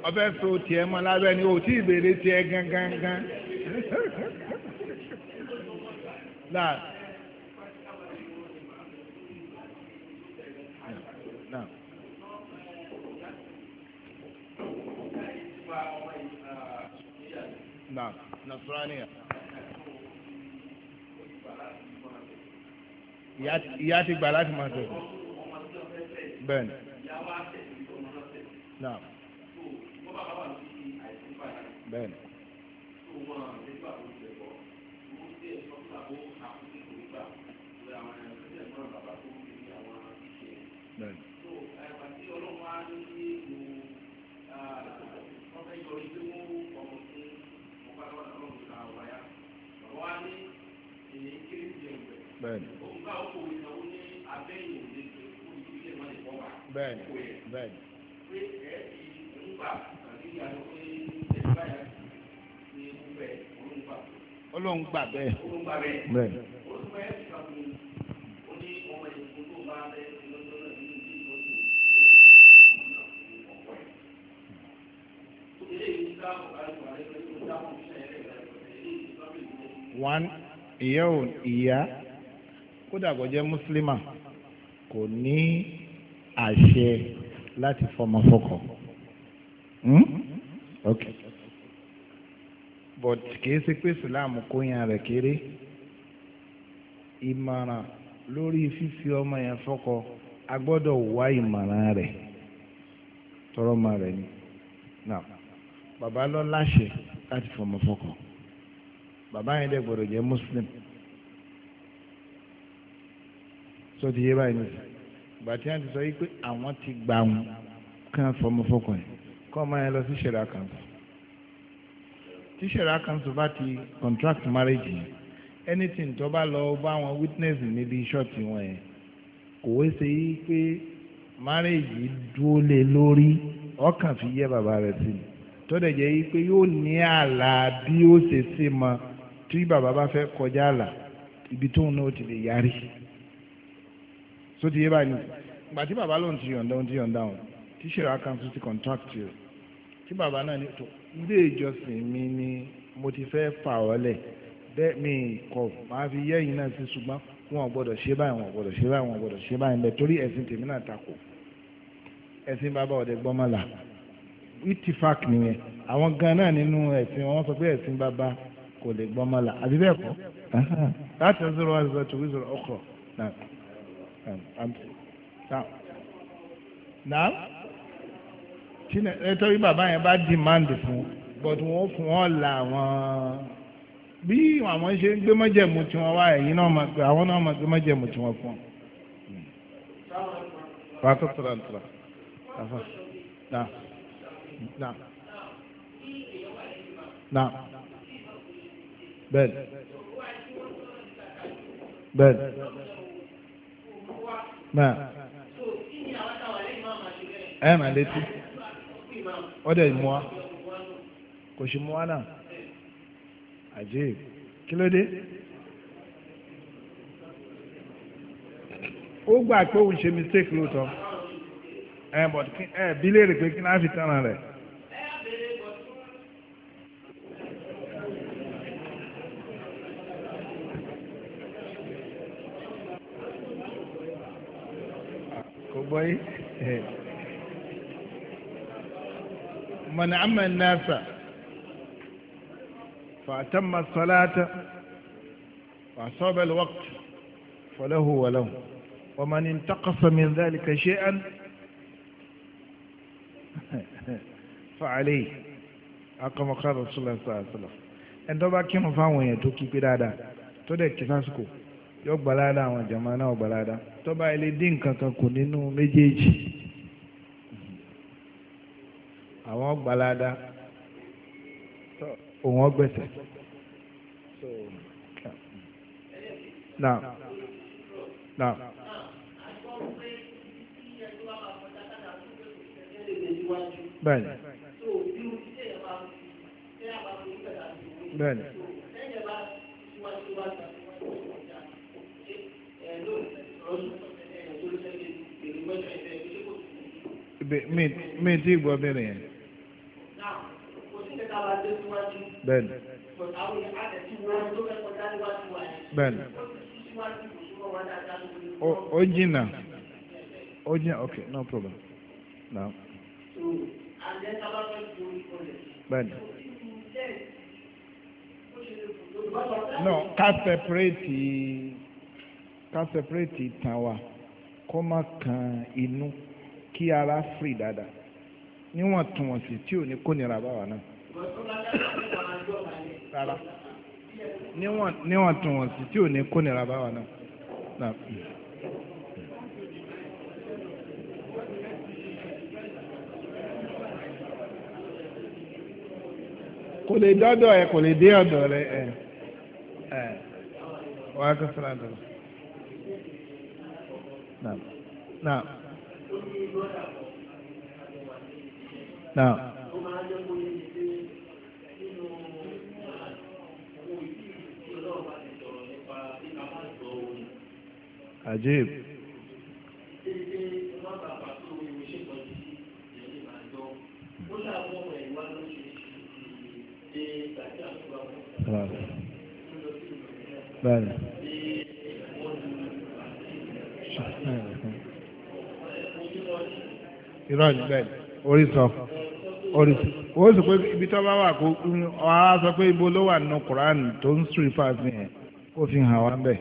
ọfẹ́ so tiẹ̀ mọ́ lábẹ́ ni ò tí ì béèrè tiẹ̀ gangan. Naam, Nasrania. Ìyá ti gbà láti máa tẹ̀lé. Bẹ́ẹ̀ni. Naam bẹ́ẹ̀ni. bẹ́ẹ̀ni. bẹ́ẹ̀ni. bẹ́ẹ̀ni bẹ́ẹ̀ni. Ọlọ́run gbà bẹ́ẹ̀. bẹ́ẹ̀. one ìyá ò ìyá kódà kò jẹ́ mùsùlùmá kò ní àṣẹ láti fọmọ fọkọ. Hmm? ok. okay but kìí ṣe pé islam kó yan rẹ̀ kéré ìmọ̀ràn lórí fífi ọmọ yẹn fọ́kọ a gbọ́dọ̀ wá ìmọ̀ràn rẹ̀ tọrọmọ rẹ̀ ni now bàbá lọ láṣẹ láti fọmọ fọ́kọ bàbá yẹn dẹ̀ gbọ́dọ̀ jẹ́ muslim tó ti yé báyìí nìyí ìgbà tí wọ́n ti sọ yìí pé àwọn ti gbà wọn kí wọ́n fọmọ fọ́kọ yẹn kọ́ ọmọ yẹn lọ sí ṣẹ̀dá kan kan tí sẹ̀rá kanṣu bá ti contract marriage yẹn anything tó bá lọ bá wọn witness níbi ṣọ́ọ̀tì wọn yẹn kò wé ṣe yí pé marriage dúró lé lórí ọkàn fi yẹ bàbá rẹ̀ sí ni tó dẹ̀ jẹ́ yí pé yóò ní ààlà bí ó ṣe ṣe mọ tí bàbá bá fẹ́ kọjá ààlà ibi tóun náà ti lè yarí só yé báyìí nígbà bàbá lòun ti yọ̀ǹda òun ti yọ̀ǹda òun tí kanṣu ti contract rẹ̀ tí bàbá náà ní tó ilé ìjọsìn mi ni mo ti fẹ́ fà ọ́ lẹ̀ bẹ́ẹ̀ mi kọ̀ máa fi yẹ́ yín náà sí ṣùgbọ́n wọn ò gbọ́dọ̀ ṣe báyìí wọn ò gbọ́dọ̀ ṣe báyìí wọn ò gbọ́dọ̀ ṣe báyìí bẹ́ẹ̀ torí ẹ̀sìn tèmi náà takò ẹ̀sìn bàbá ọ̀dẹ̀ gbọ́mọ̀là itifak nìyẹn àwọn gan náà nínú ẹ̀sìn wọn sọ pé ẹ̀sìn bàbá kò lè gbọ́mọ̀là àbí bẹ́ẹ̀ kọ́ láti zoro wá zoro tó zoro náà nítorí bàbá yẹn bá demand fún but wọ́n fún wọn la àwọn bí àwọn ṣe ń gbé mọ́jẹ̀mú tí wọ́n wá ẹ̀yìn náà máa gbé àwọn náà máa gbé mọ́jẹ̀mú tí wọ́n fún wọn. bẹ́ẹ̀ni bẹ́ẹ̀ni náà ẹ̀ máa létí wọ́n dẹ̀ mú wa kò sí mú wa náà àjẹ́ kí ló dé. ó gbà pé òun ṣe mistake lóòótọ́ ẹ but ẹ bí léèrè pé kí náà fi tán rẹ̀. kò من أم الناس فأتم الصلاة وأصاب الوقت فله وله ومن انتقص من ذلك شيئا فعليه أقام قال رسول الله صلى الله عليه وسلم ẹni tó bá kírun fáwọn èèyàn tó kí pé dáadáa tó dẹ̀ kí sásìkò yóò gbàládà àwọn jàmáà náà gbàládà tó bá ilé dín nǹkan kan kù nínú méjèèjì òun gbalada òun ọgbẹ̀sẹ̀. now now. bẹ́ẹ̀ni bẹ́ẹ̀ni. mi ti gbọ́ bẹ́ẹ̀ yẹn. bẹ́ẹ̀ni bẹ́ẹ̀ni ó jìnnà ó jìnnà ok no problem now. bẹ́ẹ̀ni. no ká sẹpẹrẹtì ká sẹpẹrẹtì tàn wá kó má kan inú kí ara firi dáadáa níwọ̀n tún wọ̀n sí tí ò ní kó nira báwa náà rárá níwọ̀ntúnwọ̀nsì tí ò ní kó nira bá náà. kò lè dọ́dọ̀ ẹ kò lè dé ọ̀dọ̀ rẹ ẹ ẹ wàá kó sọ́ra dọ̀rọ̀. Now. Now. ajib bẹ́ẹ̀ni. irọ́ ni bẹ́ẹ̀ni orí sọ orí sọ ó sì pé ibi tó bá wà kó wàá sọ pé ibo ló wà nínú Quran tó ń sùn fàáfin yẹn kó fi hàn wá bẹ́ẹ̀.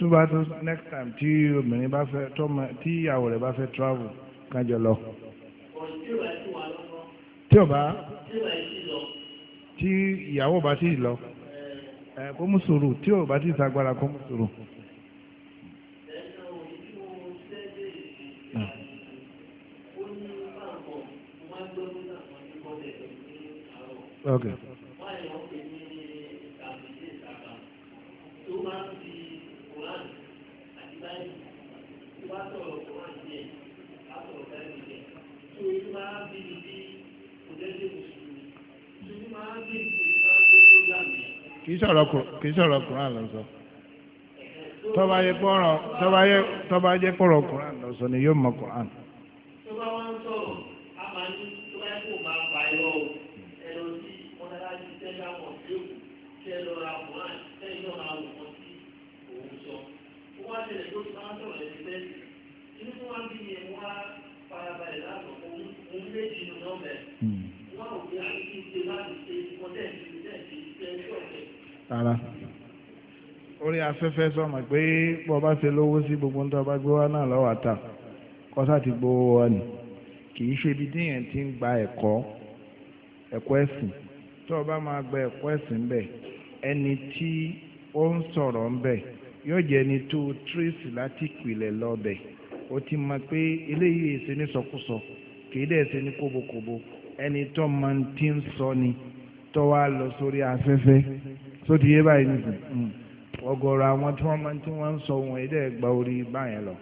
tún bá tún next time tí obìnrin bá fẹ́ tí ìyàwó rẹ̀ bá fẹ́ travel kájọ lọ. tí ò bá tí ìyàwó bá ti lọ kó mú sùúrù tí ò bá ti sagbára kó mú sùúrù. ìṣòro Quran lọ sọ tọba yẹ kọrọ tọba yẹ tọba yẹ kọrọ Quran lọ sọ ni yóò mọ Quran. tọba orí afẹ́fẹ́ sọmọ pé bọ́ bá ṣe lówó sí gbogbo nítorí bá gbé wá náà lọ́wọ́ àtà kọ́sá ti gbowó wa nì kì í ṣe ibi téèyàn ti ń gba ẹ̀kọ́ ẹ̀kọ́ ẹ̀sìn tó o bá máa gba ẹ̀kọ́ ẹ̀sìn bẹ̀ ẹni tí ó ń sọ̀rọ̀ ń bẹ̀ yóò jẹ́ ẹni tó tírèsì láti pìlẹ̀ lọ́bẹ̀ ó ti mọ pé eléyìí èsè ní sọkúsọ kì í dẹ̀ ṣe ní kóbokòbo ẹni tó máa ti ń sọ ni tó wá lọ sórí afẹ́fẹ́ sódìyẹ báyìí nìkan. Hmm. Ọgọrọ àwọn tí wọ́n máa tí wọ́n ń sọ wọn ilé orí báyẹn lọ.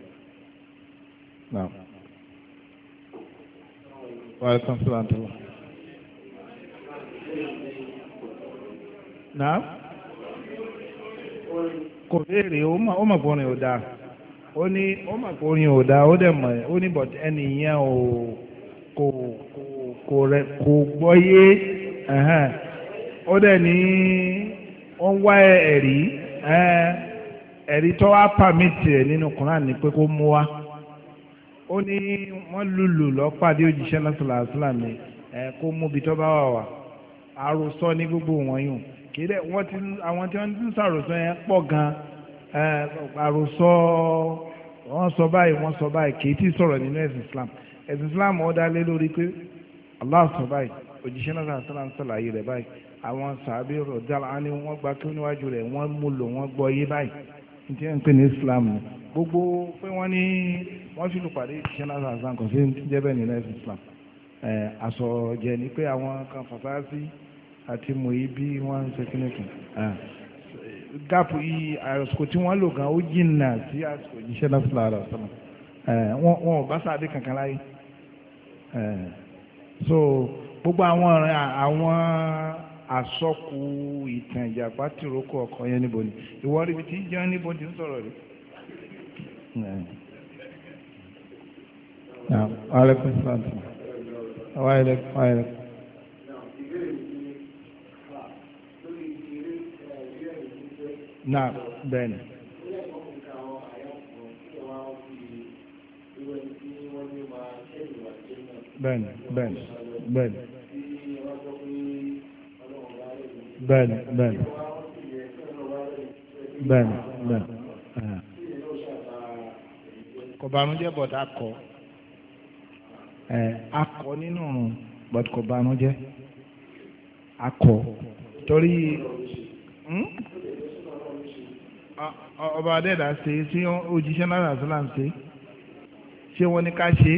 náà kò béèrè ó mọ̀ orin ò dáa ó ní ó orin ò dáa ó ẹni yẹn o kò kò rẹ kò ẹ̀rí tó wá pàmìtì rẹ̀ nínú Quran ni pé kó mú wá ó ní wọ́n lùlù lọ́pàdé òjíṣẹ́ náà sọ̀rọ̀ àṣìlá mi kó mú ibi tó bá wà wá àròsọ ní gbogbo wọn yùn kéde wọ́n ti àwọn tí wọ́n ti ń sàròsọ yẹn pọ̀ gan àròsọ wọ́n sọ báyìí wọ́n sọ báyìí kì í tí sọ̀rọ̀ nínú ẹ̀sìn Islam ẹ̀sìn Islam ó dá lé lórí pé Allah sọ báyìí òjíṣẹ́ náà sọ̀rọ̀ àṣìlá yìí rẹ̀ báyìí àwọn sàbí rọjàlá á ní wọ́n gba kí níwájú rẹ̀ wọ́n mú lò wọ́n gbọ́ yé báyìí ní tí pè ní Islam ni gbogbo pé wọ́n ní wọ́n fi lù pàdé general hasan kò sí jẹ́bẹ̀ nínú ẹ̀sìn Islam àsọ jẹ ni pé àwọn kan fàfáàsì àti mòyíbí wọ́n ń ṣe kíni kan gáàpù yìí àsìkò tí wọ́n lò gan ó jìnnà sí àsìkò jíṣẹ́ náà fúlà rẹ̀ sọ́nà wọn ò bá sáà kankan láyé so gbogbo àwọn àwọn àsọkù ìtàn ìjàpá tìrókò ọkọ yẹn níbo ni ìwọ rí ibi tí jẹun níbo ti ń sọ̀rọ̀ rí. Alaikum salaam. Wa alaikum. Naam, bẹ́ẹ̀ ni. Bẹ́ẹ̀ ni, bẹ́ẹ̀ ni, bẹ́ẹ̀ ni bẹ́ẹ̀ni bẹ́ẹ̀ni bẹ́ẹ̀ni bẹ́ẹ̀ni. kò bànújẹ́ bọ̀dé akọ akọ nínú ọ̀run bọ̀dé kò bànújẹ́ akọ torí hmm? ọba adẹ́dà ṣe tí òjíṣẹ́ náírà sílá ń ṣe ṣé wọ́n ní ká ṣe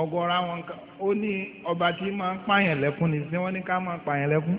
ọgọ́ra wọn ó ní ọba tí máa ń pààyàn lẹ́kún ni ṣé wọ́n ní ká máa pààyàn lẹ́kún.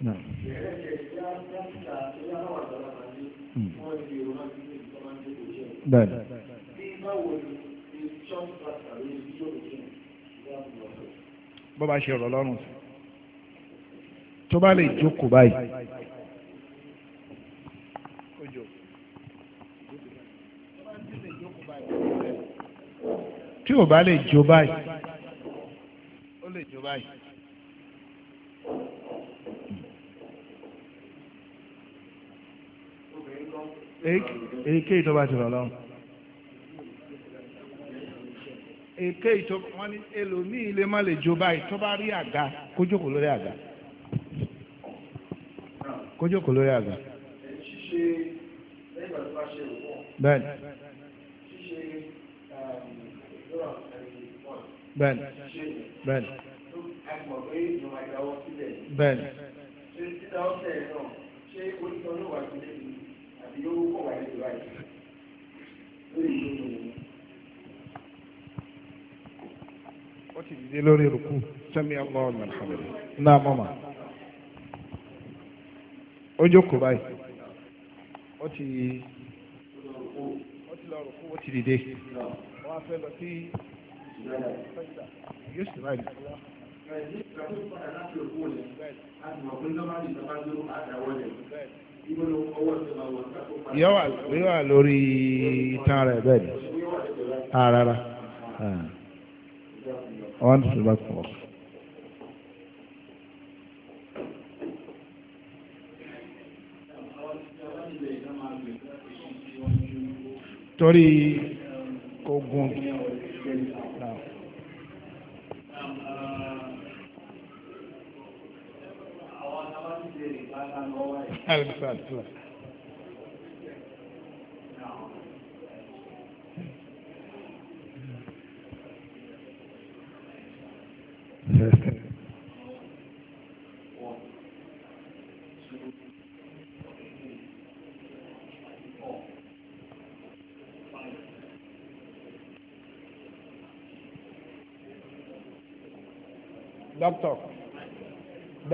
Hmm. bẹ́ẹ̀ bó bá ṣe rọ̀ lọ́rùn sí tó bá lè jókòó báyìí tí ò bá lè jó báyìí ó lè jó báyìí. èké ìtọ́ba ti rọ̀ lọ́rùn èké ìtọ́ wọn ni ẹlòmíì ilé má lè jó báyìí tó bá rí àga kó jókòó lórí àga kó jókòó lórí àga. bẹ́ẹ̀ni. Um, bẹ́ẹ̀ni. bẹ́ẹ̀ni. bẹ́ẹ̀ni. sì dìde lórí rùkú sẹ́mi Allahu liman hamidah náà mọ́mà ó jókòó báyìí ó ti ó ti lọ rùkú ó ti dìde wọ́n á fẹ́ lọ sí yóò sì báyìí yọ́wà lórí ìtàn rẹ̀ bẹ́ẹ̀ ni àràrà. Ah, I want to back for. torí kò gùn Alexander.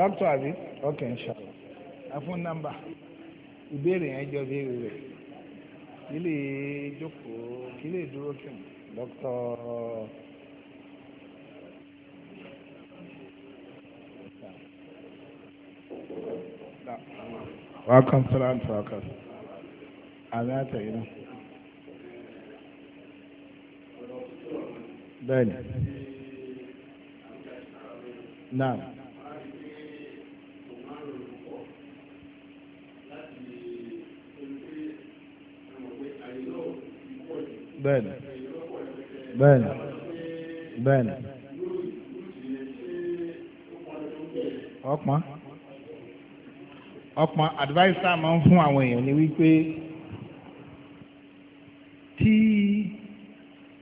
dókítà àbí ok nṣàlọ àfún nọ́mbà ìbéèrè yẹn jọ bí rẹ ilé jókòó kí lè dúró kí n dókítà. Welcome to Land Focus. I'm at you Bẹ́ẹ̀ni. Náà. bẹ́ẹ̀ni bẹ́ẹ̀ni bẹ́ẹ̀ni ọpọn ọpọn adviser máa ń fún àwọn èèyàn ní wípé tí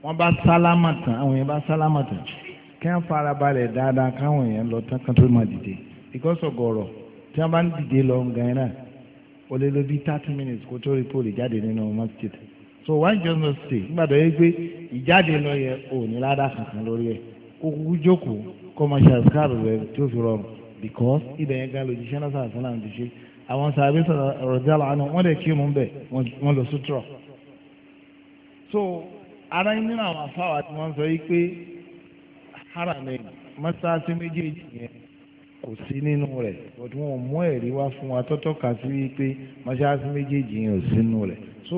wọ́n bá sálámà tán àwọn èèyàn bá sálámà tán kí wọ́n fara balẹ̀ dáadáa káwọn èèyàn lọ tán kan tó máa dìde because ọ̀gọ̀rọ̀ tí wọ́n bá ń dìde lọ gan-an náà ó lé lóbi thirty minutes kó tó rí pòlì jáde nínú masjid so one just must stay nígbàdàn yìí pé ìjáde lọ yẹ òní ládàá kankan lórí ẹ kó kúkú jókòó kó máa ṣe rẹ tí ó fi rọrùn because ibẹ̀ yẹn gan lójúṣẹ́ náà sàrà sọ́nà àti ṣe àwọn sàbẹ̀ sọ̀rọ̀ díẹ̀ lọ́wọ́ wọn lè kírun bẹ̀ wọ́n lọ sútúrọ̀ so ara nínú àwọn afáwà tí wọ́n sọ yìí pé haram ẹ̀ mọ́sáàsì méjèèjì yẹn kò sí nínú rẹ̀ but wọn ò mú ẹ̀rí wá fún wa tọ́tọ́ka sí wípé mọ́sáàsì méjèèjì yẹn ò sínú rẹ̀ so.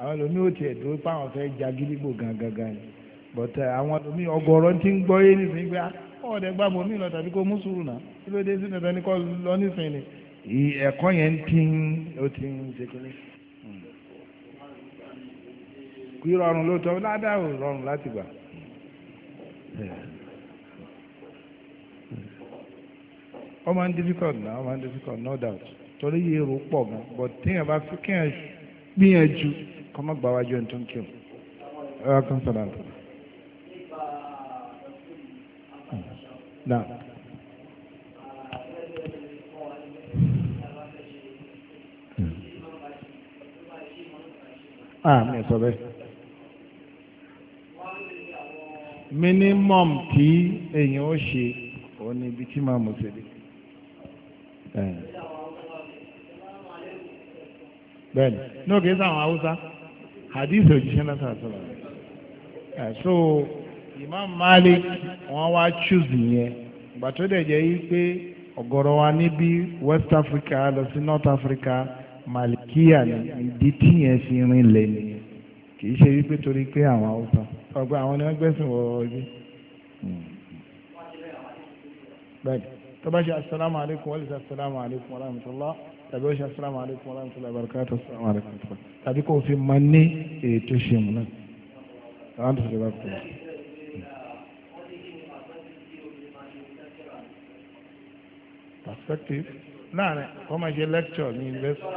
àwọn ẹlòmíì ò tiẹ̀ dúró pé àwọn ja gídígbò gangan ni but eh, àwọn ẹlòmíì ọgọrọ ti ń gbọ́ yé nísìnyí pé ọ̀ọ́dẹ ah, gbà bọ̀ mí lọ tàbí kó mú sùúrù náà kí ló dé sí dandan ní kọ́ lọ nísìnyí ni ẹ̀kọ́ yẹn ti ń ó ti ń ṣe kínní. Hmm. kí rọrùn ló tọ́ ládàá rọrùn láti gbà. máa ń difficult na ó máa ń difficult no doubt torí yìí èrò pọ̀ gan but téèyàn bá fi kọ́mọ́ gbà wájú ẹni tó kí o. ẹ̀rọ kan sọ̀rọ̀ àtọ̀. àmì ẹ̀sọ́ bẹ́ẹ̀. minimum tí èèyàn ó ṣe òun ni ibi tí màá mú sí i. bẹ́ẹ̀ni ní òkè sáwọn haúsá hadith òjíṣẹ́ náà sàṣọ̀rọ̀ so Imam Malik wọ́n wá choose yẹn ìgbà tó dẹ̀ jẹ́ yí pé ọ̀gọ̀rọ̀ wa níbi West Africa lọ sí North Africa Malikiya ni ìdí tí yẹn fi rin lẹ̀ nìyẹn kì í ṣe wípé torí pé àwọn Haúsá ọgbà àwọn ni wọ́n gbẹ́sìn wọ ibi. Hmm. bẹ́ẹ̀ni tó bá ṣe asalaamualeykum wàlúùsí asalaamualeykum wa rahmatulah tàbí ó ṣe asalaamu alaykum wa rahmatulahi wa barakatuh asalaamu alaykum wa rahmatulahi tàbí kò fi máa ní ètò ṣe mu náà àwọn tó ṣe bá kú. perspective láàrin kọ́ máa ṣe lecture ní university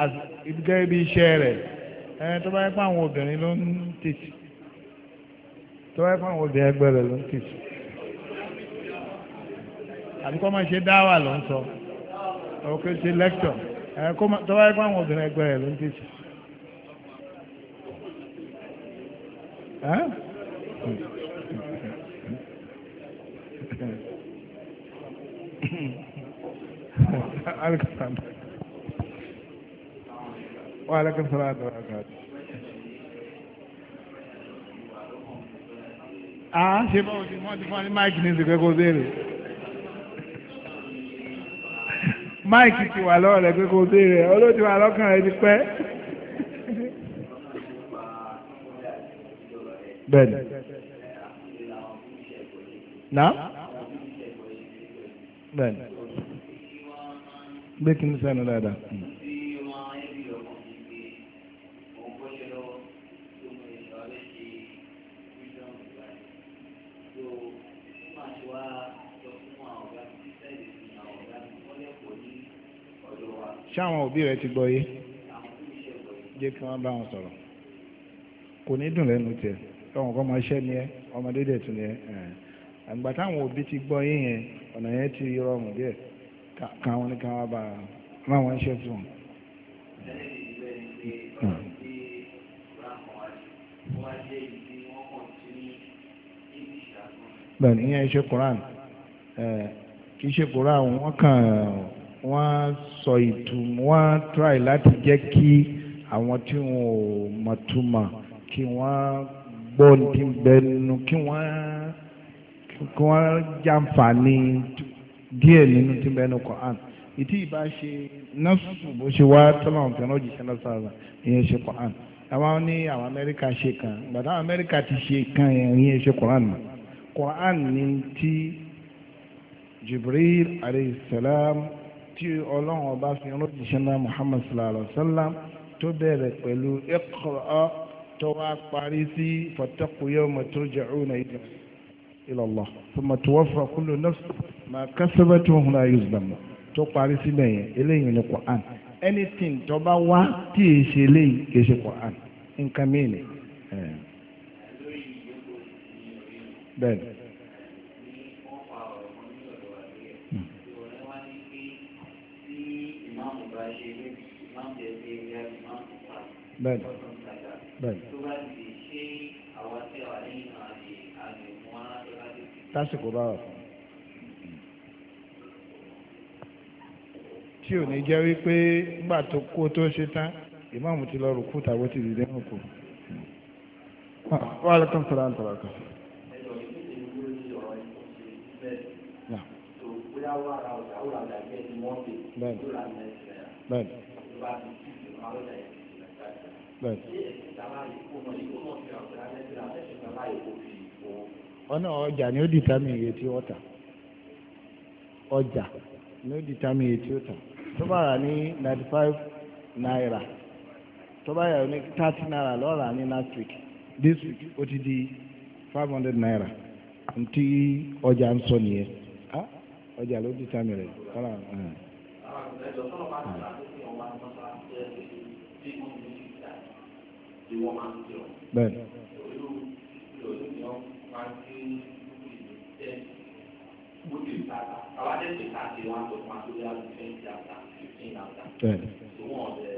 as gẹ́gẹ́ bí iṣẹ́ rẹ̀ ẹ tó bá yẹ fún àwọn obìnrin ló ń tètè tó bá yẹ fún àwọn obìnrin ẹgbẹ́ rẹ̀ ló ń tètè àbíkọ́ máa dáwà ló ń sọ òkè ṣe lẹ́kítọ̀ ẹ̀ kó tọ́wọ́ ẹgbẹ́ àwọn obìnrin ẹgbẹ́ rẹ̀ ló ń tẹ̀sí. Eh? Alexander. وعليكم السلام ورحمة الله Ah, ṣe bọ́ òṣìṣẹ́ wọ́n ti fún ọ ní máìkì ní ìsìnkú ẹgbẹ́ máìkì ti wà lọ́wọ́ rẹ̀ pé kò béèrè olóòtú wà lọ́kàn rẹ̀ ti pẹ́. bẹ́ẹ̀ni na bẹ́ẹ̀ni gbé kí n sẹ́nu dáadáa. ṣé obi òbí rẹ ti gbọ́ yé jẹ́ kí wọ́n bá wọn sọ̀rọ̀ kò ní dùn lẹ́nu tiẹ̀ tọ́wọ́n kọ́ máa ṣẹ́ ni ẹ ọmọdé tún ni ẹ àgbà táwọn òbí ti gbọ́ yé yẹn ọ̀nà yẹn ti rọrùn díẹ̀ káwọn ní káwọn bá wọn ṣe fún wọn. bẹ́ẹ̀ ìyẹn ṣe kì í ṣe kàn án. wọ́n sọ ìtumọ̀ wọ́n try láti jẹ́ kí àwọn tí wọn ò mọ̀túmọ̀ kí wọ́n gbọ́ ní bẹnu kí wọ́n kí wọ́n jàǹfààní díẹ̀ nínú tí bẹnu Quran ìtí ìbá ṣe nọ́ọ̀sù bó ṣe wá tọ́lọ̀ ọ̀fẹ́ náà jìṣẹ́ náà sára ìyẹn ṣe Quran àwọn ní àwọn Amẹ́ríkà ṣe kan gbàdá Amẹ́ríkà ti ṣe kan ìyẹn ṣe Quran mọ́ Quran ní ti Jibril alayhi salam tí ọlọ́run ọba fi ránṣẹ́ náà muhammad sallallahu alaihi wa sallam tó bẹ̀rẹ̀ pẹ̀lú iqra tó wá parí sí fattaqu yawma turja'una ila Allah thumma tuwaffa kullu nafs ma kasabat wa hum la yuzlamun tó parí sí bẹ̀yẹn eléyìí ni Qur'an anything tó bá wá tí èyí ṣe eléyìí kì ṣe Qur'an nǹkan mìíràn bẹ́ẹ̀ ni. bẹ́ẹ̀ni bẹ́ẹ̀ni. tásìkò bá wà fún tí ò ní jẹ́ wípé nígbà tó kó tó ṣe tán ìmáàmù ti lọ rùkú tàbí ti dìde ń kú. wàhálà kan sọ̀rọ̀ àǹtọ̀ rà kan. bẹ́ẹ̀ni bẹ́ẹ̀ni. onu ọjà ni ó dìtámì iye tí ó tà ọjà ni ó five naira tó bá yà thirty naira lọ́ọ́ rà ní last week this week ó ti di five hundred naira nti ọjà ń sọ nìyẹn ọjà ló rẹ̀ tí wọ́n máa ń jẹ ọ́. bẹ́ẹ̀ olú yóò ní ọ́ máa ń gbé ìdíjẹ́ ó lè ta àwa tẹ̀sí ta ti wá tó máa tó yá lóṣù twenty after fifteen after. bẹ́ẹ̀ tí wọ́n ọ̀dẹ̀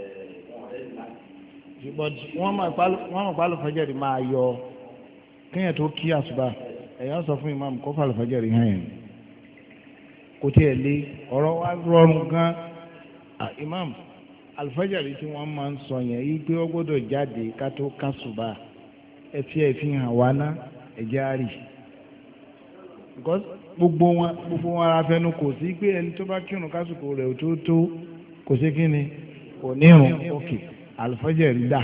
wọ́n ọ̀dẹ̀ ti láti. ṣùgbọ́n wọ́n mọ̀ pálọ̀ fẹ́jẹ̀ rí máa yọ kéèyàn tó kí àṣùbà ẹ̀yà sọ fún ìmáàmù kó fàlọ́ fàjẹ́ rí hàn yẹn kò tiẹ̀ lé ọ̀rọ̀ wa rọrùn gan-an ah, alfajari tí wọ́n máa ń sọ yẹn yí pé ó gbọ́dọ̀ jáde ká tó kásùbà ẹ fi ẹ fi hàn wá ná ẹ̀jẹ̀ á rì gbogbo wọn gbogbo wọn ara fẹnu kò sí pé ẹni tó bá kírun kásìkò rẹ̀ ò tó tó kò sí kí ni kò ní irun òkè alfajari dà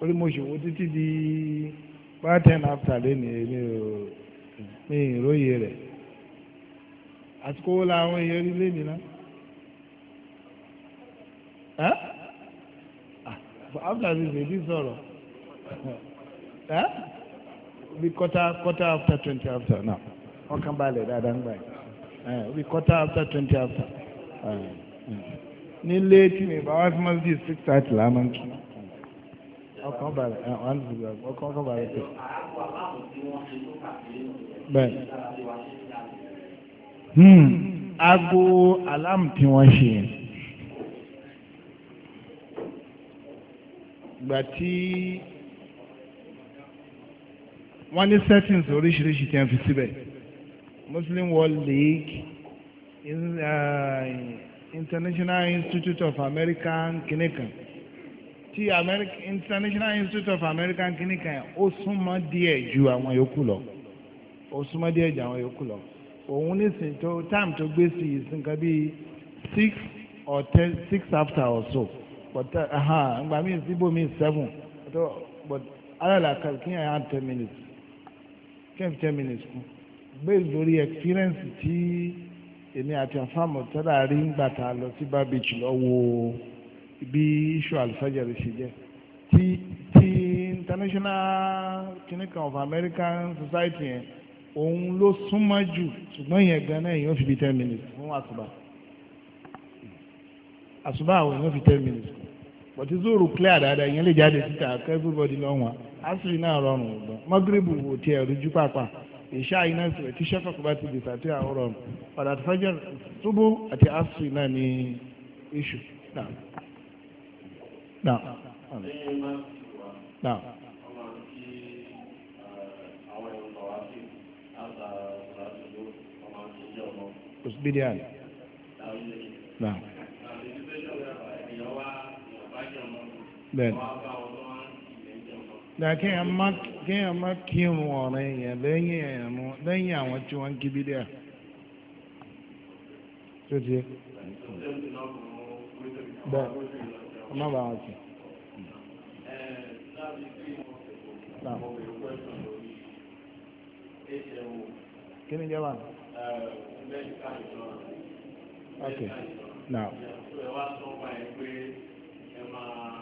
orí mo ṣòwò títí di bá ten after lé èmi ò ní ìròyìn rẹ̀ àsìkò wo làwọn èèyàn rí lé náà abdulaziz èdè sọ̀rọ̀ bí quarter quarter after twenty after now wọ́n kàn balẹ̀ dáadáa ń gbà yìí bí quarter after twenty after ní létí ní bàbá hmm. tí wọ́n di six thirty lámà ń kí ọkàn balẹ̀ one two three ọkàn ọkàn balẹ̀ tẹ̀. bẹ́ẹ̀ aago alam tí ṣe yẹn. ìgbà tí wọ́n ní settings oríṣiríṣi tí wọ́n fi síbẹ̀ Muslim World League uh, International Institute of American kìnìkan tí International Institute of American kìnìkan ó súnmọ́ díẹ̀ ju àwọn yòókù lọ ó súnmọ́ díẹ̀ ju àwọn yòókù lọ òun nísìnyí tó time tó gbé sí i sí nǹkan bíi six or ten six after or so bọ̀tẹ́ ẹ̀hán uh, ìgbà míì síbò míì seven but alálàkà kí ẹ̀ hàn ten minutes kí ẹ̀ fi ten minutes kù based lórí experience tí èmi àti àfàmọ̀ tẹ́lá rí ń gbà tá a lọ sí bar beach lọ́wọ́ bí iṣu alifajari ti ti international clinic of American Society yẹn òun ló súnmọ́ jù ṣùgbọ́n yẹn gan náà èèyàn fi bí ten minutes fún àtúbà àṣùbà àwọn èèyàn fi ten minutes but zoro clear dáadáa ìyẹn lè jáde sita kọ́ everybody lọ́wọ́n asiri náà rọrùn ọ̀gbọ́n mọ́gírìbù wò tí ẹ̀rú jú pàpà ìṣá iná ìṣẹ̀lẹ̀ tí sẹ́kọ̀kọ̀ bá ti dìtà tí àwọn rọrùn padà tó fẹ́jọ́ túbú àti asiri náà ní iṣu náà. náà. náà. Bídíà. Náà. bẹ́ẹ̀ni da kéèyàn má kírun ọ̀rọ̀ èèyàn lẹ́yìn ẹ̀mú lẹ́yìn àwọn tí wọ́n ń kí bídíà tó ti bẹ́ẹ̀ ọmọ bàá sí. kí ni jẹ́ wà? ok now. ẹ wá sọ fún ẹ pé ẹ máa.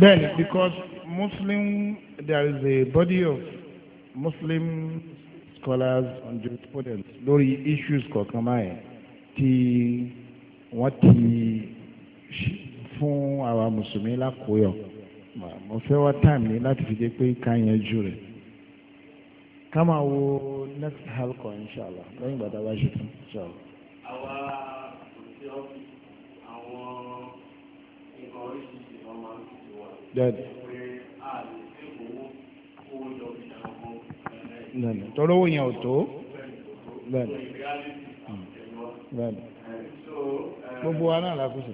Then, because Muslim, there is a body of Muslim scholars and jurisprudence lórí issues kọ̀ọ̀kan báyìí tí ti fún àwa mùsùlùmí lákòóyọ̀ mo fẹ́ wá time ní láti fi jẹ́ pé ká yanjú rẹ̀ ká máa wo next halqa inshallah lẹ́yìn ìgbà tá ṣe tán inshallah. tọ́rọ owó yẹn ò tó hmm. gbogbo wa náà láfíìsì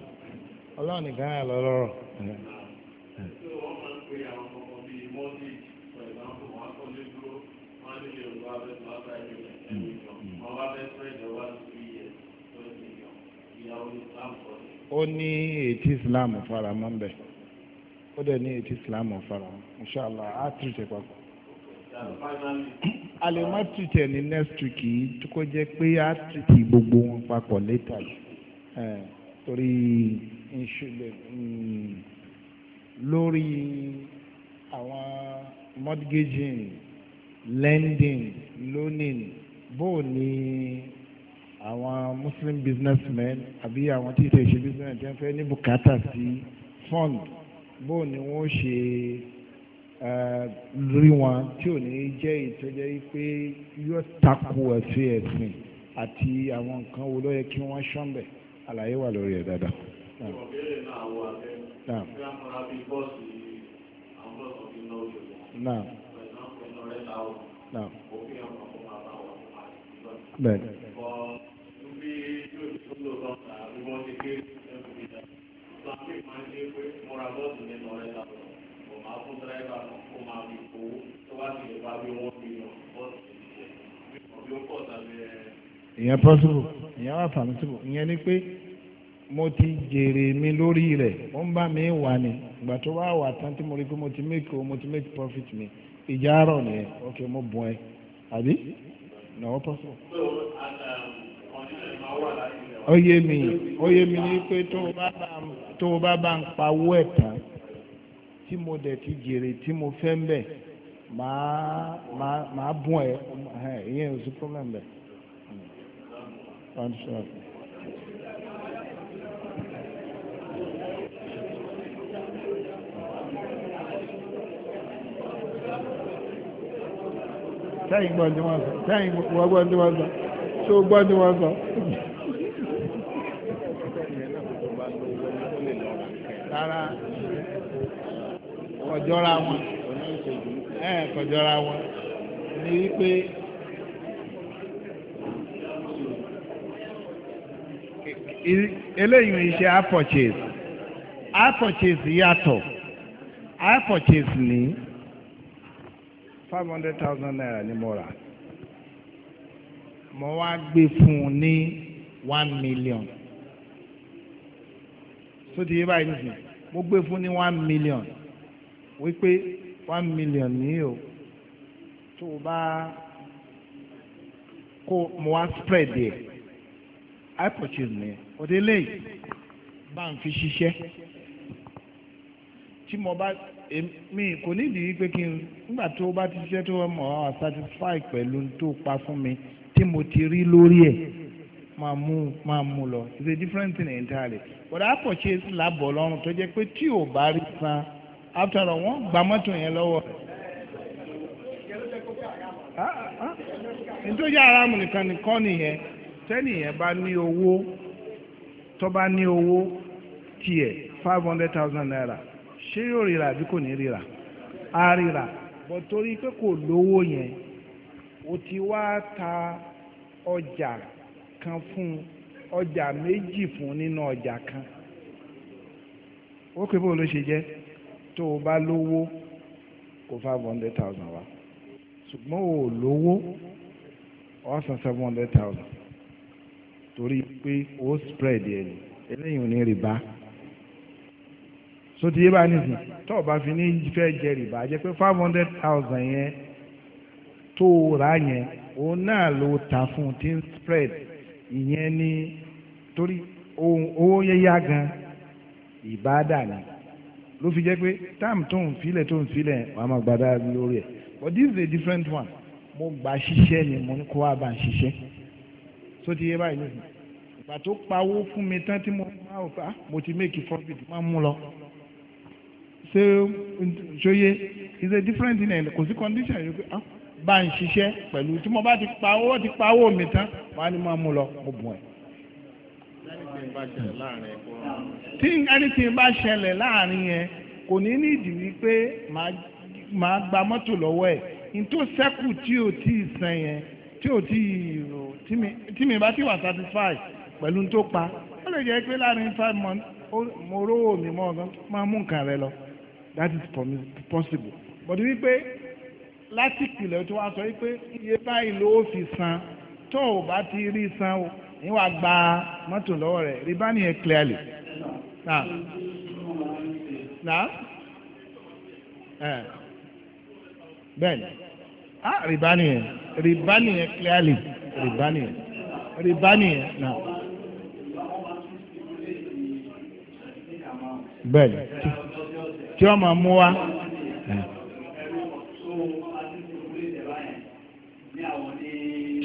ọlọ́run nìkan náà lọ lọ́rọ̀. Hmm. Hmm. ó ní ètí Islam faramọ́ bẹ́ẹ̀ ó dẹ̀ ní etí islam ọ̀fara inṣàlá á tìrìtẹ̀ papọ̀. a lè má tìrìtẹ̀ ní next week yìí tó kó jẹ́ pé á tìrìtẹ̀ gbogbo wọn papọ̀ later yìí torí mm, lórí àwọn mortgaging lending loaning bó ni àwọn muslim businessmen àbí àwọn tí ìtẹ̀sẹ̀ businessmen jẹ́ fẹ́ ní bùkátà sí fund bó ni wọ́n ṣe rí wọn tí ò ní jẹ́ ìtọ́jẹ́ pé yóò takò ẹ̀sìn ẹ̀sìn àti àwọn nǹkan wo ló yẹ kí wọ́n ṣọ́nbẹ̀ àlàyé wà lórí ẹ̀ dáadáa. ìwọ̀bẹ̀rẹ̀ islamic máa ń ṣe pé múra bọ́ọ̀sì nínú ọ̀rẹ́ ta kò máa fún dírẹ́fà kan kó máa fi kó tó bá ti lè bá bí wọ́n fi yàn bọ́ọ̀sì ìṣẹ́ ọ̀bí ó pọ̀ tàbí ẹ̀. ìyẹn pọ́sibù ìyẹn wà fàmísìbù ìyẹn ni pé mo ti jèrè mi lórí rẹ̀ ó ń bá mi wà ní ìgbà tó wá wà tán tí mo rí pé mo ti make o mo ti make profit mi ìjà àárọ̀ nìyẹn ok mo bọ̀ ẹ́ àbí? ìnáwó pọ́sibù. Oye mi oye mi ni pé tó o bá bá ń pawó ẹ̀ tán tí mo dẹ̀ ti jèrè tí mo fẹ́ ń bẹ̀ màá màá màá bùn ẹ ìyẹn ò sí problem bẹ́ẹ̀. sẹ́yìn gbọ́dọ̀ tí wọ́n sọ sẹ́yìn gbọ́dọ̀ tí sọ ṣó gbọ́ ni wọ́n sọ. rárá kọjọ́ra wọn ẹ̀ kọjọ́ra wọn ni wípé eléyìí iṣẹ́ a purchase a purchase yàtọ̀ a purchase ní five hundred thousand naira ni mo rà mo wá gbé fún un ní one million tó ti yé báyìí nìyí mo gbé fún ní one million wípé one million nìyí o tó o bá kó mo wá spread there i purchase ni òde lẹ́yìn bá ń fi ṣiṣẹ́ tí mo bá mi kò nídìí pé kí n nígbà tó bá ti ṣiṣẹ́ tó mọ̀ ọ́ satisfy pẹ̀lú tó pa fún mi tí mo ti rí lórí ẹ̀ máa mú máa mú lọ it's a different thing entirely but a purchase lábọ̀ lọ́rùn tó jẹ́ pé tí ò bá rí san after all wọ́n gba mọ́tò yẹn lọ́wọ́ rẹ̀ nítorí ah, aráàmù ah, ah. nìkan nìkan nìyẹn tẹ́nìyẹn bá ní owó tó bá ní owó tiẹ̀ five hundred thousand naira ṣé yóò rira àbí kò ní rira á rira bọ̀ torí pé kò lówó yẹn o ti wá ta ọjà kan fún ọjà méjì fún nínú ọjà kan ó pé bó ló ṣe jẹ́ tó o bá lówó kó five hundred thousand wá ṣùgbọ́n o lówó ó san seven hundred thousand torí pé ó spread ẹ̀ ní eléyìí ò ní rìbá so ti yé bá ní sìn tó o bá fi ní fẹ́ jẹ rìbá jẹ́ pé five hundred thousand yẹn tó o rà yẹn òun náà ló ta fún tí ń spread ìyẹn ní torí owó yẹyà gan ìbáàdà ni ló fi jẹ́ pé táàmù tó ń filẹ̀ tó ń filẹ̀ wàá máa gbadá lórí ẹ̀ but this is a different one mo gbà ṣiṣẹ́ ni mo ní kó wá bá ń ṣiṣẹ́ tó ti yé báyìí lóṣù ìgbà tó pawó fún mi tán tí mo máa ò fà mo ti make profit máa mú lọ ṣé ṣóyé is a different thing kò sí condition yìí pé ah bá ń ṣiṣẹ́ pẹ̀lú tí mo bá ti pa owó ti pa owó mi tán wàá ní máa mú lọ mo bùn ẹ̀. tí anything bá ṣẹlẹ̀ láàrin yẹn kò ní ní ìdí wípé màá gba mọ́tò lọ́wọ́ ẹ̀ n tó sẹ́kù tí ò tí ì san yẹn tí ò tí rò tí mi bá ti wà satisfied pẹ̀lú tó pa ó lè jẹ́ pé láàrin five months mo rówó mi mọ́ ọ̀gán máa mú nǹkan rẹ lọ that is possible but wípé láti kìlọ̀ tí wọ́n sọ wípé iye báyìí ló fi san tó o bá ti rí san o ní wàá gba mọ́tò lọ́wọ́ rẹ̀ rí bá nìyẹn clearly. Nah. Nah. Eh. Bẹ́ẹ̀ni, ah rìbá nìyẹn, rìbá nìyẹn clearly, rìbá nìyẹn, rìbá nìyẹn náà. Bẹ́ẹ̀ni, tí wọ́n máa mú wa.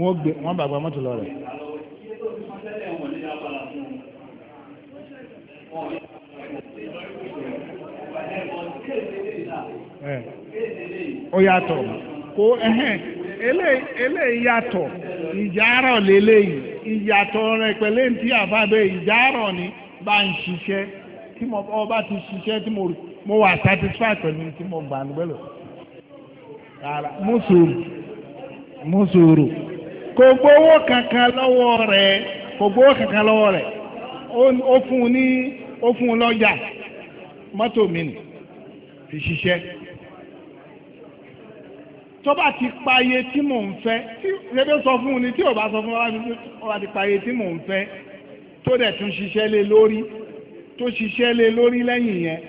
wọ́n gbé bàgbà mọ́tò lọ rẹ̀. ó yàtọ̀ kó ẹ̀hẹ́n eléyìí yàtọ̀ ìjárọ̀ lélẹ́yìí ìyàtọ̀ rẹ̀ pẹ̀lẹ́ tí àfáàbẹ̀ ìjárọ̀ ni bá ń ṣiṣẹ́ tí mo bá mú sùúrù kò gbowó kankan lọ́wọ́ rẹ̀ kò gbowó kankan lọ́wọ́ rẹ̀ ó fún un ní ó fún un lọ́jà mọ́tò mi nì fi ṣiṣẹ́ tó bá ti paye tí mò ń fẹ́ tí rebe sọ fún un ni tí ò bá sọ fún un ó bá ti paye tí mò ń fẹ́ tó dẹ̀ tún ṣiṣẹ́ lé lórí tó ṣiṣẹ́ lé lórí lẹ́yìn yẹn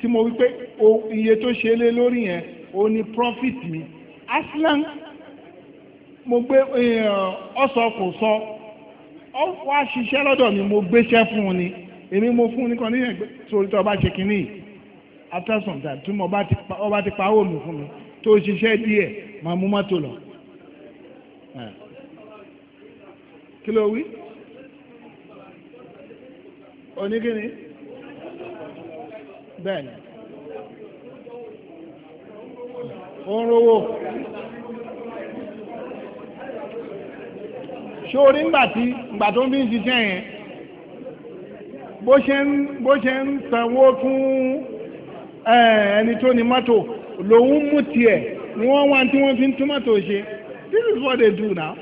tí mo wí pé iye tó ṣe lé lórí yẹn ó ní profit mi aslan mo gbé eh, ọ̀sọ̀ kò sọ ọ wá ṣiṣẹ́ lọ́dọ̀ mi mo gbéṣẹ́ fún un ni èmi mo fún un nìkan níyẹn gbé sórí tó bá ṣe kínní after some time tí mo bá ti pawó mi fún mi tó ṣiṣẹ́ díẹ̀ máa mú mọ́tò lọ. Eh. kí ló wí? oníkíní? bẹ́ẹ̀ ni. ó rówó. ṣóorí ńgbà tí ńgbà tó ń bí ń ṣiṣẹ́ yẹn bó ṣe ń sanwó fún ẹni tó ní mọ́tò lòun mú tiẹ̀ ni wọ́n wá tí wọ́n fi ń tún mọ́tò ṣe this is what they do now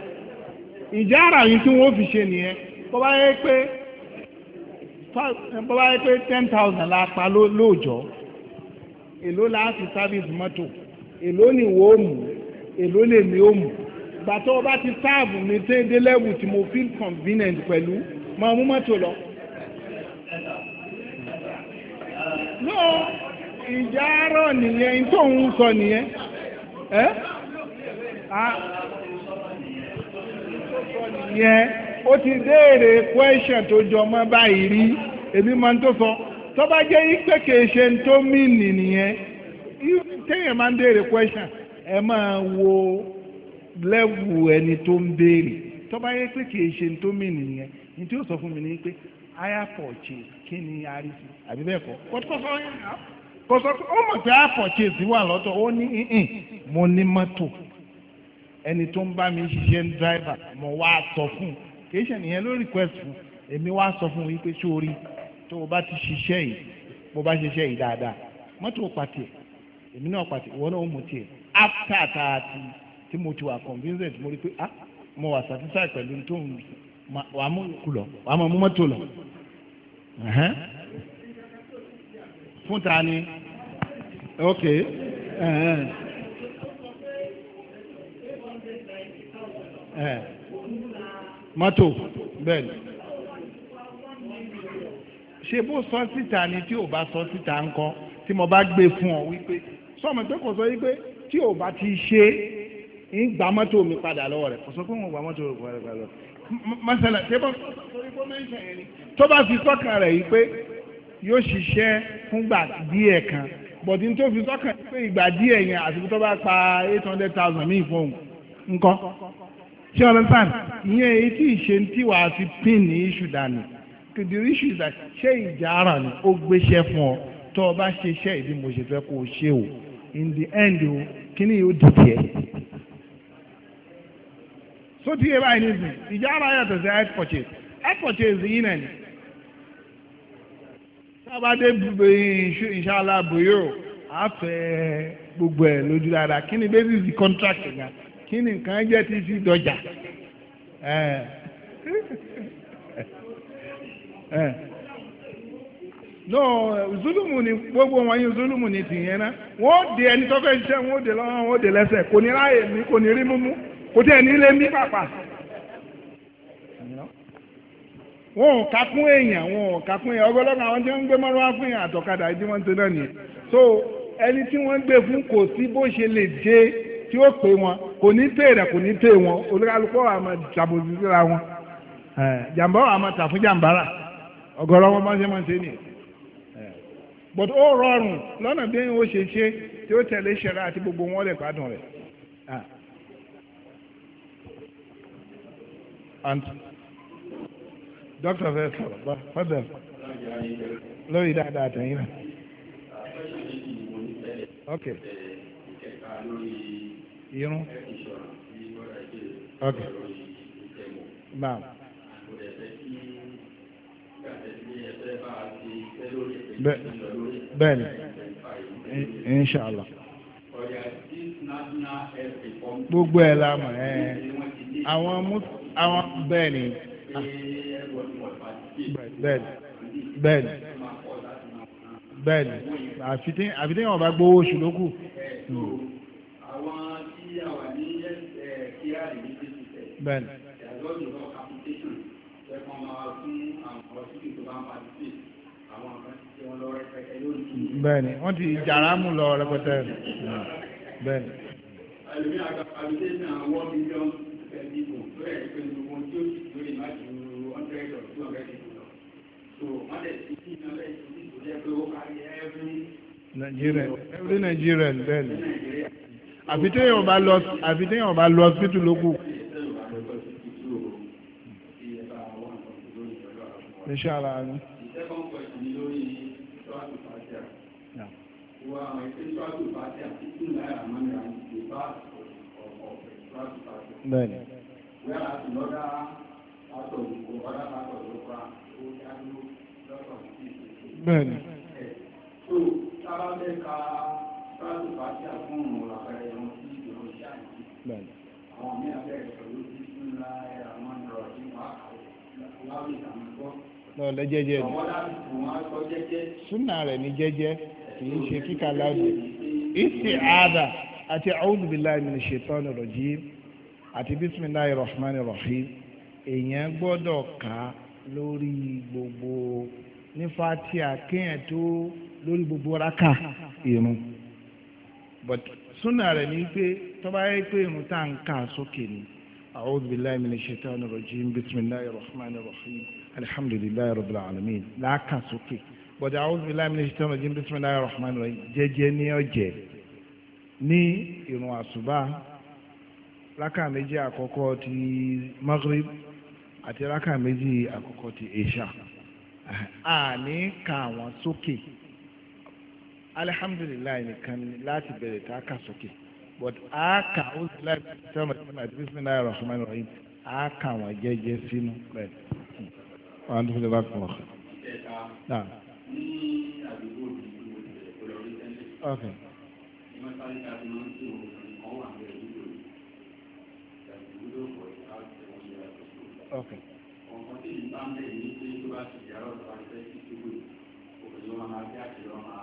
ìjà ara yìí tí wọ́n fi ṣe nìyẹn bó bá yẹ pé ten thousand la pa lóòjọ́ èló la service mọ́tò èló ni wo mú èló lèmi ó mú gbàtọ́ bá ti sáàbù mi tẹ́ dé lẹ́wù tí mo feel convenient pẹ̀lú máa mú mọ́tò lọ. no ìjà àárọ̀ nìyẹn tó ń sọ nìyẹn ẹ́ nìyẹn ó ti déèrè question tó jọ mọ́ báyìí rí èmi máa ń tó sọ tó bá jẹ́ ìpèkèṣe tó mí nìyẹn téèyàn máa ń déèrè question ẹ máa wo lẹ́wù ẹni tó ń béèrè tó bá yẹ pé kì í ṣe tó mì nìyẹn ní tí ó sọ fún mi ni pé higher purchase kí ni àrísí àbí bẹ́ẹ̀ kọ́ kọ́sọ́kọ́ kọ́sọ́kọ́ ó mọ̀ pé higher purchase wà lọ́tọ̀ ó ní ìhìn mo ní mọ́tò ẹni tó ń bá mi ṣiṣẹ́ ń dráìvà mo wá sọ fún un kì í ṣe nìyẹn ló request fún èmi wá sọ fún un wípé sórí tó o bá ti ṣiṣẹ́ yìí bó bá ṣiṣẹ́ yìí dáadáa mọ́tò pàtì èmi náà pàtì ìwọ náà ó mú tiẹ̀ after thirty tí mo ti wà convinced mo rí pé ah mo wà satisfied pẹ̀lú tó ń wàá mú kù lọ wàá mú mọ́tò lọ. fún ta ni ok. mọ́tò bẹ́ẹ̀ ni ṣe bó sọ síta ni tí ò bá sọ síta ńkọ́ tí mo bá gbé fún ọ wípé sọmọ pé kò sọ wípé tí ò bá ti ṣe é ń gba mọ́tò mi padà lọ́wọ́ rẹ̀ kò sọ pé wọ́n gba mọ́tò mi padà lọ́wọ́ masala ṣe bọ́ tó bá fi sọ́kàn rẹ̀ yìí pé yóò ṣiṣẹ́ fúngbà díẹ̀ kan bọ̀dí tó fi sọ́kàn yìí pé ìgbà díẹ̀ yẹn àsìkò tó bá pa eight hundred thousand míì fóun ńkọ́ ṣé ọ̀rẹ́ sàn ìyẹn èyí tí ìṣe tí wàá fi pín ní iṣu dànù the issue is ṣé ìjà ara ni ó gbéṣẹ́ fún ọ tó o bá ṣe iṣẹ́ ìdí mo ṣe fẹ́ kó o ṣe o in the end o kí ni yóò dìtì ẹ̀. so ti yẹ báyìí nísìn ìjára purchase head purchase yìí náà ni sábàdé inshallah bòyó àfẹ́ gbogbo ẹ̀ lójú dáadáa kí ni basis contract gan kí ni nǹkan jẹ́ títí no zulumu ni gbogbo wọn yín zulumu ni tìyẹn na wọn de ẹni tó fẹ́ wọn de lọ́wọ́ wọn de kò tí ẹ̀ nílé mí pàpà wọn ò kakún èèyàn wọn ò kakún èèyàn ọgọlọ́gbọ̀n àwọn tí wọ́n ń gbé mọ́rọ́ wá fún èèyàn àtọ̀kadà tí wọ́n ń tẹ́lẹ̀ nìyẹn so ẹni tí wọ́n ń gbé fún kò sí bó ṣe lè dé tí ó pè wọn kò ní pè rẹ̀ kò ní pè wọn olúkálukọ́ wa máa jàbọ̀ síra wọn jàǹbá wa máa tà fún jàǹbára ọgọ́rọ́ wọn máa ṣe máa ṣe nìyẹn but ó rọrùn lọ́nà bí ó ṣe ṣe tí ó tẹ̀lé ṣẹ̀rá àti gbogbo wọn lè gbádùn rẹ̀. àǹtí dókítà fẹ́ sọ̀rọ̀ bá fọ́dà lórí dáadáa tẹ̀yìn náà. ok irun ok naam. bẹ́ẹ̀ni inshàlá gbogbo ẹ̀ la mọ̀ ẹ́ àwọn mú àwọn bẹ́ẹ̀ ni bẹ́ẹ̀ ni bẹ́ẹ̀ ni bẹ́ẹ̀ ni àfi tí wọ́n bá gbowó oṣù lókù. a wà ní kíá rè ní títí tẹ. bẹ́ẹ̀ ni. ìyàtọ̀ ìjọba application ṣe kàn máa fún wọ́n ti jàrá mú lọ rẹpẹtẹ. bẹ́ẹ̀ ni. Nigerian every Nigerian bẹ́ẹ̀ ni àfi téèyàn bá lọ àfi téèyàn bá lọ hospital lókù. Bẹ́ẹ̀ni bá fẹ́ ka sáàtù pàṣẹ àfún òun àpẹẹrẹ ìrun sí ìrò iṣẹ́ àti àwọn mí abẹ́rẹ́ pẹ̀lú títí ńlá ẹ̀rọ àwọn ìrọ̀ jẹ́jẹ́ ni súnà rẹ̀ ní jẹ́jẹ́ kì í ṣe kíkà láwùjọ ìsì àdà àti a'udhu billahi minash shaitani àti bisimilahi rahman rahim èèyàn gbọ́dọ̀ kà lórí gbogbo ní fatia kéèyàn tó lórí gbogbo raka irun but súnà rẹ̀ ni pé tọ́ba yẹ pé irun tá à ń sókè ni a'udhu billahi minash shaitanir rajim bismillahir rahmanir rahim alhamdulillahi rabbil alamin láàkà sókè but a'udhu billahi minash shaitanir rajim bismillahir rahmanir rahim jẹ́jẹ́ ní ọ̀jẹ̀ ní irun àṣùbà raka méjì àkọ́kọ́ ti maghrib àti raka méjì àkọ́kọ́ ti isha àní ka àwọn sókè. Okay alihamdulilayi nìkan láti bẹ̀rẹ̀ tá a kà sókè but a kà ó sì láti sẹ́wọ̀n àti sẹ́wọ̀n àti bisimilayi rahman rahim a kà wọ́n jẹ́jẹ́ sínú rẹ̀. wọ́n á tún fi lọ́wọ́ kọ́ ọ. Okay. Okay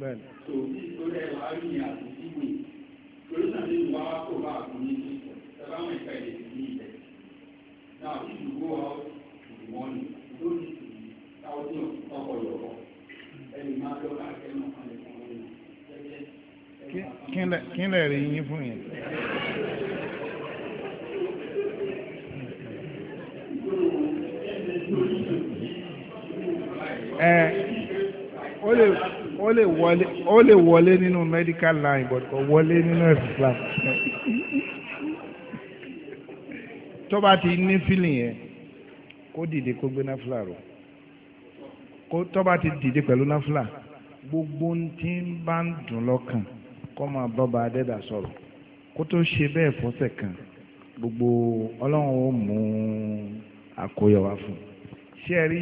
tó bí torí ẹ̀ be thousand of ọkọ̀ yọ̀kọ̀ ẹni kí lè rí yín fún yẹn. ẹ ó lè ó lè wọlé nínú medical line but kò wọlé nínú Islam tó bá ti ní feeling yẹn kó dìde kó gbé náfìlà rò kó tó bá ti dìde pẹ̀lú náfìlà gbogbo tí ń bá ń dùn lọ́kàn kó máa bọ́ba adẹ́dà sọ̀rọ̀ kó tó ṣe bẹ́ẹ̀ fọ́sẹ̀ kan gbogbo ọlọ́run ó mú àkóyọ wá fún un ṣé ẹ rí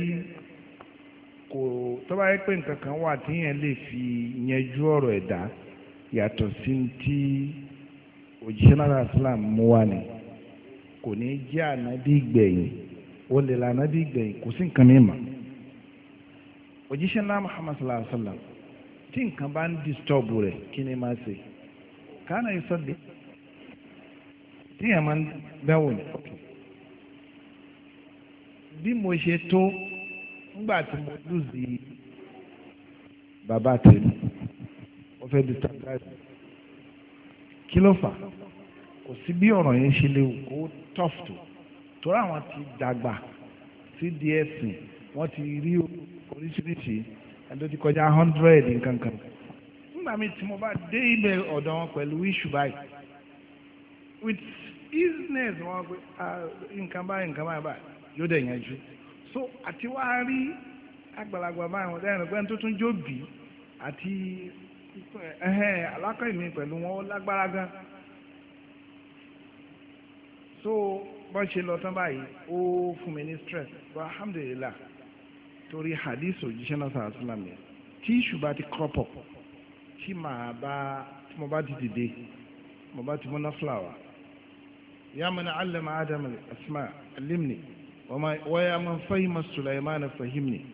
kò tó bá yẹ pé nǹkan kan wà téèyàn lè fi yanjú ọ̀rọ̀ ẹ̀dá yàtọ̀ sí ti òjíṣẹ́ náà islam mú wa ni kò ní jẹ́ ànábì gbẹ̀yìn ó lè la ànábì gbẹ̀yìn kò sí nǹkan mìíràn òjíṣẹ́ náà muhammad sallallahu alayhi wa sallam tí nǹkan bá ń disturb rẹ̀ kí ni máa ṣe kánà yìí sọ́dẹ̀ tíyẹn máa ń bẹ́wò ni bí mo ṣe tó ńgbà tí mo lùzì bàbá tèmi mo fẹ́ di tàǹgáìsì kí ló fà kò sí bí ọ̀rọ̀ yẹn ṣe léwu kó tọ́fù torí àwọn ti dàgbà sí dsc wọ́n ti rí oríṣiríṣi ẹni tó ti kọjá hundred nǹkan kan nígbà míì tí mo bá dé ibẹ̀ ọ̀dọ̀ wọn pẹ̀lú iṣu báyìí with business wọn pé ah, nǹkan báyìí nǹkan báyìí yóò dẹ̀ yanjú so àti wá rí àgbàlagbà báyìí lẹ́yìn pé tuntun jó bì àti alákọ̀ ìmí pẹ̀lú wọn lágbára gan so bọ́n ṣe lọ tán báyìí ó fún mi ní stress but alhamdulillah torí hadith òjíṣẹ́ náà sàrà sílám yẹn tí ṣùgbọ́n ti crop up tí màá bá tí mo bá ti dìde mo bá ti múná flower yàmùnà alẹ́ màá dàmú asma alimni waya man fahima sulaiman fahimni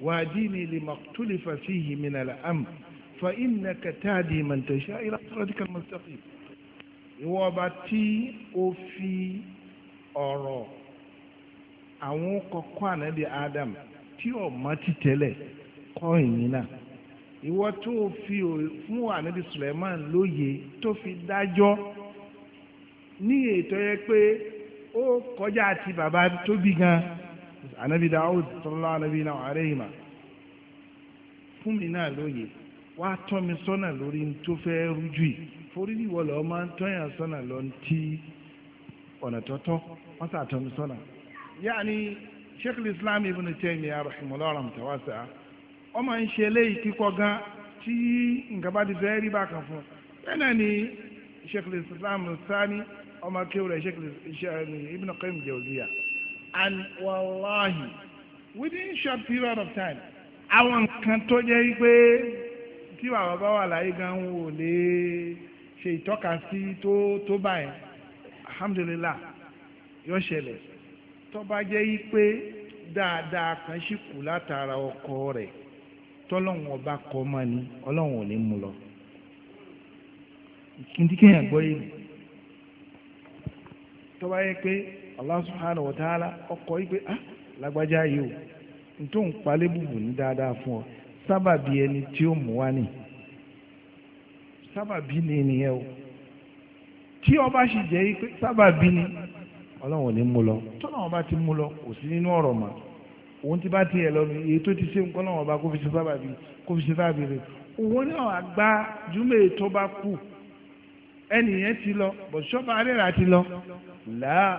wa dini li maktulifa fihi min al'am fa innaka tadi man tasha ila siratika almustaqim ìwọ ọba tí ó fi ọ̀rọ̀ àwọn kọ̀kọ́ ànábì adam tí ó mọ̀ ti tẹ́lẹ̀ kọ́ ìyìn náà ìwọ tó fi fún ànábì suleiman lóye tó fi dájọ́ ní ètò yẹ pé ó kọjá àti bàbá tóbi gan A Dawud sallallahu anabi náà àárẹ̀ ìmà fún mi náà lóye wá tọ́ mi sọ́nà lórí tó fẹ́ rújú yìí forí ìwọ lọ máa ń tọ́yàn sọ́nà lọ tí ọ̀nà tọ́tọ́ wọ́n sà tọ́ mi sọ́nà. yaani sheikh islam ibn Taymiyyah rahimahullah tawasa ọmọ ń ṣe eléyìí gan tí nǹkan bá ti fẹ́ rí bákan fún un bẹ́ẹ̀ náà ni sheikh islam sani ọmọ akéwù rẹ̀ sheikh eh, ibn qayyim jawziya and wallahi within short period of time àwọn nǹkan tó jẹ́ pé tí bàbá bá wà láyé gan wò lè ṣe ìtọ́ka sí tó tó báyìí alhamdulillah yóò ṣẹlẹ̀ tó bá jẹ́ pé dáadáa kan sì kù látara ọkọ rẹ̀ tọ́lọ́hún ọba kọ́ mọ́ ni ọlọ́hún ò ní mú lọ. kìndíkẹ́yìn àgbọ́yé mi tó bá yẹ pé Allah subhanahu wa ta'ala ọkọ̀ yìí pé ah lágbájá yìí o n tó ń palẹ́ bùbù ní dáadáa fún ọ sábàbí ẹni tí ó mú wá nì sábàbí ni nìyẹn o tí ọba sì jẹ́ yìí pé sábàbí ni ọlọ́run ò ní mú lọ tọ́lọ́run bá ti mú lọ kò sí nínú ọ̀rọ̀ mọ́ òun ti bá tiẹ̀ lọ èyí tó ti ṣe ń kọ́lọ́run ọba kó fi ṣe sábàbí kó fi ṣe sábàbí rẹ̀ òun náà àgbá júmọ̀ ètò kù ẹnìyẹn ti lọ bọ̀ṣọ́ba arẹ́ra ti lọ làá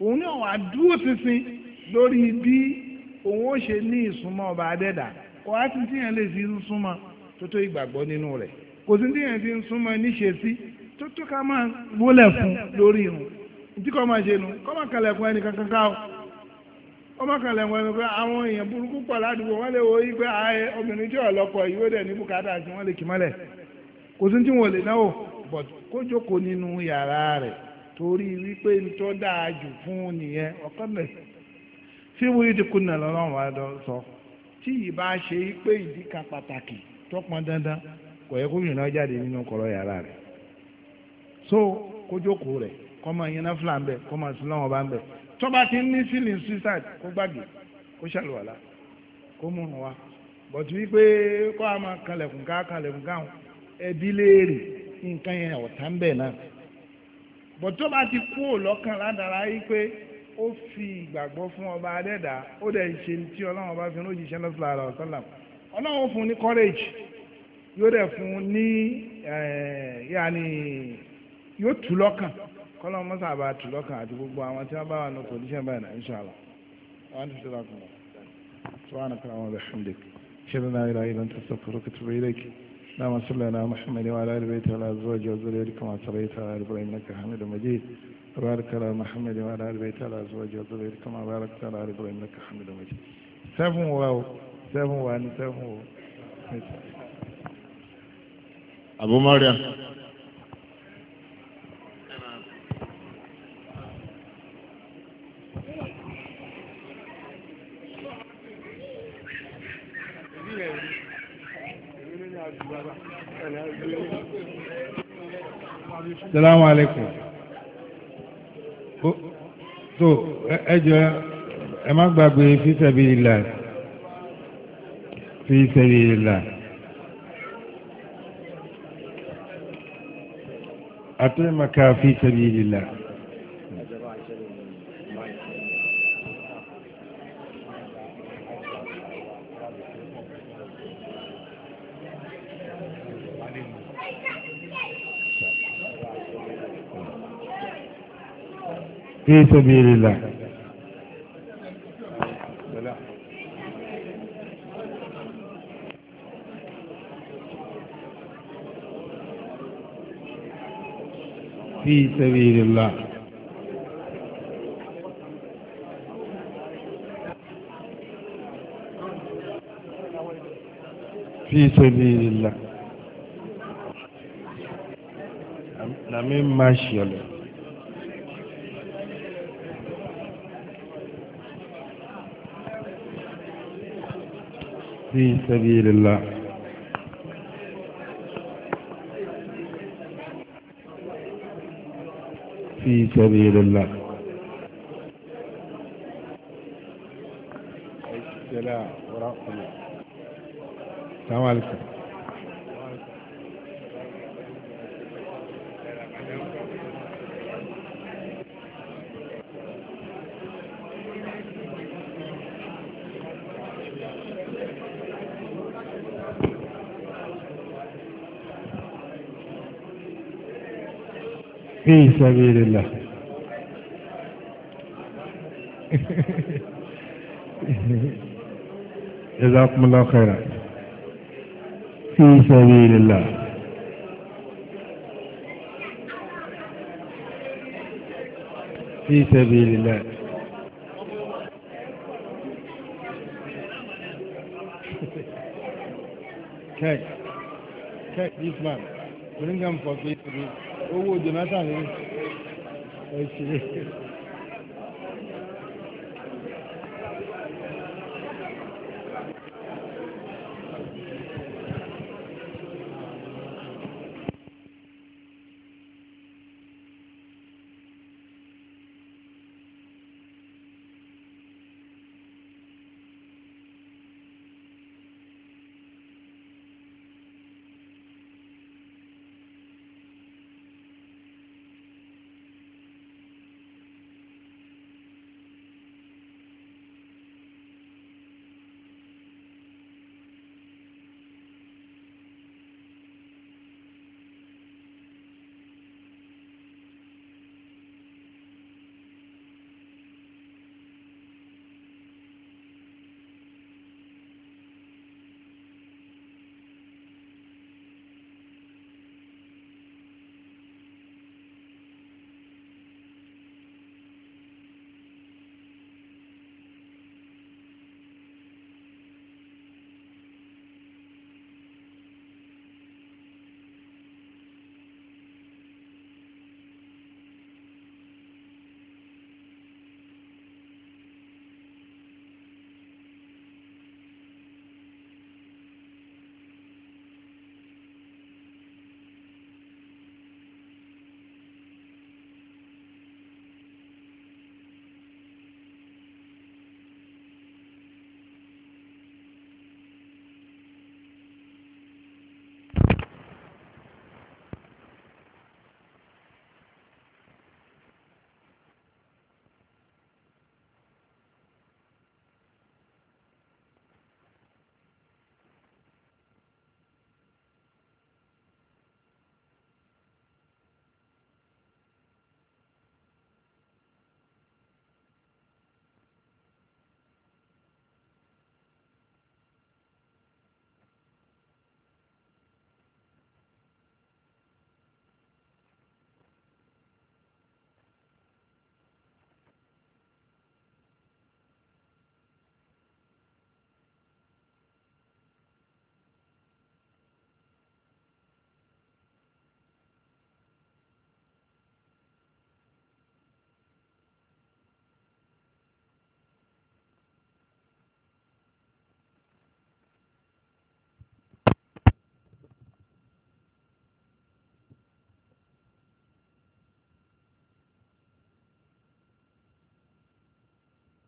òun náà wà dúró ṣinṣin lórí bí òun ó ṣe ní ìsúnmọ́ ọba adẹ́dà kò á ti tíyẹn lè fi súnmọ́ tó tó ìgbàgbọ́ nínú rẹ̀ kò sí tíyẹn fi súnmọ́ níṣe sí tó tó ká máa wólẹ̀ fún lórí irun tí kò máa ṣe nu kò máa kalẹ̀kùn ẹnìkan kankan o kò máa kalẹ̀kùn ẹnìkan kankan àwọn èèyàn burúkú pọ̀ ládùúgbò wọ́n lè wo yí pé obìnrin tí ọ̀lọ́kọ̀ yìí ó dẹ̀ ní bùkátà sí wọ́n lè kì mọ́lẹ̀ kò sí tí wọn lè náwó but kó jókòó nínú yàrá rẹ̀ torí wípé ń tọ́ dáa jù fún nìyẹn ọ̀kan mẹ́ tí wọ́n yìí ti kú nà lọ́rùn wa sọ tí ìbá ṣe pé ìdí kan pàtàkì dandan kò yẹ kó yìnbọn jáde nínú yàrá rẹ̀ so kó jókòó rẹ̀ kọ́ máa yẹn náà fúlà ń bẹ̀ kọ́ máa sùn lọ́wọ́ bá ń bẹ̀ tọ́ba ti ní feeling suicide kó gbàgbé kó ṣàlùwàlà kó nǹkan yẹn ọ̀tá ń bẹ̀ náà bọ̀ tó bá ti kú ò lọ́kàn ládàra yìí pé ó fi ìgbàgbọ́ fún ọba adẹ́dà ó dẹ̀ ṣe tí ọlọ́run ọba fi ń lójijì lọ́sọ̀lá rẹ̀ ọ̀sọ́là ọlọ́run fún ní courage yóò dẹ̀ fún ní eh, yaani yóò tù lọ́kàn kọ́lọ́run mọ́sá bá tù lọ́kàn àti gbogbo àwọn tí wọ́n bá wà ní condition báyìí náà inṣàlá wọ́n ti fi lọ́kàn sọ́wọ́n àti àwọn ọ̀rẹ́ ṣẹ́ni náà ìlà ìlànà tó sọ اللهم صل على محمد وعلى ال بيته وعلى ازواجه وذريته كما صليت على ال ابراهيم انك حميد مجيد وبارك على محمد وعلى ال بيته وعلى ازواجه وذريته كما باركت على ال ابراهيم انك حميد مجيد سبع واو سبع وان سبع أبو مريم salamu alaikum so ẹ jọ̀ọ́ ẹ má gbàgbé fífẹ̀bí ìlà fífẹ̀bí ìlà àtẹ́màkà fífẹ̀bí ìlà. في سبيل الله في سبيل الله في سبيل الله na mi ma ṣe في سبيل الله في سبيل الله السلام ورحمة الله السلام سبيل الله جزاكم الله خيرا في سبيل الله في سبيل الله Check. this man. Bring him for peace. Owó Jonathan ni. おいしい。